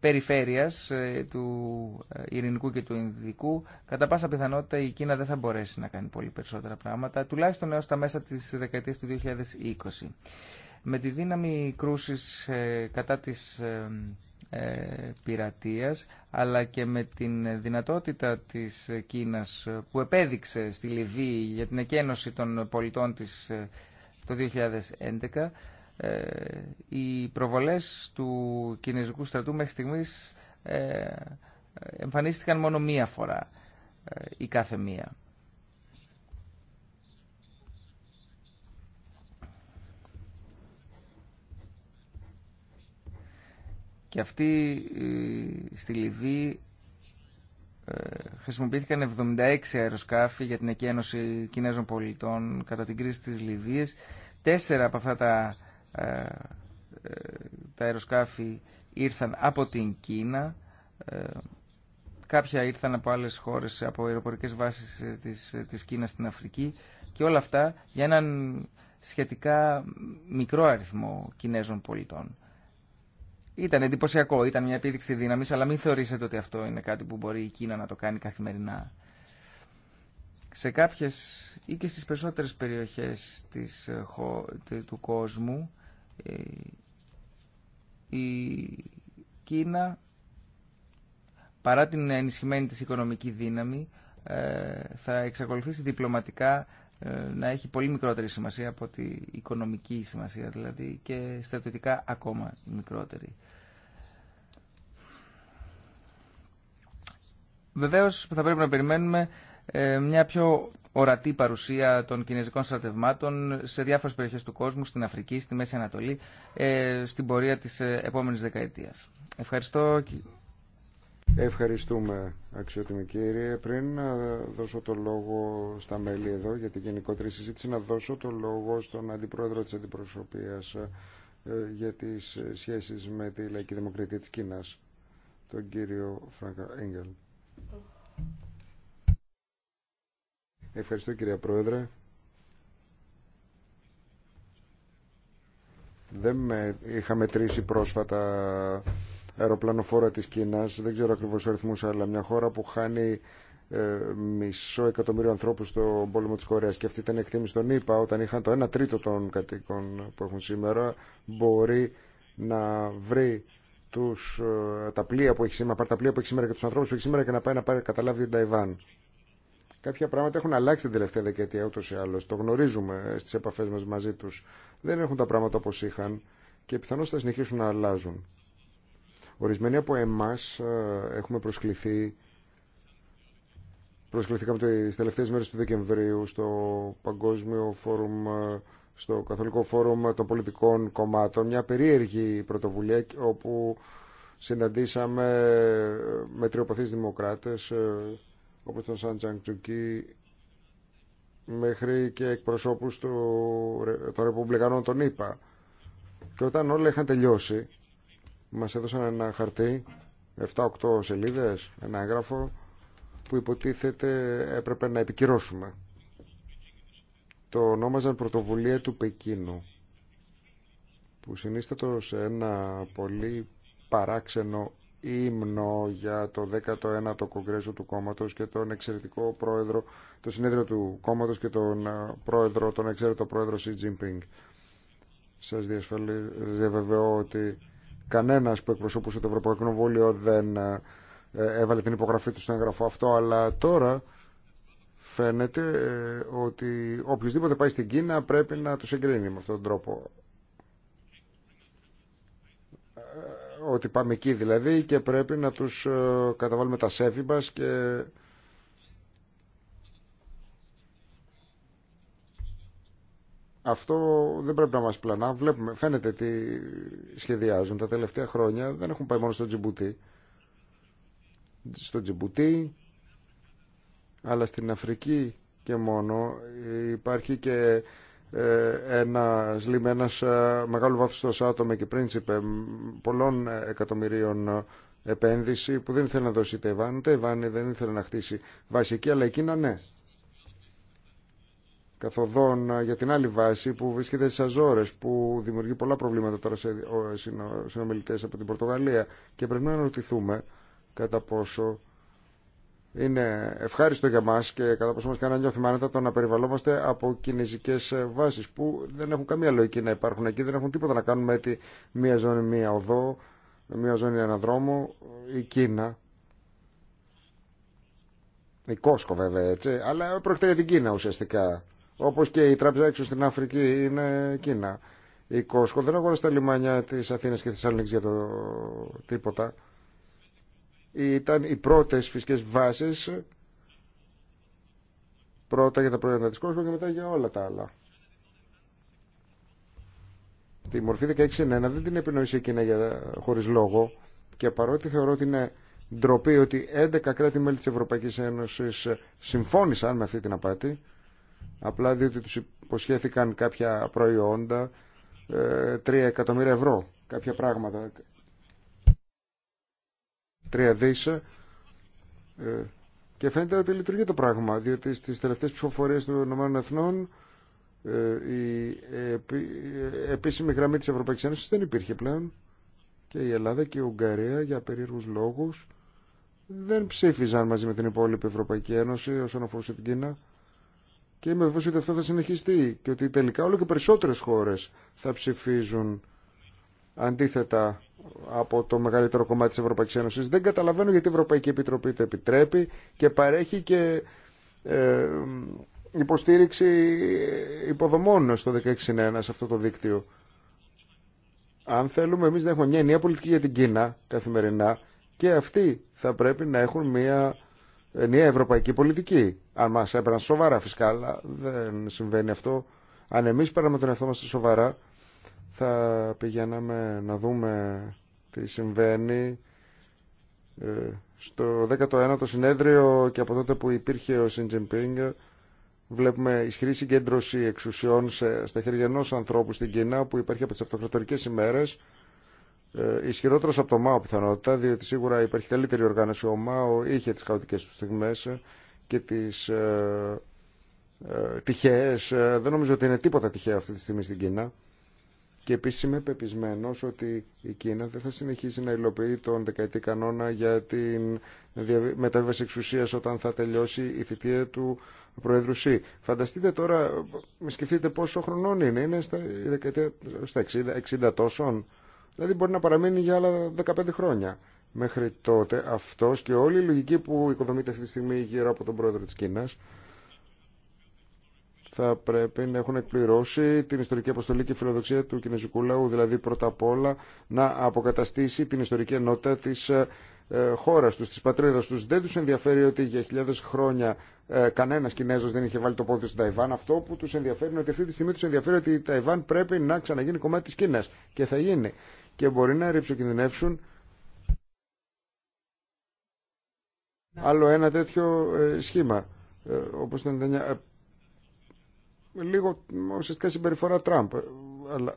περιφέρειας του ε, Ειρηνικού και του Ινδικού, κατά πάσα πιθανότητα η Κίνα δεν θα μπορέσει να κάνει πολύ περισσότερα πράγματα, τουλάχιστον έως τα μέσα της δεκαετίας του 2020. Με τη δύναμη κρούσης ε, κατά της ε, πειρατείας αλλά και με την δυνατότητα της Κίνας που επέδειξε στη Λιβύη για την εκένωση των πολιτών της ε, το 2011 ε, οι προβολές του κινέζικου στρατού μέχρι στιγμής εμφανίστηκαν μόνο μία φορά η κάθε μία. Και αυτοί ε, στη Λιβύη ε, χρησιμοποιήθηκαν 76 αεροσκάφη για την εκένωση Κινέζων πολιτών κατά την κρίση της Λιβύης. Τέσσερα από αυτά τα, ε, αεροσκάφη ήρθαν από την Κίνα. Κάποια ήρθαν από άλλες χώρες, από αεροπορικές βάσεις της, της Κίνας στην Αφρική και όλα αυτά για έναν σχετικά μικρό αριθμό Κινέζων πολιτών. Ήταν εντυπωσιακό, ήταν μια επίδειξη δύναμη, αλλά μην θεωρήσετε ότι αυτό είναι κάτι που μπορεί η Κίνα να το κάνει καθημερινά. Σε κάποιες ή και στις περισσότερες περιοχές ε, του κόσμου ε, η Κίνα παρά την ενισχυμένη της οικονομική δύναμη ε, θα εξακολουθήσει διπλωματικά να έχει πολύ μικρότερη σημασία από την οικονομική σημασία δηλαδή και στρατιωτικά ακόμα μικρότερη. Βεβαίως θα πρέπει να περιμένουμε ε, μια πιο ορατή παρουσία των κινέζικων στρατευμάτων σε διάφορες περιοχές του κόσμου, στην Αφρική, στη Μέση Ανατολή, ε, στην πορεία της ε, επόμενης δεκαετίας. Ευχαριστώ. Ευχαριστούμε αξιότιμη κύριε. Πριν να δώσω το λόγο στα μέλη εδώ για την γενικότερη συζήτηση, να δώσω το λόγο στον Αντιπρόεδρο της Αντιπροσωπείας για τις σχέσεις με τη Λαϊκή Δημοκρατία της Κίνας, τον κύριο Φράνκαρ. Έγγελ. Ευχαριστώ κυρία Πρόεδρε. Δεν με είχα μετρήσει πρόσφατα αεροπλανοφόρα της Κίνας, δεν ξέρω ακριβώς ο αλλά μια χώρα που χάνει ε, μισό εκατομμύριο ανθρώπους στον πόλεμο της Κορέας. Και αυτή ήταν εκτίμηση των ΗΠΑ όταν είχαν το 1 τρίτο των κατοίκων που έχουν σήμερα. Μπορεί να βρει τους, ε, τα πλοία που έχει σήμερα, πάρει τα πλοία που έχει σήμερα και του ανθρώπους που έχει σήμερα και να πάει να πάρει, καταλάβει την Ταϊβάν. Κάποια πράγματα έχουν αλλάξει την τελευταία δεκαετία ούτως ή άλλως. Το γνωρίζουμε στις επαφέ μας μαζί τους. Δεν έχουν τα πράγματα όπως είχαν και πιθανώ θα συνεχίσουν να αλλάζουν. Ορισμένοι από εμά ε, έχουμε προσκληθεί προσκληθήκαμε τι τελευταίε μέρε του Δεκεμβρίου στο Παγκόσμιο Φόρουμ ε, στο Καθολικό Φόρουμ των Πολιτικών Κομμάτων, μια περίεργη πρωτοβουλία όπου συναντήσαμε ε, με τριοπαθείς δημοκράτες ε, όπως τον Σαν μέχρι και εκπροσώπους του, των Ρεπουμπλικανών των ΗΠΑ. Και όταν όλα είχαν τελειώσει, μας έδωσαν ένα χαρτί, 7-8 σελίδες, ένα έγγραφο, που υποτίθεται έπρεπε να επικυρώσουμε το ονόμαζαν πρωτοβουλία του Πεκίνου που συνίστατο σε ένα πολύ παράξενο ύμνο για το 19ο Κογκρέσο του Κόμματος και τον εξαιρετικό πρόεδρο, το συνέδριο του Κόμματος και τον ε, πρόεδρο, τον εξαίρετο πρόεδρο Σι Τζιμπινγκ. Σας διαβεβαιώ ε, ότι κανένας που εκπροσωπούσε το Ευρωπαϊκό Κοινοβούλιο δεν ε, έβαλε την υπογραφή του στο έγγραφο αυτό, αλλά τώρα φαίνεται ε, ότι οποιοδήποτε πάει στην Κίνα πρέπει να τους εγκρίνει με αυτόν τον τρόπο. Ε, ότι πάμε εκεί δηλαδή και πρέπει να τους ε, καταβάλουμε τα σέφη και αυτό δεν πρέπει να μας πλανά. Βλέπουμε, φαίνεται ότι σχεδιάζουν τα τελευταία χρόνια. Δεν έχουν πάει μόνο στο Τζιμπουτί. Στο Τζιμπουτί, αλλά στην Αφρική και μόνο υπάρχει και ε, ένα λιμένας ε, μεγάλο στο άτομο και πρίncιπε πολλών εκατομμυρίων επένδυση που δεν ήθελε να δώσει η Ταϊβάν. Ταϊβάν δεν ήθελε να χτίσει βάση εκεί, αλλά εκείνα ναι. Καθοδόν ε, για την άλλη βάση που βρίσκεται στι Αζόρε, που δημιουργεί πολλά προβλήματα τώρα σε συνομιλητέ από την Πορτογαλία. Και πρέπει να αναρωτηθούμε κατά πόσο είναι ευχάριστο για μας και κατά πόσο μας κάνει να νιώθουμε άνετα το να περιβαλλόμαστε από κινέζικες βάσεις που δεν έχουν καμία λογική να υπάρχουν εκεί, δεν έχουν τίποτα να κάνουν με τη μία ζώνη, μία οδό, μία ζώνη, ένα δρόμο, η Κίνα. Η Κόσκο βέβαια έτσι, αλλά πρόκειται για την Κίνα ουσιαστικά. Όπως και η τράπεζα έξω στην Αφρική είναι Κίνα. Η Κόσκο δεν αγόρασε τα λιμάνια της Αθήνας και για το τίποτα ήταν οι πρώτες φυσικές βάσεις πρώτα για τα προϊόντα της κόσμο και μετά για όλα τα άλλα. Τη μορφή 16 16-1 δεν την επινοήσε η Κίνα για, χωρίς λόγο και παρότι θεωρώ ότι είναι ντροπή ότι 11 κράτη-μέλη της Ευρωπαϊκής Ένωσης συμφώνησαν με αυτή την απάτη απλά διότι τους υποσχέθηκαν κάποια προϊόντα 3 ε, εκατομμύρια ευρώ κάποια πράγματα Τρία ε, και φαίνεται ότι λειτουργεί το πράγμα διότι στις τελευταίες ψηφοφορίες των ΗΠΑ ε, η ε, επίσημη γραμμή της Ευρωπαϊκής Ένωσης δεν υπήρχε πλέον και η Ελλάδα και η Ουγγαρία για περίεργους λόγους δεν ψήφιζαν μαζί με την υπόλοιπη Ευρωπαϊκή Ένωση όσον αφορούσε την Κίνα και είμαι βέβαιος ότι αυτό θα συνεχιστεί και ότι τελικά όλο και περισσότερες χώρες θα ψηφίζουν αντίθετα από το μεγαλύτερο κομμάτι της Ευρωπαϊκής Ένωσης. Δεν καταλαβαίνω γιατί η Ευρωπαϊκή Επιτροπή το επιτρέπει και παρέχει και ε, υποστήριξη υποδομών στο 16.1 σε αυτό το δίκτυο. Αν θέλουμε εμείς να έχουμε μια ενιαία πολιτική για την Κίνα καθημερινά και αυτοί θα πρέπει να έχουν μια ενιαία ευρωπαϊκή πολιτική. Αν μας έπαιρναν σοβαρά φυσικά, αλλά δεν συμβαίνει αυτό. Αν εμείς παίρναμε τον σοβαρά, θα πηγαίναμε να δούμε τι συμβαίνει ε, στο 19ο συνέδριο και από τότε που υπήρχε ο Σιντζιμπίνγκ βλέπουμε ισχυρή συγκέντρωση εξουσιών στα χέρια ενό ανθρώπου στην Κίνα που υπάρχει από τι αυτοκρατορικέ ημέρε. Ε, Ισχυρότερο από το ΜΑΟ πιθανότητα, διότι σίγουρα υπάρχει καλύτερη οργάνωση. Ο ΜΑΟ είχε τι χαοτικέ του στιγμέ και τι ε, ε, τυχαίε. Ε, δεν νομίζω ότι είναι τίποτα τυχαίο αυτή τη στιγμή στην Κίνα. Και επίσης είμαι πεπισμένος ότι η Κίνα δεν θα συνεχίσει να υλοποιεί τον δεκαετή κανόνα για τη μεταβίβαση εξουσία όταν θα τελειώσει η θητεία του Προέδρου Σι. Φανταστείτε τώρα, σκεφτείτε πόσο χρονών είναι. Είναι στα, στα 60, 60 τόσων. Δηλαδή μπορεί να παραμείνει για άλλα 15 χρόνια. Μέχρι τότε αυτός και όλη η λογική που οικοδομείται αυτή τη στιγμή γύρω από τον Πρόεδρο της Κίνας θα πρέπει να έχουν εκπληρώσει την ιστορική αποστολή και φιλοδοξία του κινέζικου λαού, δηλαδή πρώτα απ' όλα να αποκαταστήσει την ιστορική ενότητα της ε, ε, χώρα του, τη Πατρίδα. Του. Δεν του ενδιαφέρει ότι για χιλιάδε χρόνια ε, κανένας Κινέζος δεν είχε βάλει το πόδι του στην Ταϊβάν. Αυτό που του ενδιαφέρει είναι ότι αυτή τη στιγμή του ενδιαφέρει ότι η Ταϊβάν πρέπει να ξαναγίνει κομμάτι τη Κίνα. και θα γίνει και μπορεί να ρηψοκινδυνεύσουν άλλο ένα τέτοιο ε, σχήμα. Όπως ήταν, λίγο ουσιαστικά συμπεριφορά Τραμπ. Ε, αλλά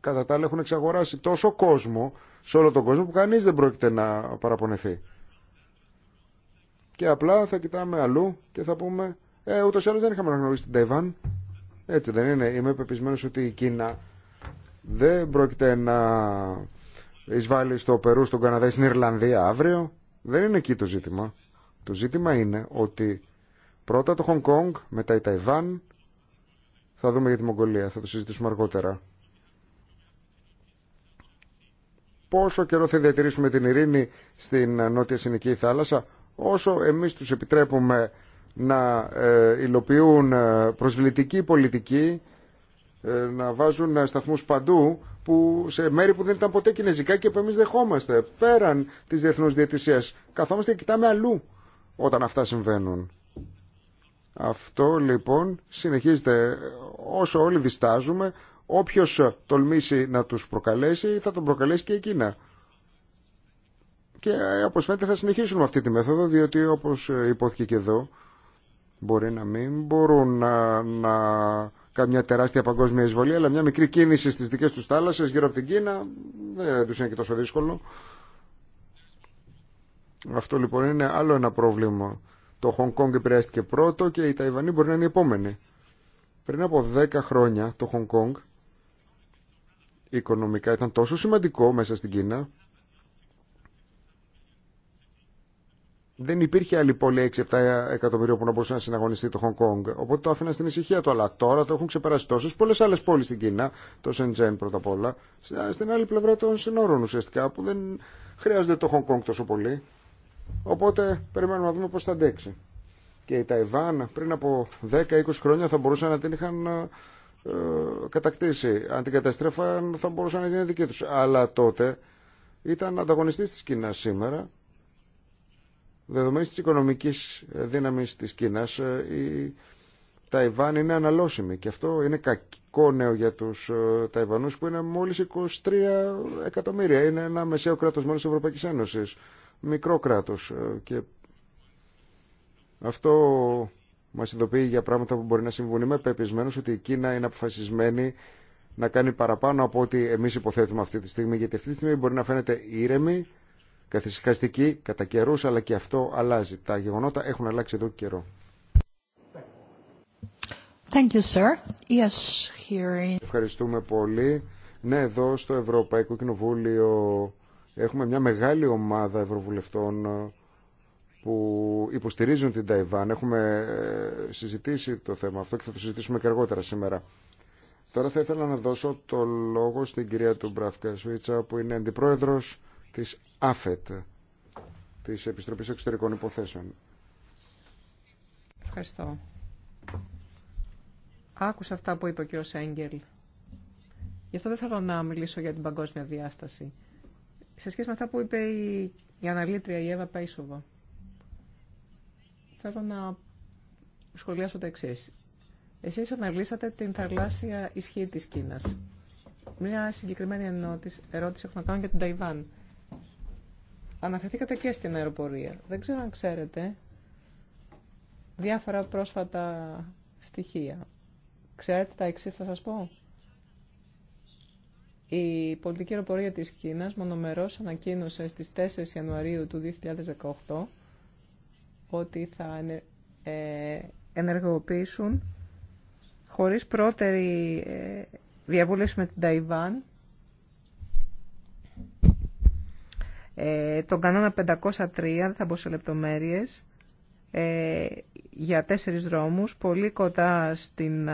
κατά τα άλλα έχουν εξαγοράσει τόσο κόσμο σε όλο τον κόσμο που κανείς δεν πρόκειται να παραπονεθεί. Και απλά θα κοιτάμε αλλού και θα πούμε ε, ούτως ή άλλως δεν είχαμε αναγνωρίσει την Ταϊβάν. Έτσι δεν είναι. Είμαι πεπισμένος ότι η Κίνα δεν πρόκειται να εισβάλλει στο Περού, στον Καναδά ή στην Ιρλανδία αύριο. Δεν είναι εκεί το ζήτημα. Το ζήτημα είναι ότι Πρώτα το Χονγκ Κόνγκ, μετά η Ταϊβάν. Θα δούμε για τη Μογγολία, θα το συζητήσουμε αργότερα. Πόσο καιρό θα διατηρήσουμε την ειρήνη στην νότια Συνική θάλασσα, όσο εμείς τους επιτρέπουμε να ε, υλοποιούν ε, προσβλητική πολιτική, ε, να βάζουν σταθμούς παντού, που σε μέρη που δεν ήταν ποτέ κινέζικα και που εμείς δεχόμαστε, πέραν της διεθνούς διαιτησίας. Καθόμαστε και κοιτάμε αλλού όταν αυτά συμβαίνουν. Αυτό λοιπόν συνεχίζεται όσο όλοι διστάζουμε, όποιος τολμήσει να τους προκαλέσει θα τον προκαλέσει και εκείνα. Και ε, όπως φαίνεται θα συνεχίσουν αυτή τη μέθοδο διότι όπως ε, υπόθηκε και εδώ μπορεί να μην μπορούν να, να κάνουν μια τεράστια παγκόσμια εισβολή αλλά μια μικρή κίνηση στις δικές τους θάλασσες γύρω από την Κίνα δεν τους είναι και τόσο δύσκολο. Αυτό λοιπόν είναι άλλο ένα πρόβλημα το Χονγκ Κόνγκ επηρεάστηκε πρώτο και η Ταϊβανή μπορεί να είναι η επόμενη. Πριν από 10 χρόνια το Hong Kong. οικονομικά ήταν τόσο σημαντικό μέσα στην Κίνα Δεν υπήρχε άλλη πόλη 6-7 εκατομμυρίων που να μπορούσε να συναγωνιστεί το Hong. Κόνγκ. Οπότε το άφηνα στην ησυχία του. Αλλά τώρα το έχουν ξεπεράσει τόσε πολλέ άλλε πόλει στην Κίνα, το Σεντζέν πρώτα απ' όλα, στην άλλη πλευρά των συνόρων ουσιαστικά, που δεν χρειάζεται το Hong Kong τόσο πολύ. Οπότε περιμένουμε να δούμε πώς θα αντέξει. Και η Ταϊβάν πριν από 10-20 χρόνια θα μπορούσαν να την είχαν ε, ε, κατακτήσει. Αν την καταστρέφαν θα μπορούσαν να γίνει δική τους. Αλλά τότε ήταν ανταγωνιστή της Κίνα σήμερα. δεδομένη της οικονομικής ε, δύναμης της Κίνας η Ταϊβάν είναι αναλώσιμη και αυτό είναι κακό νέο για τους Ταϊβανού που είναι μόλι 23 εκατομμύρια. Είναι ένα μεσαίο κράτο μόνο τη Ευρωπαϊκής Ένωση μικρό κράτος ε, και αυτό μας ειδοποιεί για πράγματα που μπορεί να συμβούν. Είμαι πεπισμένος ότι η Κίνα είναι αποφασισμένη να κάνει παραπάνω από ό,τι εμείς υποθέτουμε αυτή τη στιγμή, γιατί αυτή τη στιγμή μπορεί να φαίνεται ήρεμη, καθησυχαστική, κατά καιρούς αλλά και αυτό αλλάζει. Τα γεγονότα έχουν αλλάξει εδώ και καιρό. Thank you, sir. Yes, Ευχαριστούμε πολύ. Ναι, εδώ στο Ευρωπαϊκό Κοινοβούλιο Έχουμε μια μεγάλη ομάδα ευρωβουλευτών ε, που υποστηρίζουν την Ταϊβάν. Έχουμε ε, συζητήσει το θέμα αυτό και θα το συζητήσουμε και αργότερα σήμερα. Τώρα θα ήθελα να δώσω το λόγο στην κυρία Μπράφκα Σουίτσα που είναι αντιπρόεδρος της ΑΦΕΤ, της Επιστροπής Εξωτερικών Υποθέσεων. Ευχαριστώ. Άκουσα αυτά που είπε ο κύριος Έγγελ. Γι' αυτό δεν θέλω να μιλήσω για την παγκόσμια διάσταση σε σχέση με αυτά που είπε η, η αναλύτρια η Εύα παίσοβα θέλω να σχολιάσω τα εξή. Εσείς αναλύσατε την θαλάσσια ισχύ της Κίνας. Μια συγκεκριμένη ερώτηση έχω να κάνω για την Ταϊβάν. Αναφερθήκατε και στην αεροπορία. Δεν ξέρω αν ξέρετε διάφορα πρόσφατα στοιχεία. Ξέρετε τα εξή θα σας πω. Η πολιτική αεροπορία της Κίνας μονομερώς ανακοίνωσε στις 4 Ιανουαρίου του 2018 ότι θα ε, ενεργοποιήσουν χωρίς πρώτερη ε, διαβούλευση με την Ταϊβάν ε, τον κανόνα 503, δεν θα μπω σε λεπτομέρειες, για τέσσερις δρόμους, πολύ κοντά στην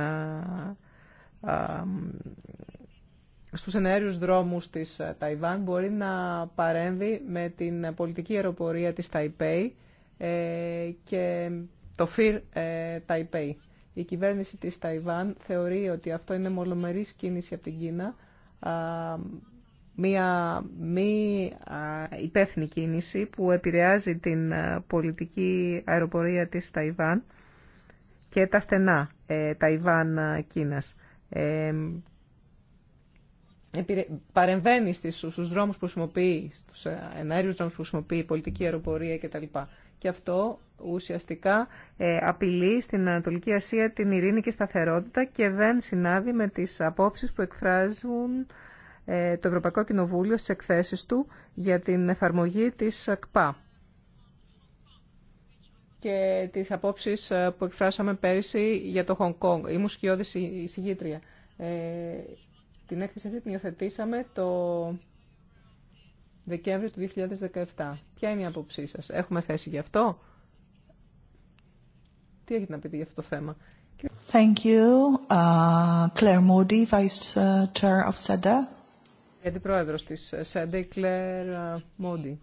στους ενέριους δρόμους της ε, Ταϊβάν μπορεί να παρέμβει με την πολιτική αεροπορία της Ταϊπέη ε, και το ΦΥΡ ε, Ταϊπέη. Η κυβέρνηση της Ταϊβάν θεωρεί ότι αυτό είναι μολομερής κίνηση από την Κίνα, μία μη υπεύθυνη κίνηση που επηρεάζει την πολιτική αεροπορία της Ταϊβάν και τα στενά Ταϊβάν-Κίνας παρεμβαίνει στους δρόμους που χρησιμοποιεί, στους ε, εναέριους δρόμους που χρησιμοποιεί, η πολιτική αεροπορία κτλ. Και αυτό ουσιαστικά ε, απειλεί στην Ανατολική Ασία την ειρήνη και σταθερότητα και δεν συνάδει με τις απόψεις που εκφράζουν ε, το Ευρωπαϊκό Κοινοβούλιο στις εκθέσεις του για την εφαρμογή της ΚΠΑ και τις απόψεις που εκφράσαμε πέρυσι για το Χονγκ Κόνγκ. Ήμουν σκιώδης εισηγήτρια. Την έκθεση αυτή την υιοθετήσαμε το Δεκέμβριο του 2017. Ποια είναι η άποψή σας. Έχουμε θέση γι' αυτό. Τι έχετε να πείτε για αυτό το θέμα. Thank you. Uh, Claire Moody, Vice uh, Chair of SEDA. Αντιπρόεδρος της uh, SEDA, Claire uh, Moody.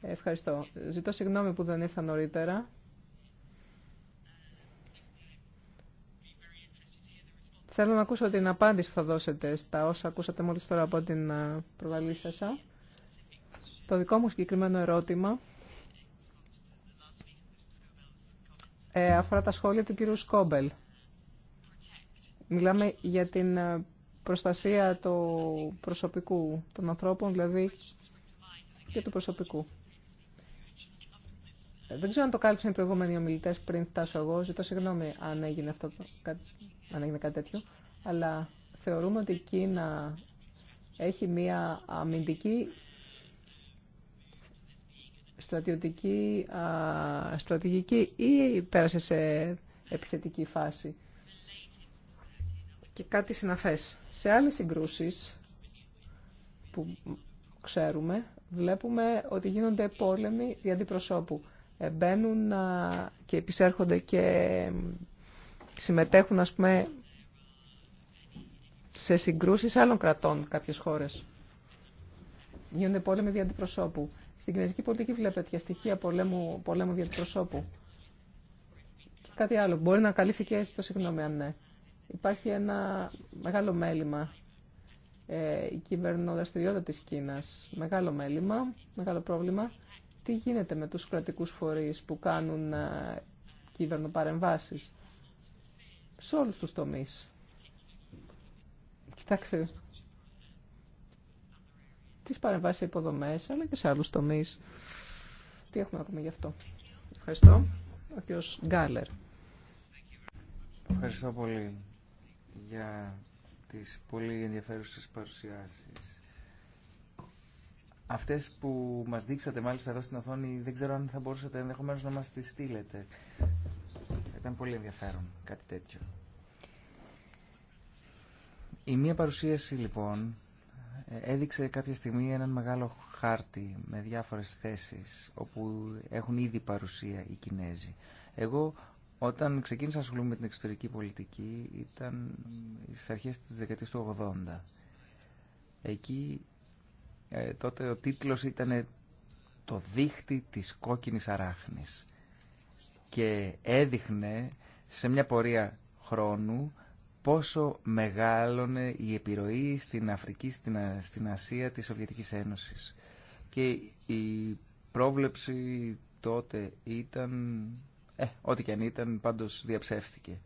Ευχαριστώ. Ζητώ συγγνώμη που δεν ήρθα νωρίτερα. Θέλω να ακούσω την απάντηση που θα δώσετε στα όσα ακούσατε μόλις τώρα από την προβαλή σας. Το δικό μου συγκεκριμένο ερώτημα ε, αφορά τα σχόλια του κύριου Σκόμπελ. Μιλάμε για την προστασία του προσωπικού, των ανθρώπων δηλαδή και του προσωπικού. Δεν ξέρω αν το κάλυψαν οι προηγούμενοι ομιλητέ πριν φτάσω εγώ. Ζητώ συγγνώμη αν έγινε αυτό αν έγινε κάτι τέτοιο, αλλά θεωρούμε ότι η Κίνα έχει μία αμυντική στρατιωτική α, στρατηγική ή πέρασε σε επιθετική φάση. Και κάτι συναφές. Σε άλλες συγκρούσεις που ξέρουμε, βλέπουμε ότι γίνονται πόλεμοι για αντιπροσώπου. Ε, μπαίνουν και επισέρχονται και συμμετέχουν ας πούμε σε συγκρούσεις άλλων κρατών κάποιες χώρες. Γίνονται πόλεμοι δια αντιπροσώπου. Στην κοινωνική πολιτική βλέπετε για στοιχεία πολέμου, πολέμου δια αντιπροσώπου. Και κάτι άλλο. Μπορεί να καλύφθει και το συγγνώμη αν ναι. Υπάρχει ένα μεγάλο μέλημα. Ε, η κυβερνοδραστηριότητα της Κίνας. Μεγάλο μέλημα, μεγάλο πρόβλημα. Τι γίνεται με τους κρατικούς φορείς που κάνουν ε, κυβερνοπαρεμβάσεις σε όλους τους τομείς. Κοιτάξτε, τις παρεμβάσεις σε υποδομές, αλλά και σε άλλους τομείς. Τι έχουμε να πούμε γι' αυτό. Ευχαριστώ. Ο κ. Γκάλερ. Ευχαριστώ πολύ για τις πολύ ενδιαφέρουσες παρουσιάσεις. Αυτές που μας δείξατε μάλιστα εδώ στην οθόνη, δεν ξέρω αν θα μπορούσατε ενδεχομένως να μας τις στείλετε ήταν πολύ ενδιαφέρον κάτι τέτοιο. Η μία παρουσίαση λοιπόν έδειξε κάποια στιγμή έναν μεγάλο χάρτη με διάφορες θέσεις όπου έχουν ήδη παρουσία οι Κινέζοι. Εγώ όταν ξεκίνησα να ασχολούμαι με την εξωτερική πολιτική ήταν στις αρχές της δεκαετίας του 80. Εκεί ε, τότε ο τίτλος ήταν «Το δίχτυ της κόκκινης αράχνης» και έδειχνε σε μια πορεία χρόνου πόσο μεγάλωνε η επιρροή στην Αφρική, στην, στην Ασία της Σοβιετικής Ένωσης. Και η πρόβλεψη τότε ήταν, ε, ό,τι και αν ήταν, πάντως διαψεύστηκε.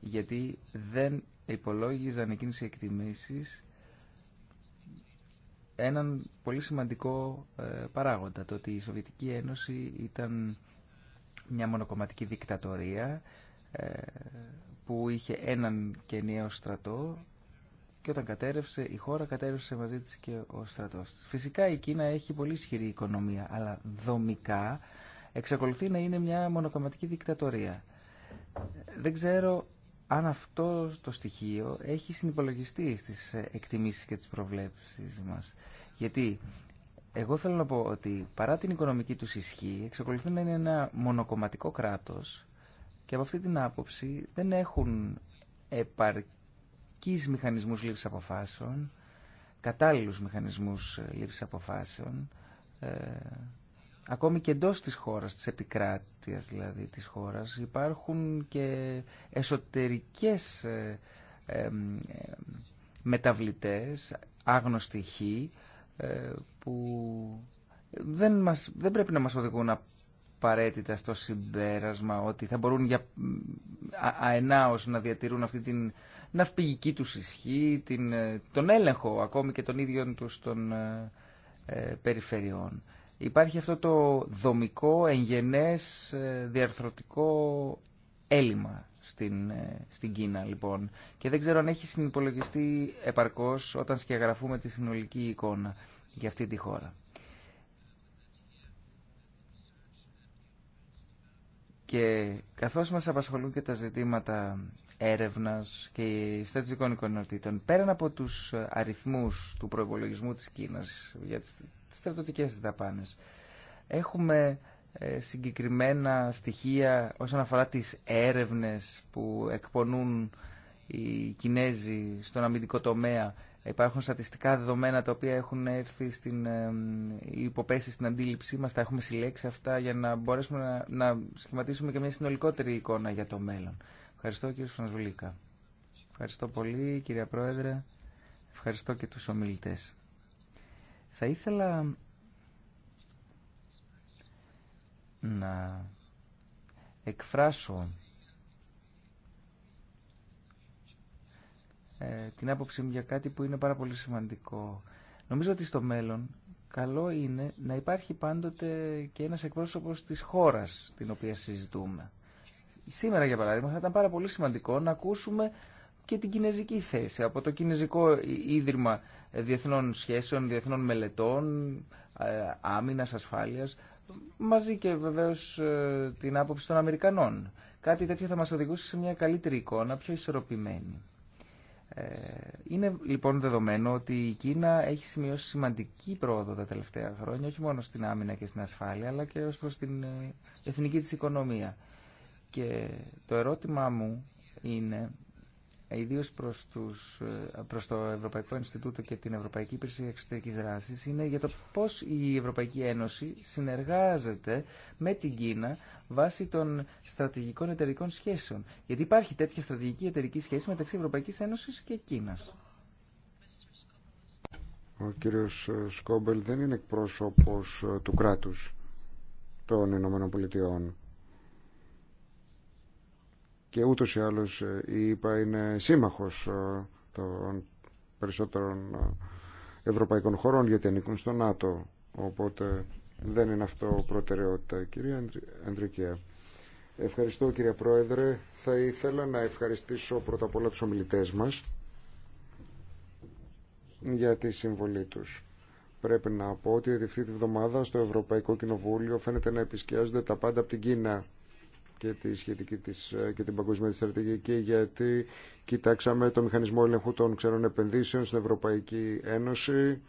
Γιατί δεν υπολόγιζαν εκείνες οι εκτιμήσεις έναν πολύ σημαντικό ε, παράγοντα, το ότι η Σοβιετική Ένωση ήταν μια μονοκομματική δικτατορία ε, που είχε έναν και νέο στρατό και όταν κατέρευσε η χώρα κατέρευσε μαζί της και ο στρατός. Φυσικά η Κίνα έχει πολύ ισχυρή οικονομία αλλά δομικά εξακολουθεί να είναι μια μονοκομματική δικτατορία. Δεν ξέρω αν αυτό το στοιχείο έχει συνυπολογιστεί στις ε, εκτιμήσεις και τις προβλέψεις μας. Γιατί εγώ θέλω να πω ότι παρά την οικονομική του ισχύ εξακολουθούν να είναι ένα μονοκομματικό κράτος και από αυτή την άποψη δεν έχουν επαρκείς μηχανισμούς λήψη αποφάσεων, κατάλληλους μηχανισμούς ε, λήψη αποφάσεων, ε, ακόμη και εντό της χώρας, της επικράτειας δηλαδή της χώρας, υπάρχουν και εσωτερικές ε, ε, ε μεταβλητές, άγνωστοι ε, που δεν, μας, δεν πρέπει να μας οδηγούν απαραίτητα στο συμπέρασμα ότι θα μπορούν για αενάως να διατηρούν αυτή την ναυπηγική του ισχύ, την, ε, τον έλεγχο ακόμη και των ίδιων τους των ε, περιφερειών. Υπάρχει αυτό το δομικό, εγγενές, διαρθρωτικό έλλειμμα στην, ε, στην Κίνα λοιπόν και δεν ξέρω αν έχει συνυπολογιστεί επαρκώς όταν σκιαγραφούμε τη συνολική εικόνα για αυτή τη χώρα. Και καθώς μας απασχολούν και τα ζητήματα έρευνας και στρατιωτικών εικονότητων, πέραν από τους αριθμούς του προϋπολογισμού της Κίνας για τις στρατιωτικές δαπάνες, έχουμε ε, συγκεκριμένα στοιχεία όσον αφορά τις έρευνες που εκπονούν οι Κινέζοι στον αμυντικό τομέα. Υπάρχουν στατιστικά δεδομένα τα οποία έχουν έρθει στην ε, ε, υποπέσει στην αντίληψή μας, τα έχουμε συλλέξει αυτά για να μπορέσουμε να, να σχηματίσουμε και μια συνολικότερη εικόνα για το μέλλον. Ευχαριστώ κύριε Φρανσβουλίκα. Ευχαριστώ πολύ κυρία Πρόεδρε. Ευχαριστώ και τους ομιλητές. Θα ήθελα να εκφράσω ε, την άποψή μου για κάτι που είναι πάρα πολύ σημαντικό. Νομίζω ότι στο μέλλον καλό είναι να υπάρχει πάντοτε και ένας εκπρόσωπος της χώρας την οποία συζητούμε. Σήμερα, για παράδειγμα, θα ήταν πάρα πολύ σημαντικό να ακούσουμε και την κινέζικη θέση από το Κινέζικο Ίδρυμα Διεθνών Σχέσεων, Διεθνών Μελετών, ε, Άμυνας, Ασφάλειας μαζί και βεβαίως ε, την άποψη των Αμερικανών. Κάτι τέτοιο θα μας οδηγούσε σε μια καλύτερη εικόνα, πιο ισορροπημένη. Ε, είναι λοιπόν δεδομένο ότι η Κίνα έχει σημειώσει σημαντική πρόοδο τα τελευταία χρόνια, όχι μόνο στην άμυνα και στην ασφάλεια, αλλά και ω προ την ε, εθνική της οικονομία. Και το ερώτημά μου είναι ε, ιδίως προς, τους, ε, προς το Ευρωπαϊκό Ινστιτούτο και την Ευρωπαϊκή Υπηρεσία Εξωτερική Δράση είναι για το πώς η Ευρωπαϊκή Ένωση συνεργάζεται με την Κίνα βάσει των στρατηγικών εταιρικών σχέσεων. Γιατί υπάρχει τέτοια στρατηγική εταιρική σχέση μεταξύ Ευρωπαϊκής Ένωσης και Κίνας. Ο κύριος ε, Σκόμπελ δεν είναι εκπρόσωπος του κράτους των Ηνωμένων Πολιτειών και ούτως ή άλλως ε, η ΕΠΑ είναι σύμμαχος ε, των περισσότερων ε, ευρωπαϊκών χωρών γιατί ανήκουν στο ΝΑΤΟ οπότε δεν είναι αυτό προτεραιότητα κυρία Ανδρικέα Ευχαριστώ κύριε Πρόεδρε θα ήθελα να ευχαριστήσω πρώτα απ' όλα τους ομιλητές μας για τη συμβολή τους πρέπει να πω ότι αυτή τη βδομάδα στο Ευρωπαϊκό Κοινοβούλιο φαίνεται να επισκιάζονται τα πάντα από την Κίνα και, τη σχετική της, ε, και την παγκοσμία της στρατηγική γιατί κοιτάξαμε το μηχανισμό ελεγχού των ξένων επενδύσεων στην Ευρωπαϊκή Ένωση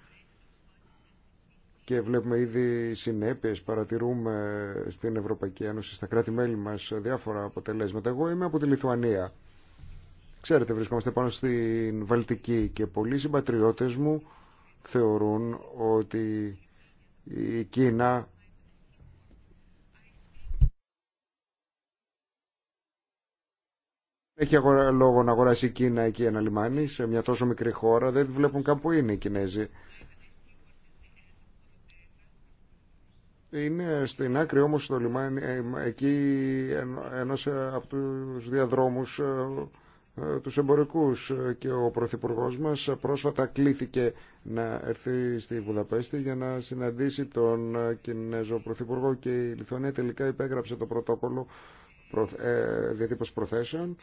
και βλέπουμε ήδη συνέπειες, παρατηρούμε στην Ευρωπαϊκή Ένωση, στα κράτη-μέλη μας διάφορα αποτελέσματα. Εγώ είμαι από τη Λιθουανία. Ξέρετε, βρισκόμαστε πάνω στην Βαλτική και πολλοί συμπατριώτες μου θεωρούν ότι η Κίνα Έχει λόγο να αγοράσει η Κίνα εκεί ένα λιμάνι σε μια τόσο μικρή χώρα. Δεν βλέπουν καν που είναι οι Κινέζοι. Είναι στην άκρη όμως το λιμάνι, ε, εκεί ενός ε, από τους διαδρόμους ε, τους εμπορικούς και ο Πρωθυπουργό μας πρόσφατα κλήθηκε να έρθει στη Βουδαπέστη για να συναντήσει τον Κινέζο Πρωθυπουργό και η Λιθουανία τελικά υπέγραψε το πρωτόκολλο διατύπωση προθέσεων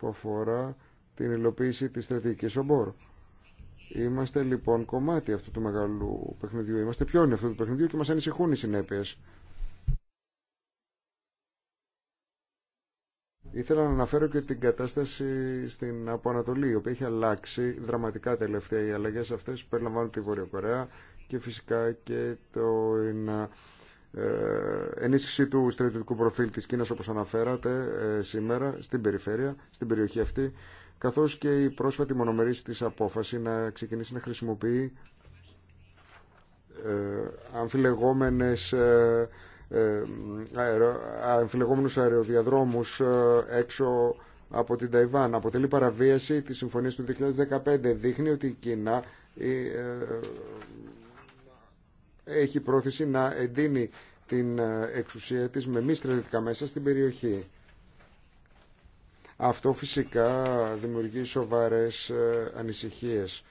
που αφορά την υλοποίηση της στρατηγικής ομπόρ. Είμαστε λοιπόν κομμάτι αυτού του μεγάλου παιχνιδιού. Είμαστε πιόνι αυτού του παιχνιδιού και μας ανησυχούν οι συνέπειες. Ήθελα να αναφέρω και την κατάσταση στην Αποανατολή, η οποία έχει αλλάξει δραματικά τελευταία. Οι αλλαγές αυτές περιλαμβάνουν τη Κορέα και φυσικά και το ε, ε, ενίσχυση του στρατιωτικού προφίλ της Κίνας όπως αναφέρατε ε, σήμερα στην περιφέρεια, στην περιοχή αυτή καθώς και η πρόσφατη μονομερής της απόφαση να ξεκινήσει να χρησιμοποιεί ε, αμφιλεγόμενες αμφιλεγόμενους αεροδιαδρόμους έξω από την Ταϊβάν. Αποτελεί παραβίαση της συμφωνίας του 2015. Δείχνει ότι η Κίνα έχει πρόθεση να εντείνει την ε, εξουσία της με μη στρατιωτικά μέσα στην περιοχή. Αυτό φυσικά δημιουργεί σοβαρές ε, ανησυχίες.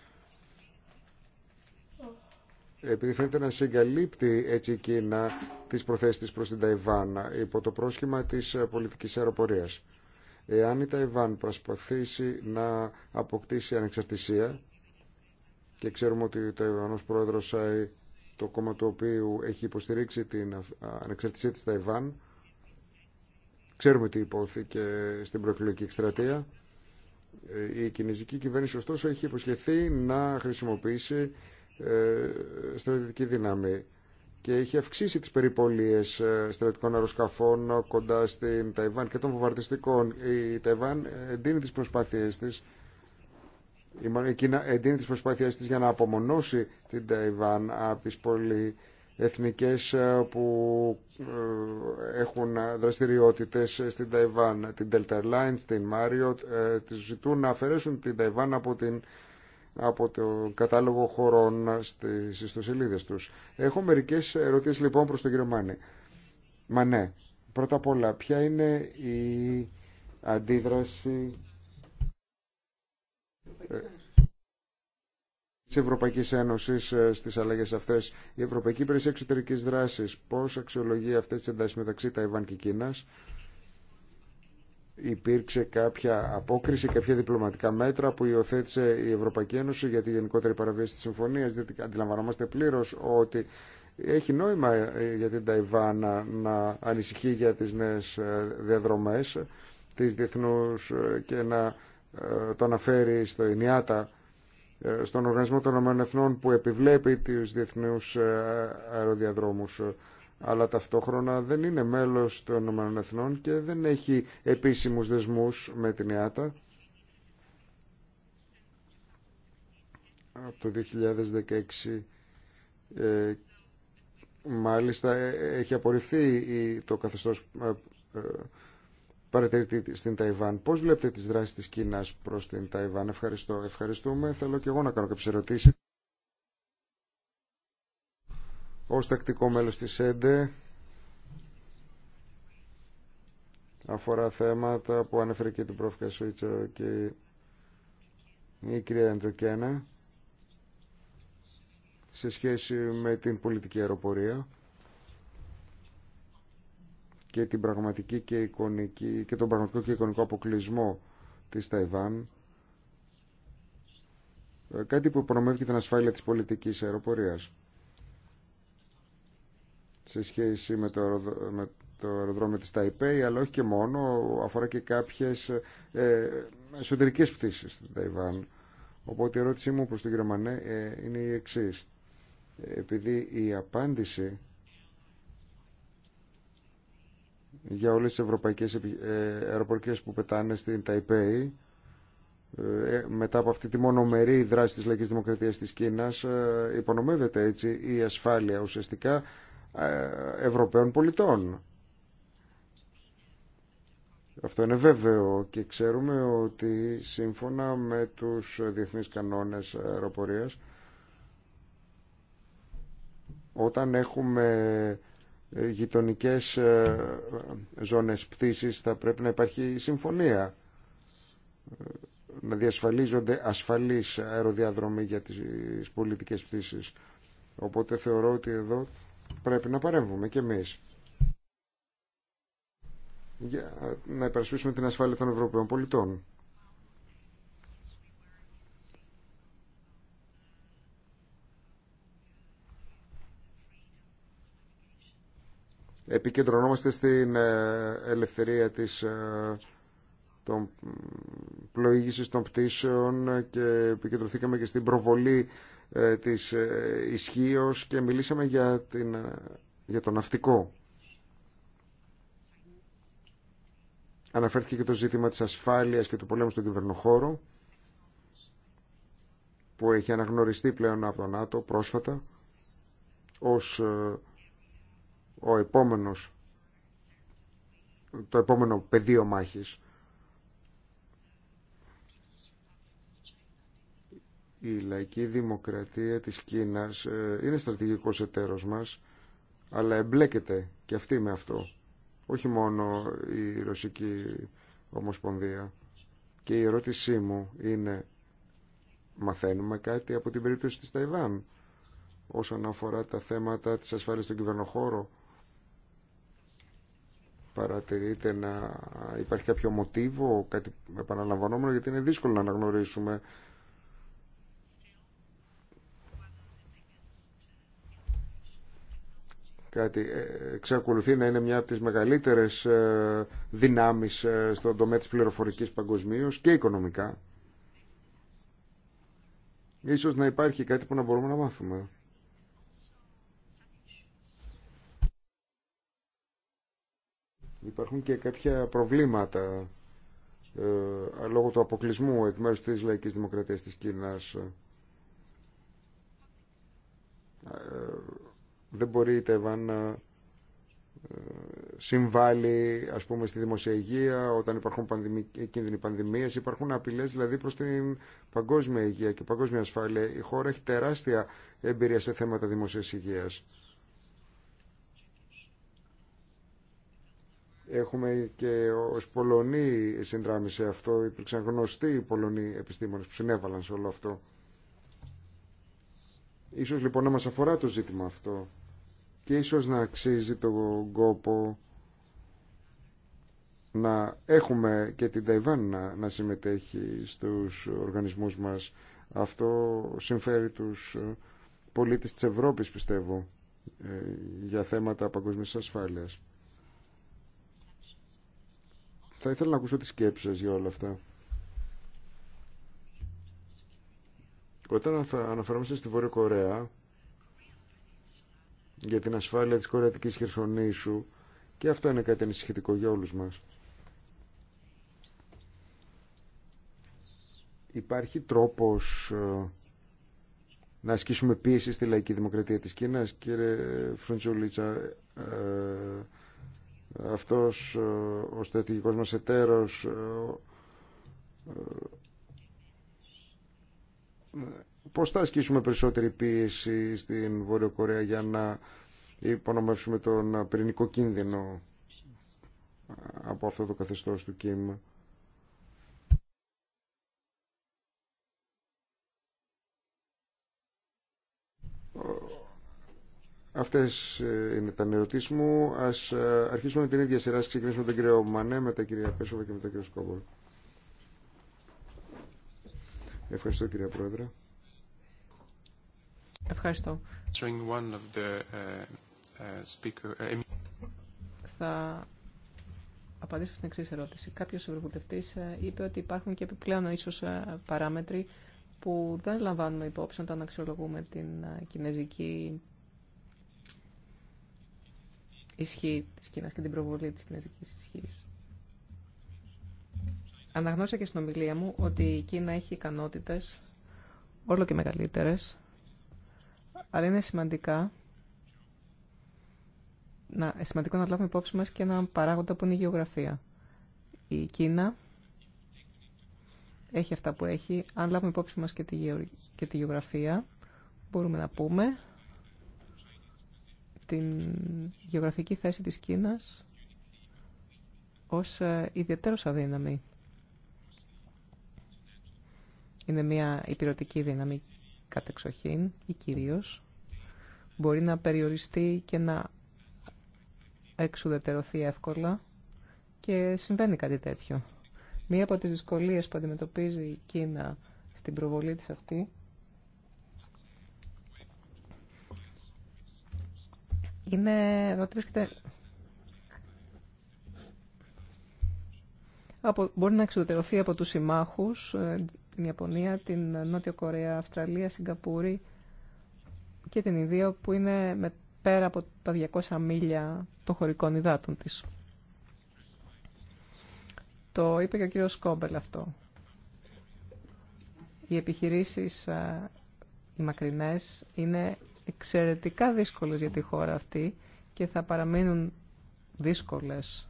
Επειδή φαίνεται να συγκαλύπτει έτσι η Κίνα τις προθέσεις της προς την Ταϊβάν υπό το πρόσχημα της ε, πολιτικής αεροπορίας. Εάν η Ταϊβάν προσπαθήσει να αποκτήσει ανεξαρτησία και ξέρουμε ότι ο Ταϊβανός πρόεδρος το κόμμα το οποίο έχει υποστηρίξει την ανεξαρτησία της Ταϊβάν. Ξέρουμε τι υπόθηκε στην προεκλογική εκστρατεία. Ε, η κινέζικη κυβέρνηση ωστόσο έχει υποσχεθεί να χρησιμοποιήσει ε, στρατιωτική δύναμη και έχει αυξήσει τις περιπολίες ε, στρατικών αεροσκαφών κοντά στην Ταϊβάν και των βομβαρδιστικών. Η Ταϊβάν εντείνει τις προσπάθειές της η Κίνα εντείνει τις προσπάθειές της για να απομονώσει την Ταϊβάν από τις πολυεθνικές ε, που ε, έχουν δραστηριότητες στην Ταϊβάν, την Delta Airlines, την Marriott, ε, τις ζητούν να αφαιρέσουν την Ταϊβάν από την από το κατάλογο χωρών στις ιστοσελίδες τους. Έχω μερικές ερωτήσεις λοιπόν προς τον κύριο Μάνη. Μα ναι, πρώτα απ' όλα, ποια είναι η αντίδραση τη ευρωπαϊκή Ένωση ε, στις αλλαγές αυτές. Η Ευρωπαϊκή Υπηρεσία εξωτερική δράση πώς αξιολογεί αυτέ τι εντάσει μεταξύ Ταϊβάν και Κίνα. Υπήρξε κάποια απόκριση, κάποια διπλωματικά μέτρα που υιοθέτησε η Ευρωπαϊκή Ένωση για τη γενικότερη παραβίαση της συμφωνίας, διότι αντιλαμβανόμαστε πλήρως ότι έχει νόημα ε, για την Ταϊβάν να, ανησυχεί για τι νέε διαδρομέ, τη διεθνού ε, και να ε, το αναφέρει στο ΙΝΙΑΤΑ, ε, στον Οργανισμό των Ηνωμένων που επιβλέπει τους διεθνούς ε, αεροδιαδρόμους αλλά ταυτόχρονα δεν είναι μέλος των Ηνωμένων Εθνών και δεν έχει επίσημους δεσμούς με την ΙΑΤΑ. Από το 2016 μάλιστα έχει απορριφθεί το καθεστώς παρατηρητή στην Ταϊβάν. Πώς βλέπετε τις δράσεις της Κίνας προς την Ταϊβάν. Ευχαριστώ. Ευχαριστούμε. Θέλω και εγώ να κάνω κάποιες ερωτήσει. Ω τακτικό μέλος της ΕΝΤΕ αφορά θέματα που ανέφερε και την πρόφυγα Σουίτσο και η κυρία Αντροκένα σε σχέση με την πολιτική αεροπορία και, την πραγματική και, εικονική, και τον πραγματικό και εικονικό αποκλεισμό της Ταϊβάν ε, κάτι που υπονομεύει την ασφάλεια της πολιτικής αεροπορίας σε σχέση με το, με το αεροδρόμιο της Ταϊπέη αλλά όχι και μόνο, αφορά και κάποιες ε, εσωτερικές πτήσεις στην Ταϊβάν οπότε η ερώτησή μου προς τον κύριο Μανέ ε, είναι η εξής ε, επειδή η απάντηση για όλες τις ευρωπαϊκές ε, αεροπορικές που πετάνε στην Ταϊπέη ε, ε, μετά από αυτή τη μονομερή δράση της λαϊκής δημοκρατίας της Κίνας υπονομεύεται έτσι η ασφάλεια ουσιαστικά Ευρωπαίων πολιτών. Αυτό είναι βέβαιο και ξέρουμε ότι σύμφωνα με τους διεθνείς κανόνες αεροπορίας όταν έχουμε ε, Γειτονικέ ε, ζώνες πτήση θα πρέπει να υπάρχει συμφωνία ε, να διασφαλίζονται ασφαλείς αεροδιαδρομοί για τις πολιτικές πτήσεις. Οπότε θεωρώ ότι εδώ πρέπει να παρέμβουμε και εμείς για να υπερασπίσουμε την ασφάλεια των Ευρωπαίων πολιτών. επικεντρωνόμαστε στην ε, ελευθερία της ε, των πλοήγησης των πτήσεων και επικεντρωθήκαμε και στην προβολή ε, της ισχύω και μιλήσαμε για, την, για το ναυτικό. Αναφέρθηκε και το ζήτημα της ασφάλειας και του πολέμου στον κυβερνοχώρο που έχει αναγνωριστεί πλέον από τον ΝΑΤΟ πρόσφατα ως ο επόμενος, το επόμενο πεδίο μάχης. Η λαϊκή δημοκρατία της Κίνας ε, είναι στρατηγικός εταίρος μας, αλλά εμπλέκεται και αυτή με αυτό. Όχι μόνο η Ρωσική Ομοσπονδία. Και η ερώτησή μου είναι, μαθαίνουμε κάτι από την περίπτωση της Ταϊβάν όσον αφορά τα θέματα της ασφάλειας στον κυβερνοχώρο παρατηρείτε να υπάρχει κάποιο μοτίβο, κάτι επαναλαμβανόμενο, γιατί είναι δύσκολο να αναγνωρίσουμε. Κάτι ε, εξακολουθεί να είναι μια από τις μεγαλύτερες ε, δυνάμεις ε, στον τομέα της πληροφορικής παγκοσμίως και οικονομικά. Ίσως να υπάρχει κάτι που να μπορούμε να μάθουμε. Υπάρχουν και κάποια προβλήματα ε, λόγω του αποκλεισμού εκ μέρους της λαϊκής δημοκρατίας της Κίνας. Ε, δεν μπορεί η Ταϊβάν να ε, συμβάλλει ας πούμε στη δημοσιακή υγεία όταν υπάρχουν πανδημι... Ε, κίνδυνοι πανδημίες υπάρχουν απειλές δηλαδή προς την παγκόσμια υγεία και παγκόσμια ασφάλεια η χώρα έχει τεράστια εμπειρία σε θέματα δημοσίας υγείας Έχουμε και ως Πολωνοί συνδράμει σε αυτό. Υπήρξαν γνωστοί Πολωνοί επιστήμονες που συνέβαλαν σε όλο αυτό. Ίσως λοιπόν να μας αφορά το ζήτημα αυτό και ίσως να αξίζει τον κόπο να έχουμε και την Ταϊβάν να, να συμμετέχει στους οργανισμούς μας. Αυτό συμφέρει τους πολίτες της Ευρώπης, πιστεύω, ε, για θέματα παγκοσμίας ασφάλειας. Θα ήθελα να ακούσω τις σκέψεις για όλα αυτά. Όταν αναφερόμαστε στη Βόρεια Κορέα για την ασφάλεια της κορεατικής χερσονήσου και αυτό είναι κάτι ανησυχητικό για όλους μας. Υπάρχει τρόπος ε, να ασκήσουμε πίεση στη λαϊκή δημοκρατία της Κίνας. Κύριε Φρουντζουλίτσα, ε, αυτός ε, ο στρατηγικός μας εταίρος ε, ε, πώς θα ασκήσουμε περισσότερη πίεση στην Βόρειο Κορέα για να υπονομεύσουμε τον πυρηνικό κίνδυνο από αυτό το καθεστώς του κίνημα. Αυτές ε, είναι τα ερωτήσει μου. Ας ε, αρχίσουμε με την ίδια σειρά. Ας ξεκινήσουμε με τον κύριο Μανέ, με τα κυρία Πέσοβα και με τον κύριο Σκόβολ. Ευχαριστώ κυρία Πρόεδρε. Ευχαριστώ. Ε, Θα απαντήσω στην εξή ερώτηση. Κάποιος ευρωβουλευτής είπε ότι υπάρχουν και επιπλέον ίσως παράμετροι που δεν λαμβάνουμε υπόψη όταν αξιολογούμε την κινέζικη ισχύ της Κίνας και την προβολή της κινέζικης ισχύς. Αναγνώσα και στην ομιλία μου ότι η Κίνα έχει ικανότητες όλο και μεγαλύτερες, αλλά είναι σημαντικά να, σημαντικό να λάβουμε υπόψη μας και να παράγοντα που είναι η γεωγραφία. Η Κίνα έχει αυτά που έχει. Αν λάβουμε υπόψη μας και τη, και τη γεωγραφία, μπορούμε να πούμε την γεωγραφική θέση της Κίνας ως ε, ιδιαίτερος αδύναμη. Είναι μια υπηρετική δύναμη κατεξοχήν ή κυρίως. Μπορεί να περιοριστεί και να εξουδετερωθεί εύκολα και συμβαίνει κάτι τέτοιο. Μία από τις δυσκολίες που αντιμετωπίζει η Κίνα στην προβολή της αυτή είναι εδώ βρίσκεται... Από, μπορεί να εξουδετερωθεί από τους συμμάχους, ε, την Ιαπωνία, την Νότια Κορέα, Αυστραλία, Σιγκαπούρη και την Ινδία που είναι με, πέρα από τα 200 μίλια των χωρικών υδάτων της. Το είπε και ο κύριος Σκόμπελ αυτό. Οι επιχειρήσεις ε, οι μακρινές είναι εξαιρετικά δύσκολες για τη χώρα αυτή και θα παραμείνουν δύσκολες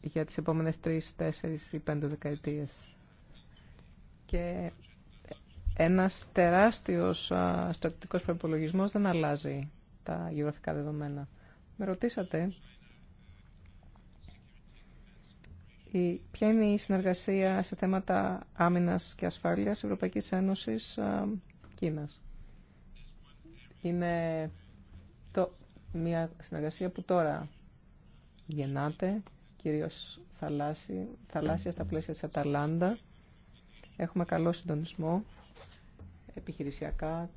για τις επόμενες τρεις, τέσσερις ή πέντε δεκαετίες. Και ένας τεράστιος στρατιωτικός προπολογισμό δεν αλλάζει τα γεωγραφικά δεδομένα. Με ρωτήσατε η, ποια είναι η συνεργασία σε θέματα άμυνας και ασφάλειας Ευρωπαϊκής Ένωσης Κίνας είναι το, μια συνεργασία που τώρα γεννάται, κυρίως θαλάσσι, θαλάσσια στα πλαίσια της Αταλάντα. Έχουμε καλό συντονισμό επιχειρησιακά,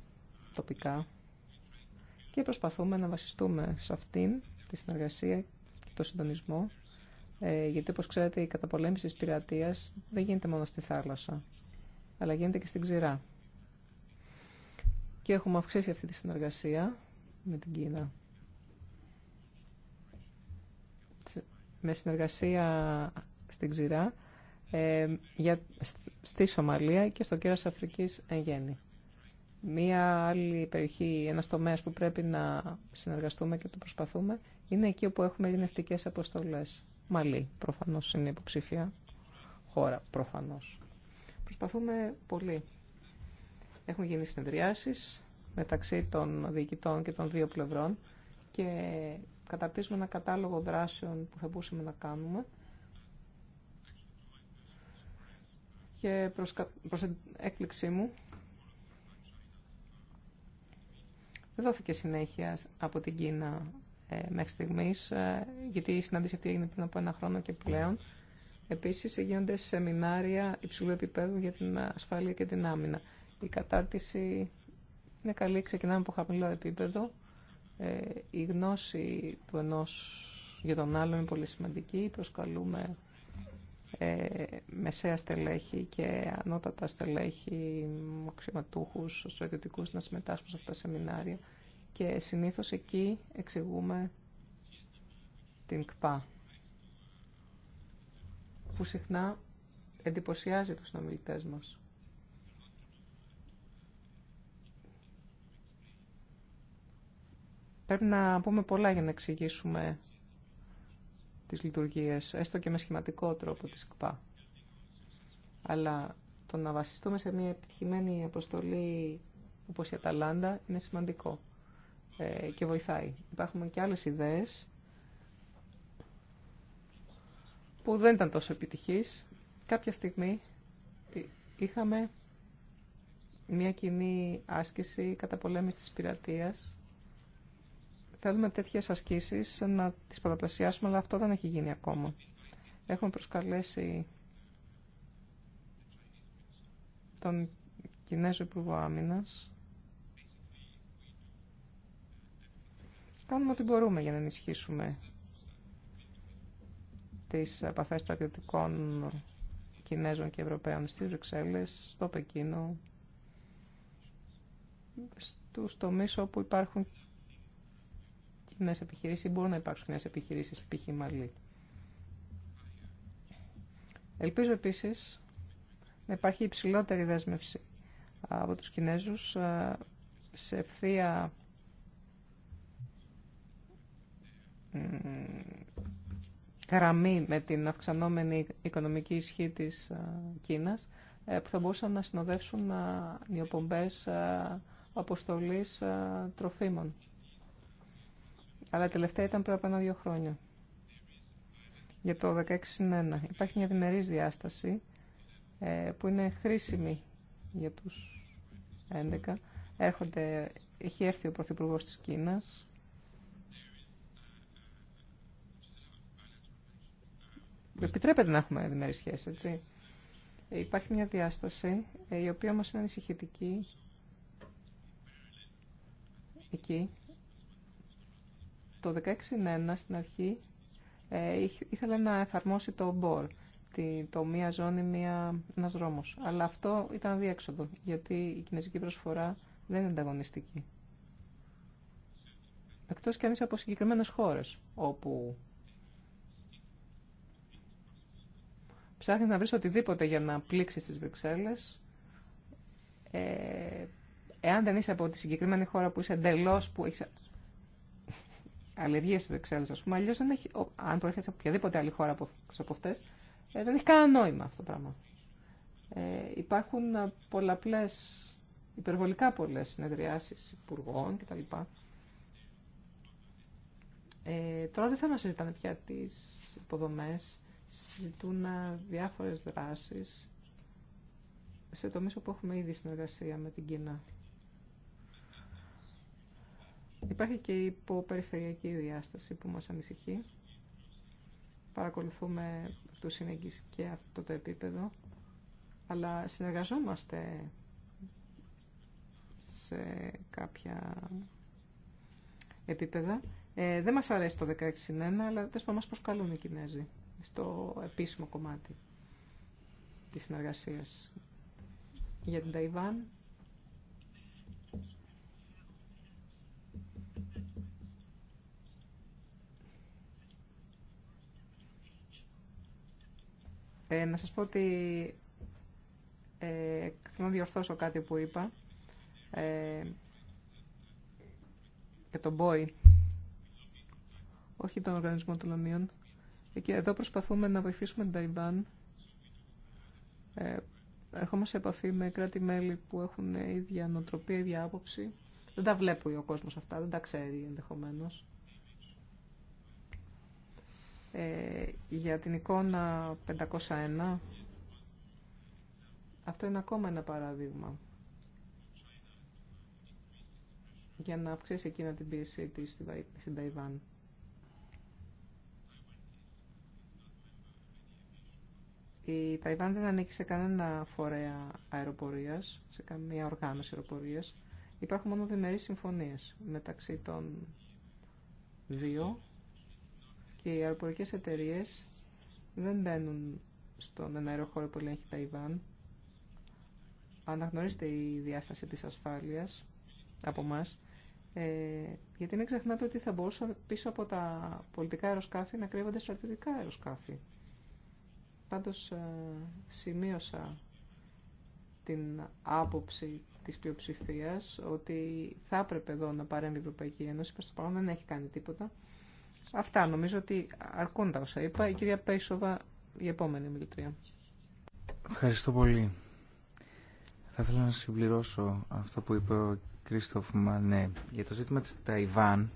τοπικά και προσπαθούμε να βασιστούμε σε αυτήν τη συνεργασία και το συντονισμό ε, γιατί όπως ξέρετε η καταπολέμηση της πειρατείας δεν γίνεται μόνο στη θάλασσα αλλά γίνεται και στην ξηρά και έχουμε αυξήσει αυτή τη συνεργασία με την Κίνα. Με συνεργασία στην Ξηρά, ε, για, στη Σομαλία και στο κέρας Αφρικής εν γέννη. Μία άλλη περιοχή, ένα τομέα που πρέπει να συνεργαστούμε και το προσπαθούμε, είναι εκεί όπου έχουμε ειρηνευτικές αποστολές. Μαλή, προφανώς είναι υποψήφια χώρα, προφανώς. Προσπαθούμε πολύ έχουν γίνει συνεδριάσεις μεταξύ των διοικητών και των δύο πλευρών και καταρτίζουμε ένα κατάλογο δράσεων που θα μπορούσαμε να κάνουμε και προς, έκπληξή μου δεν δόθηκε συνέχεια από την Κίνα ε, μέχρι στιγμής ε, γιατί η συνάντηση αυτή έγινε πριν από ένα χρόνο και πλέον Επίσης γίνονται σεμινάρια υψηλού επίπεδου για την ασφάλεια και την άμυνα. Η κατάρτιση είναι καλή, ξεκινάμε από χαμηλό επίπεδο. Ε, η γνώση του ενός για τον άλλον είναι πολύ σημαντική. Προσκαλούμε ε, μεσαία στελέχη και ανώτατα στελέχη, αξιωματούχους, στρατιωτικούς να συμμετάσχουν σε αυτά τα σεμινάρια και συνήθως εκεί εξηγούμε την ΚΠΑ που συχνά εντυπωσιάζει τους συνομιλητές μας. πρέπει να πούμε πολλά για να εξηγήσουμε τις λειτουργίες, έστω και με σχηματικό τρόπο της ΚΠΑ. Αλλά το να βασιστούμε σε μια επιτυχημένη αποστολή όπως η Αταλάντα είναι σημαντικό ε, και βοηθάει. Υπάρχουν και άλλες ιδέες που δεν ήταν τόσο επιτυχής. Κάποια στιγμή ε, είχαμε μια κοινή άσκηση κατά πολέμης της πειρατείας Θέλουμε τέτοιες ασκήσεις να τις πολλαπλασιάσουμε, αλλά αυτό δεν έχει γίνει ακόμα. Έχουμε προσκαλέσει τον Κινέζο Υπουργό Άμυνας. Κάνουμε ό,τι μπορούμε για να ενισχύσουμε τις επαφές στρατιωτικών Κινέζων και Ευρωπαίων στις Βρυξέλλες, στο Πεκίνο, στους τομείς όπου υπάρχουν και επιχειρήσει επιχειρήσεις, μπορούν να υπάρξουν νέε επιχειρήσει π.χ. Μαλή. Ελπίζω επίσης να υπάρχει υψηλότερη δέσμευση από τους Κινέζους ε, σε ευθεία γραμμή με την αυξανόμενη οικονομική ισχύ της ε, Κίνας ε, που θα μπορούσαν να συνοδεύσουν νιοπομπές αποστολής τροφίμων αλλά τελευταία ήταν πριν από ένα-δύο χρόνια. Για το 16 1. Υπάρχει μια διμερής διάσταση ε, που είναι χρήσιμη για τους 11. Έρχονται, έχει έρθει ο Πρωθυπουργός της Κίνας. Επιτρέπεται να έχουμε διμερείς σχέση, έτσι. Ε, υπάρχει μια διάσταση ε, η οποία όμως είναι ανησυχητική εκεί το 16-1 στην αρχή ε, ήθελε να εφαρμόσει το BOR, το μία ζώνη, μία, ένας δρόμος. Αλλά αυτό ήταν διέξοδο, γιατί η κινέζικη προσφορά δεν είναι ανταγωνιστική. Εκτός κι αν είσαι από συγκεκριμένες χώρες, όπου ψάχνεις να βρεις οτιδήποτε για να πλήξεις τις Βρυξέλλες, ε, εάν δεν είσαι από τη συγκεκριμένη χώρα που είσαι εντελώ, που Αλλεργίε στι Βρυξέλλε, α πούμε. Αλλιώ, αν προέρχεται από οποιαδήποτε άλλη χώρα από, από αυτέ, ε, δεν έχει κανένα νόημα αυτό το πράγμα. Ε, υπάρχουν ε, πολλαπλέ, υπερβολικά πολλέ συνεδριάσει υπουργών κτλ. Ε, τώρα δεν θέλω να συζητάνε πια τι υποδομέ. Συζητούν ε, διάφορε δράσει σε τομεί όπου έχουμε ήδη συνεργασία με την Κίνα. Υπάρχει και η υποπεριφερειακή διάσταση που μας ανησυχεί. Παρακολουθούμε του συνεγγύς και αυτό το επίπεδο, αλλά συνεργαζόμαστε σε κάποια επίπεδα. Ε, δεν μας αρέσει το 16 αλλά δεν μας προσκαλούν οι Κινέζοι στο επίσημο κομμάτι της συνεργασίας. Για την Ταϊβάν Ε, να σας πω ότι ε, θέλω να διορθώσω κάτι που είπα ε, για τον ΠΟΗ, όχι τον Οργανισμό των Ομοίων. εδώ προσπαθούμε να βοηθήσουμε την Ταϊβάν. Ε, έρχομαι σε επαφή με κράτη-μέλη που έχουν ίδια νοοτροπία, ίδια άποψη. Δεν τα βλέπει ο κόσμος αυτά, δεν τα ξέρει ενδεχομένως. Ε, για την εικόνα 501, αυτό είναι ακόμα ένα παράδειγμα για να αυξήσει εκείνα την πίεση της στην Ταϊβάν. Η Ταϊβάν δεν ανήκει σε κανένα φορέα αεροπορίας, σε καμία οργάνωση αεροπορίας. Υπάρχουν μόνο διμερείς συμφωνίες μεταξύ των δύο και οι αεροπορικές εταιρείες δεν μπαίνουν στον αεροχώρο που ελέγχει τα Ιβάν. Αναγνωρίζεται η διάσταση της ασφάλειας από εμά, Ε, γιατί μην ξεχνάτε ότι θα μπορούσαν πίσω από τα πολιτικά αεροσκάφη να κρύβονται στρατιωτικά αεροσκάφη. Πάντως ε, σημείωσα την άποψη της πλειοψηφία ότι θα έπρεπε εδώ να παρέμβει η Ευρωπαϊκή Ένωση, προς το παρόν δεν έχει κάνει τίποτα. Αυτά νομίζω ότι αρκούν τα όσα είπα. Η κυρία Πέισοβα, η επόμενη μιλητρία. Ευχαριστώ πολύ. Θα ήθελα να συμπληρώσω αυτό που είπε ο Κρίστοφ Μανέ. Για το ζήτημα της Ταϊβάν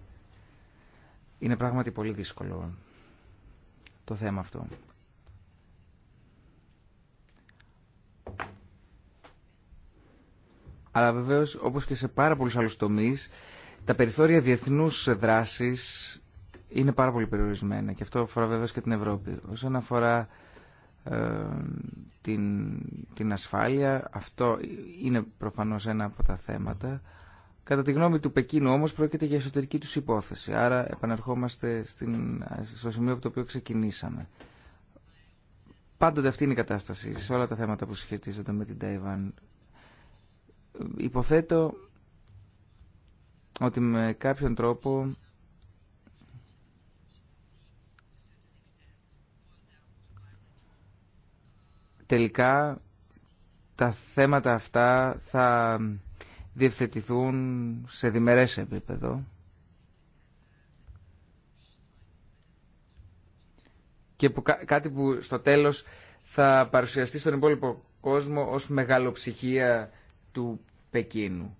είναι πράγματι πολύ δύσκολο το θέμα αυτό. Αλλά βεβαίως όπως και σε πάρα πολλούς άλλους τομείς τα περιθώρια διεθνούς δράσης είναι πάρα πολύ περιορισμένα και αυτό αφορά βέβαια και την Ευρώπη. Όσον αφορά ε, την, την ασφάλεια, αυτό είναι προφανώς ένα από τα θέματα. Κατά τη γνώμη του Πεκίνου όμως πρόκειται για εσωτερική τους υπόθεση. Άρα επαναρχόμαστε στην, στο σημείο από το οποίο ξεκινήσαμε. Πάντοτε αυτή είναι η κατάσταση σε όλα τα θέματα που σχετίζονται με την Ταϊβάν. Υποθέτω ότι με κάποιον τρόπο τελικά τα θέματα αυτά θα διευθετηθούν σε διμερές επίπεδο. Και κάτι που στο τέλος θα παρουσιαστεί στον υπόλοιπο κόσμο ως μεγαλοψυχία του Πεκίνου.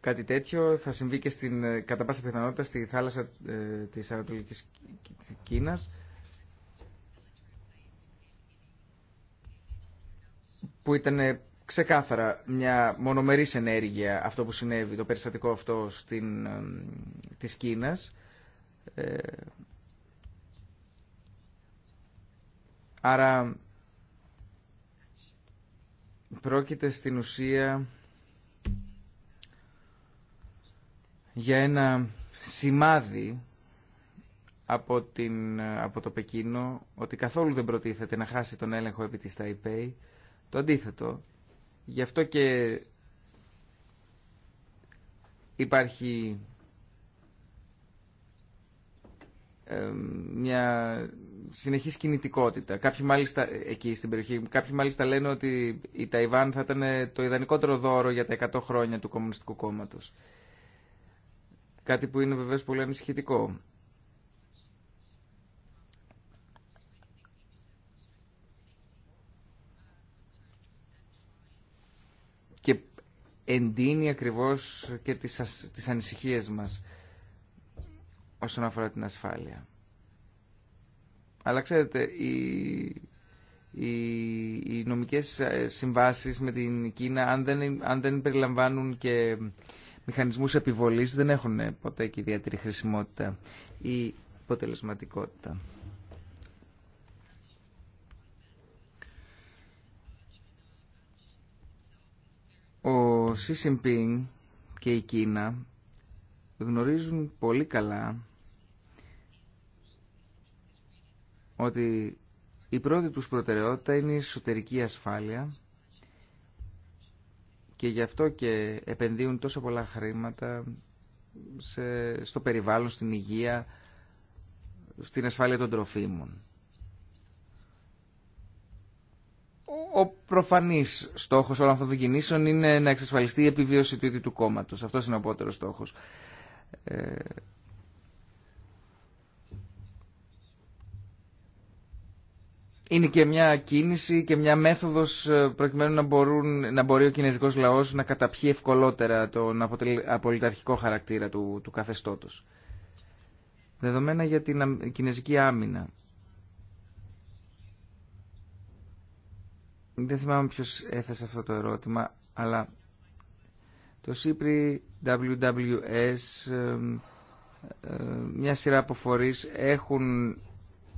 Κάτι τέτοιο θα συμβεί και στην, κατά πάσα πιθανότητα στη θάλασσα ε, της Ανατολικής Κίνας που ήταν ξεκάθαρα μια μονομερής ενέργεια αυτό που συνέβη, το περιστατικό αυτό στην, της Κίνας. Ε, άρα πρόκειται στην ουσία για ένα σημάδι από, την, από το Πεκίνο ότι καθόλου δεν προτίθεται να χάσει τον έλεγχο επί της Ταϊπέη το αντίθετο. Γι' αυτό και υπάρχει μια συνεχής κινητικότητα. Κάποιοι μάλιστα, εκεί στην περιοχή, κάποιοι μάλιστα λένε ότι η Ταϊβάν θα ήταν το ιδανικότερο δώρο για τα 100 χρόνια του Κομμουνιστικού Κόμματος. Κάτι που είναι βεβαίως πολύ ανησυχητικό. και εντείνει ακριβώς και τις, τις ανησυχίες μας όσον αφορά την ασφάλεια. Αλλά ξέρετε, οι, οι, οι νομικές ε, συμβάσεις με την Κίνα, αν δεν, αν περιλαμβάνουν και μηχανισμούς επιβολής, δεν έχουν ε, ποτέ και ιδιαίτερη χρησιμότητα ή αποτελεσματικότητα. Ο Jinping και η Κίνα γνωρίζουν πολύ καλά ότι η πρώτη τους προτεραιότητα είναι η εσωτερική ασφάλεια και γι' αυτό και επενδύουν τόσο πολλά χρήματα σε, στο περιβάλλον, στην υγεία, στην ασφάλεια των τροφίμων. Ο προφανής στόχος όλων αυτών των κινήσεων είναι να εξασφαλιστεί η επιβίωση του ίδιου κόμματο. Αυτός είναι ο απότερο στόχος. Ε, είναι και μια κίνηση και μια μέθοδος ε, προκειμένου να, μπορούν, να μπορεί ο κινέζικος λαός να καταπιεί ευκολότερα τον απολυταρχικό χαρακτήρα του, του καθεστώτος. Δεδομένα για την κινέζικη άμυνα. Δεν θυμάμαι ποιος έθεσε αυτό το ερώτημα, αλλά το Σύπρι WWS, μια σειρά από φορείς έχουν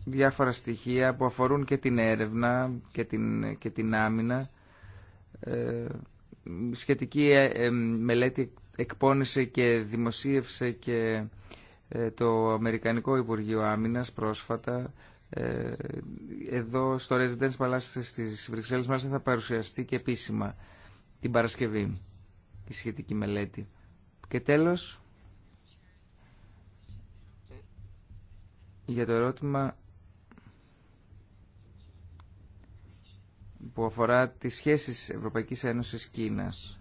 διάφορα στοιχεία που αφορούν και την έρευνα και την, και την άμυνα. Ε, σχετική ε, μελέτη εκπώνησε και δημοσίευσε και ε, το Αμερικανικό Υπουργείο Άμυνας πρόσφατα ε, εδώ στο Residence Palace στις Βρυξέλλες μας θα παρουσιαστεί και επίσημα την Παρασκευή η σχετική μελέτη. Και τέλος, για το ερώτημα που αφορά τις σχέσεις Ευρωπαϊκής Ένωσης Κίνας.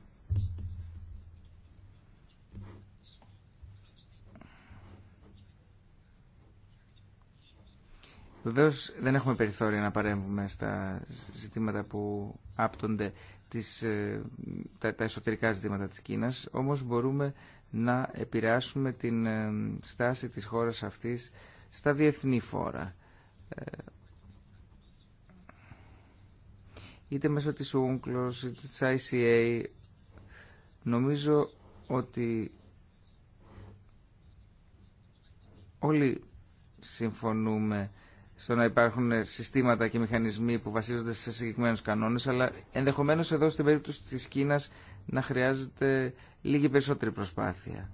Βεβαίω, δεν έχουμε περιθώρια να παρέμβουμε στα ζητήματα που άπτονται τις, ε, τα, εσωτερικά ζητήματα της Κίνας, όμως μπορούμε να επηρεάσουμε την ε, στάση της χώρας αυτής στα διεθνή φόρα. Ε, είτε μέσω της UNCLOS, είτε της ICA, νομίζω ότι όλοι συμφωνούμε στο να υπάρχουν συστήματα και μηχανισμοί που βασίζονται σε συγκεκριμένους κανόνες, αλλά ενδεχομένως εδώ στην περίπτωση της Κίνας να χρειάζεται λίγη περισσότερη προσπάθεια.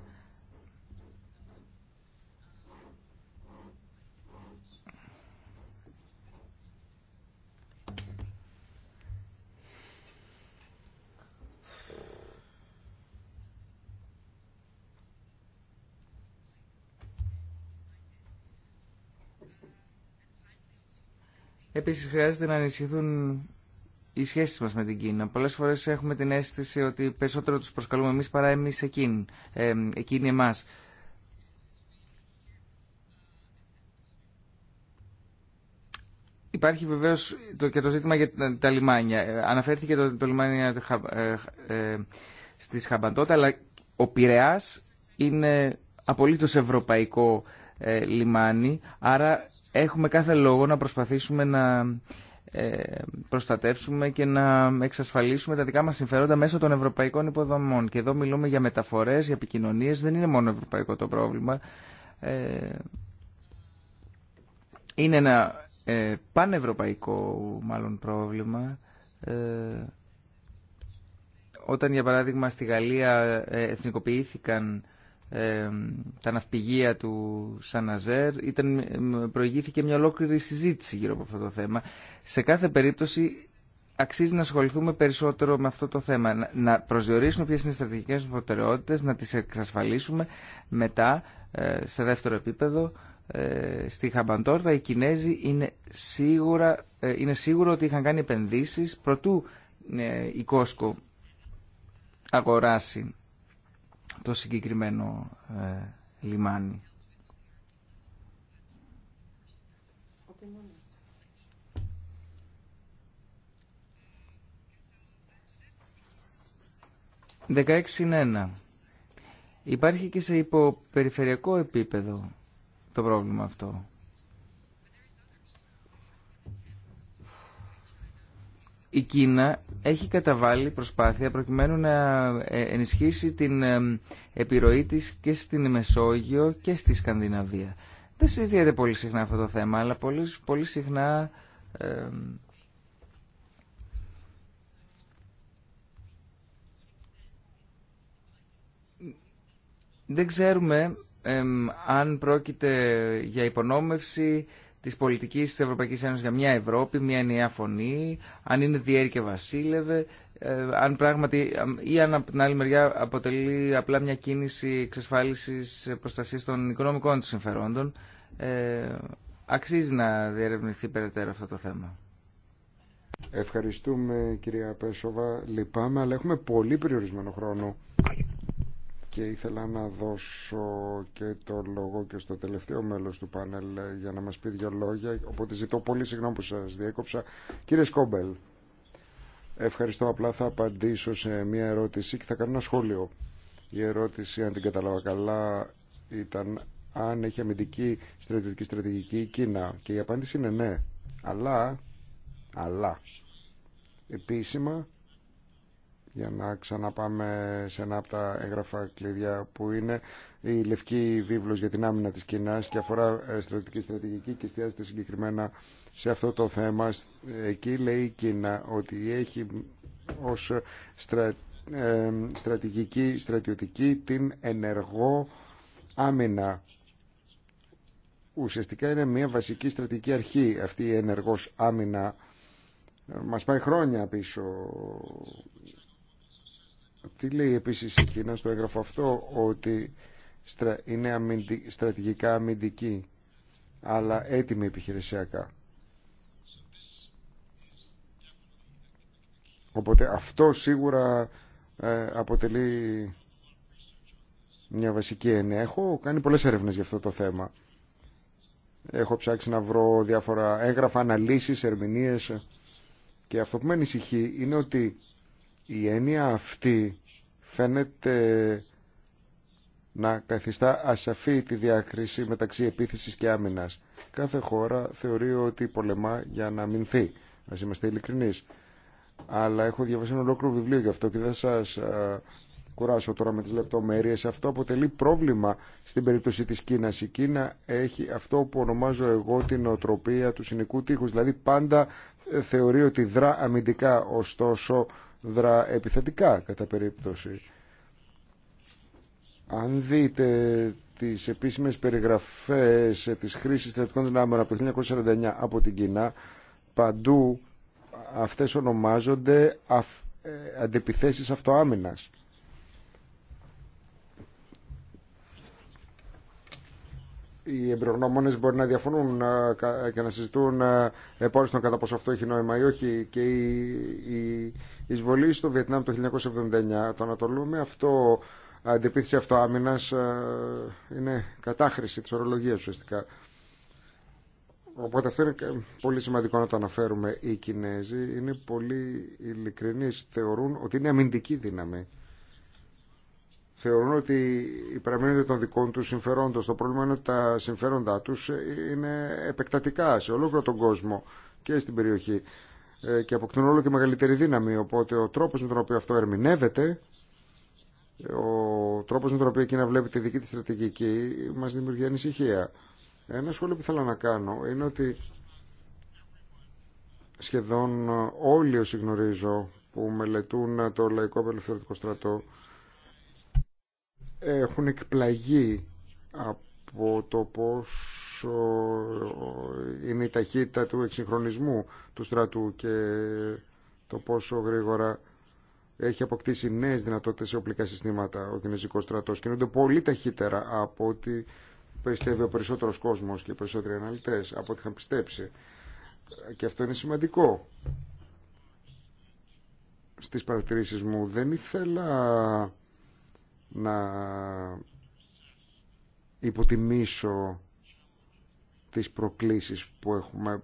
Επίσης χρειάζεται να ενισχυθούν οι σχέσεις μας με την Κίνα. Πολλές φορές έχουμε την αίσθηση ότι περισσότερο τους προσκαλούμε εμείς παρά εμείς εκείνοι, ε, εκείνοι εμάς. Υπάρχει βεβαίω και το ζήτημα για τα λιμάνια. Ε, αναφέρθηκε το, το λιμάνι ε, ε, ε στη Χαμπαντότα, αλλά ο Πειραιάς είναι απολύτως ευρωπαϊκό λιμάνι, άρα έχουμε κάθε λόγο να προσπαθήσουμε να ε, προστατεύσουμε και να εξασφαλίσουμε τα δικά μας συμφέροντα μέσω των ευρωπαϊκών υποδομών. Και εδώ μιλούμε για μεταφορές, για επικοινωνίες, δεν είναι μόνο ευρωπαϊκό το πρόβλημα. Ε, είναι ένα ε, πανευρωπαϊκό μάλλον πρόβλημα. Όταν για παράδειγμα στη Γαλλία εθνικοποιήθηκαν τα ναυπηγεία του Σαναζέρ ήταν, προηγήθηκε μια ολόκληρη συζήτηση γύρω από αυτό το θέμα σε κάθε περίπτωση αξίζει να ασχοληθούμε περισσότερο με αυτό το θέμα να προσδιορίσουμε ποιες είναι οι στρατηγικές μας προτεραιότητες να τις εξασφαλίσουμε μετά ε, σε δεύτερο επίπεδο ε, στη Χαμπαντόρτα οι Κινέζοι είναι, σίγουρα, ε, είναι σίγουρο ότι είχαν κάνει επενδύσεις προτού η Κόσκο αγοράσει το συγκεκριμένο ε, λιμάνι. λιμάνι. 16-1. Υπάρχει και σε υποπεριφερειακό επίπεδο το πρόβλημα αυτό. η Κίνα έχει καταβάλει προσπάθεια προκειμένου να ε, ενισχύσει την ε, επιρροή της και στην Μεσόγειο και στη Σκανδιναβία. Δεν συζητιέται πολύ συχνά αυτό το θέμα, αλλά πολύ, πολύ συχνά ε, δεν ξέρουμε αν πρόκειται για υπονόμευση Τη πολιτική τη Ευρωπαϊκής Ένωσης για μια Ευρώπη, μια ενιαία φωνή, αν είναι διέρη και βασίλευε, ε, αν πράγματι, ή αν από την άλλη μεριά αποτελεί απλά μια κίνηση εξασφάλιση προστασίας των οικονομικών του συμφερόντων, ε, αξίζει να διερευνηθεί περαιτέρω αυτό το θέμα. Ευχαριστούμε κυρία Πέσοβα. Λυπάμαι, αλλά έχουμε πολύ περιορισμένο χρόνο και ήθελα να δώσω και το λόγο και στο τελευταίο μέλος του πάνελ για να μας πει δύο λόγια, οπότε ζητώ πολύ συγγνώμη που σας διέκοψα. Κύριε Σκόμπελ, ευχαριστώ απλά θα απαντήσω σε μια ερώτηση και θα κάνω ένα σχόλιο. Η ερώτηση, αν την κατάλαβα καλά, ήταν αν έχει αμυντική στρατιωτική στρατηγική η Κίνα και η απάντηση είναι ναι, αλλά, αλλά επίσημα για να ξαναπάμε σε ένα από τα έγγραφα κλειδιά που είναι η Λευκή Βίβλος για την άμυνα της Κίνας και αφορά ε, στρατηγική στρατηγική και εστιάζεται συγκεκριμένα σε αυτό το θέμα. Εκεί λέει η Κίνα ότι έχει ως στρα... Ε, στρατηγική στρατιωτική την ενεργό άμυνα. Ουσιαστικά είναι μια βασική στρατηγική αρχή αυτή η ενεργός άμυνα. Ε, μας πάει χρόνια πίσω τι λέει επίσης η Κίνα στο έγγραφο αυτό ότι είναι στρατηγικά αμυντική αλλά έτοιμη επιχειρησιακά. Οπότε αυτό σίγουρα ε, αποτελεί μια βασική έννοια. Έχω κάνει πολλές έρευνες για αυτό το θέμα. Έχω ψάξει να βρω διάφορα έγγραφα, αναλύσεις, ερμηνείες και αυτό που με ανησυχεί είναι ότι η έννοια αυτή φαίνεται να καθιστά ασαφή τη διάκριση μεταξύ επίθεσης και άμυνας. Κάθε χώρα θεωρεί ότι πολεμά για να αμυνθεί. Ας είμαστε ειλικρινείς. Αλλά έχω διαβάσει ένα ολόκληρο βιβλίο γι' αυτό και δεν σας κουράσω τώρα με τις λεπτομέρειες. Αυτό αποτελεί πρόβλημα στην περίπτωση της Κίνας. Η Κίνα έχει αυτό που ονομάζω εγώ την οτροπία του συνοικού τείχους. Δηλαδή πάντα θεωρεί ότι δρά αμυντικά, ωστόσο δρά επιθετικά κατά περίπτωση. Αν δείτε τις επίσημες περιγραφές ε, της χρήσης στρατικών δυνάμεων από το 1949 από την Κίνα, παντού αυτές ονομάζονται ε, αντιπιθέσεις αυτοάμυνας. οι εμπειρογνώμονε μπορεί να διαφωνούν και να συζητούν ε, επόριστον κατά πόσο αυτό έχει νόημα ή όχι. Και η, η εισβολή στο Βιετνάμ το 1979, το ανατολούμε αυτό, αντιπίθεση αυτοάμυνα, ε, είναι κατάχρηση τη ορολογία ουσιαστικά. Οπότε αυτό είναι πολύ σημαντικό να το αναφέρουμε. Οι Κινέζοι είναι πολύ ειλικρινεί. Θεωρούν ότι είναι αμυντική δύναμη θεωρούν ότι υπεραμείνονται των δικών του συμφερόντων. Το πρόβλημα είναι ότι τα συμφέροντά του είναι επεκτατικά σε ολόκληρο τον κόσμο και στην περιοχή ε, και αποκτούν όλο και μεγαλύτερη δύναμη. Οπότε ο τρόπο με τον οποίο αυτό ερμηνεύεται, ο τρόπο με τον οποίο εκείνα βλέπει τη δική τη στρατηγική μα δημιουργεί ανησυχία. Ένα σχόλιο που θέλω να κάνω είναι ότι σχεδόν όλοι όσοι γνωρίζω που μελετούν το Λαϊκό Απελευθερωτικό Στρατό έχουν εκπλαγεί από το πόσο είναι η ταχύτητα του εξυγχρονισμού του στρατού και το πόσο γρήγορα έχει αποκτήσει νέες δυνατότητες σε οπλικά συστήματα ο Κινέζικος στρατός. Κινούνται πολύ ταχύτερα από ό,τι πιστεύει ο περισσότερος κόσμος και οι περισσότεροι αναλυτές, από ό,τι είχαν πιστέψει. Και αυτό είναι σημαντικό. Στις παρατηρήσεις μου δεν ήθελα να υποτιμήσω τις προκλήσεις που έχουμε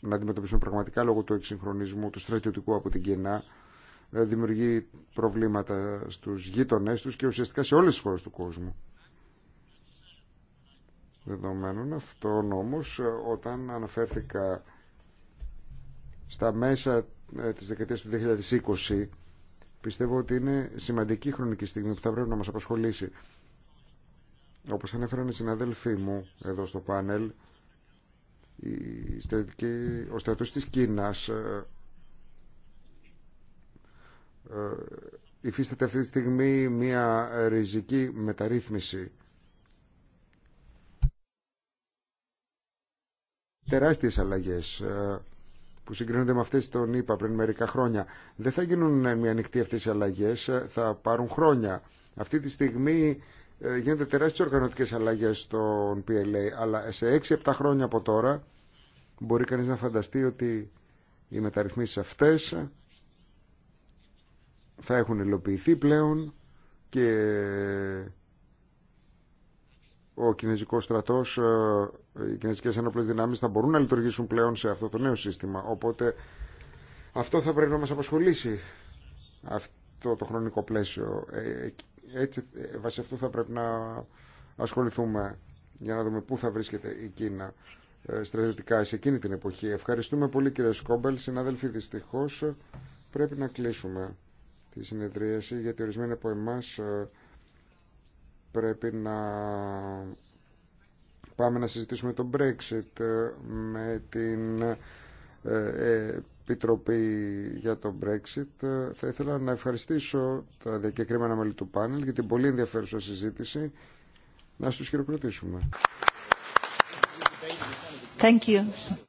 να αντιμετωπίσουμε πραγματικά λόγω του εξυγχρονισμού του στρατιωτικού από την Κίνα ε, δημιουργεί προβλήματα στους γείτονές τους και ουσιαστικά σε όλες τις χώρες του κόσμου. Δεδομένων αυτών όμως ε, όταν αναφέρθηκα στα μέσα ε, της δεκαετίας του 2020 Πιστεύω ότι είναι σημαντική χρονική στιγμή που θα πρέπει να μας απασχολήσει. Όπως ανέφεραν οι συναδέλφοί μου εδώ στο πάνελ, ο στρατός της Κίνας ε, ε, υφίσταται αυτή τη στιγμή μια ριζική μεταρρύθμιση. Τεράστιες αλλαγές ε, που συγκρίνονται με αυτές τον είπα πριν μερικά χρόνια. Δεν θα γίνουν ε, μια ανοιχτή αυτές οι αλλαγέ, ε, θα πάρουν χρόνια. Αυτή τη στιγμή ε, γίνονται τεράστιες οργανωτικές αλλαγέ στον PLA, αλλά σε 6-7 χρόνια από τώρα μπορεί κανείς να φανταστεί ότι οι μεταρρυθμίσεις αυτές θα έχουν υλοποιηθεί πλέον και ο κινέζικος στρατός, ε, οι κινέζικες ένοπλες δυνάμεις θα μπορούν να λειτουργήσουν πλέον σε αυτό το νέο σύστημα. Οπότε αυτό θα πρέπει να μας απασχολήσει αυτό το χρονικό πλαίσιο. Ε, έτσι, ε, βάσει αυτού θα πρέπει να ασχοληθούμε για να δούμε πού θα βρίσκεται η Κίνα στρατιωτικά σε εκείνη την εποχή. Ευχαριστούμε πολύ κύριε Σκόμπελ. Συνάδελφοι, δυστυχώς πρέπει να κλείσουμε τη συνεδρίαση γιατί ορισμένοι από εμάς πρέπει να πάμε να συζητήσουμε το Brexit ε, με την ε, ε, Επιτροπή για το Brexit. Θα ήθελα να ευχαριστήσω τα διακεκριμένα μέλη του πάνελ για την πολύ ενδιαφέρουσα συζήτηση. Να στους χειροκροτήσουμε. Thank you.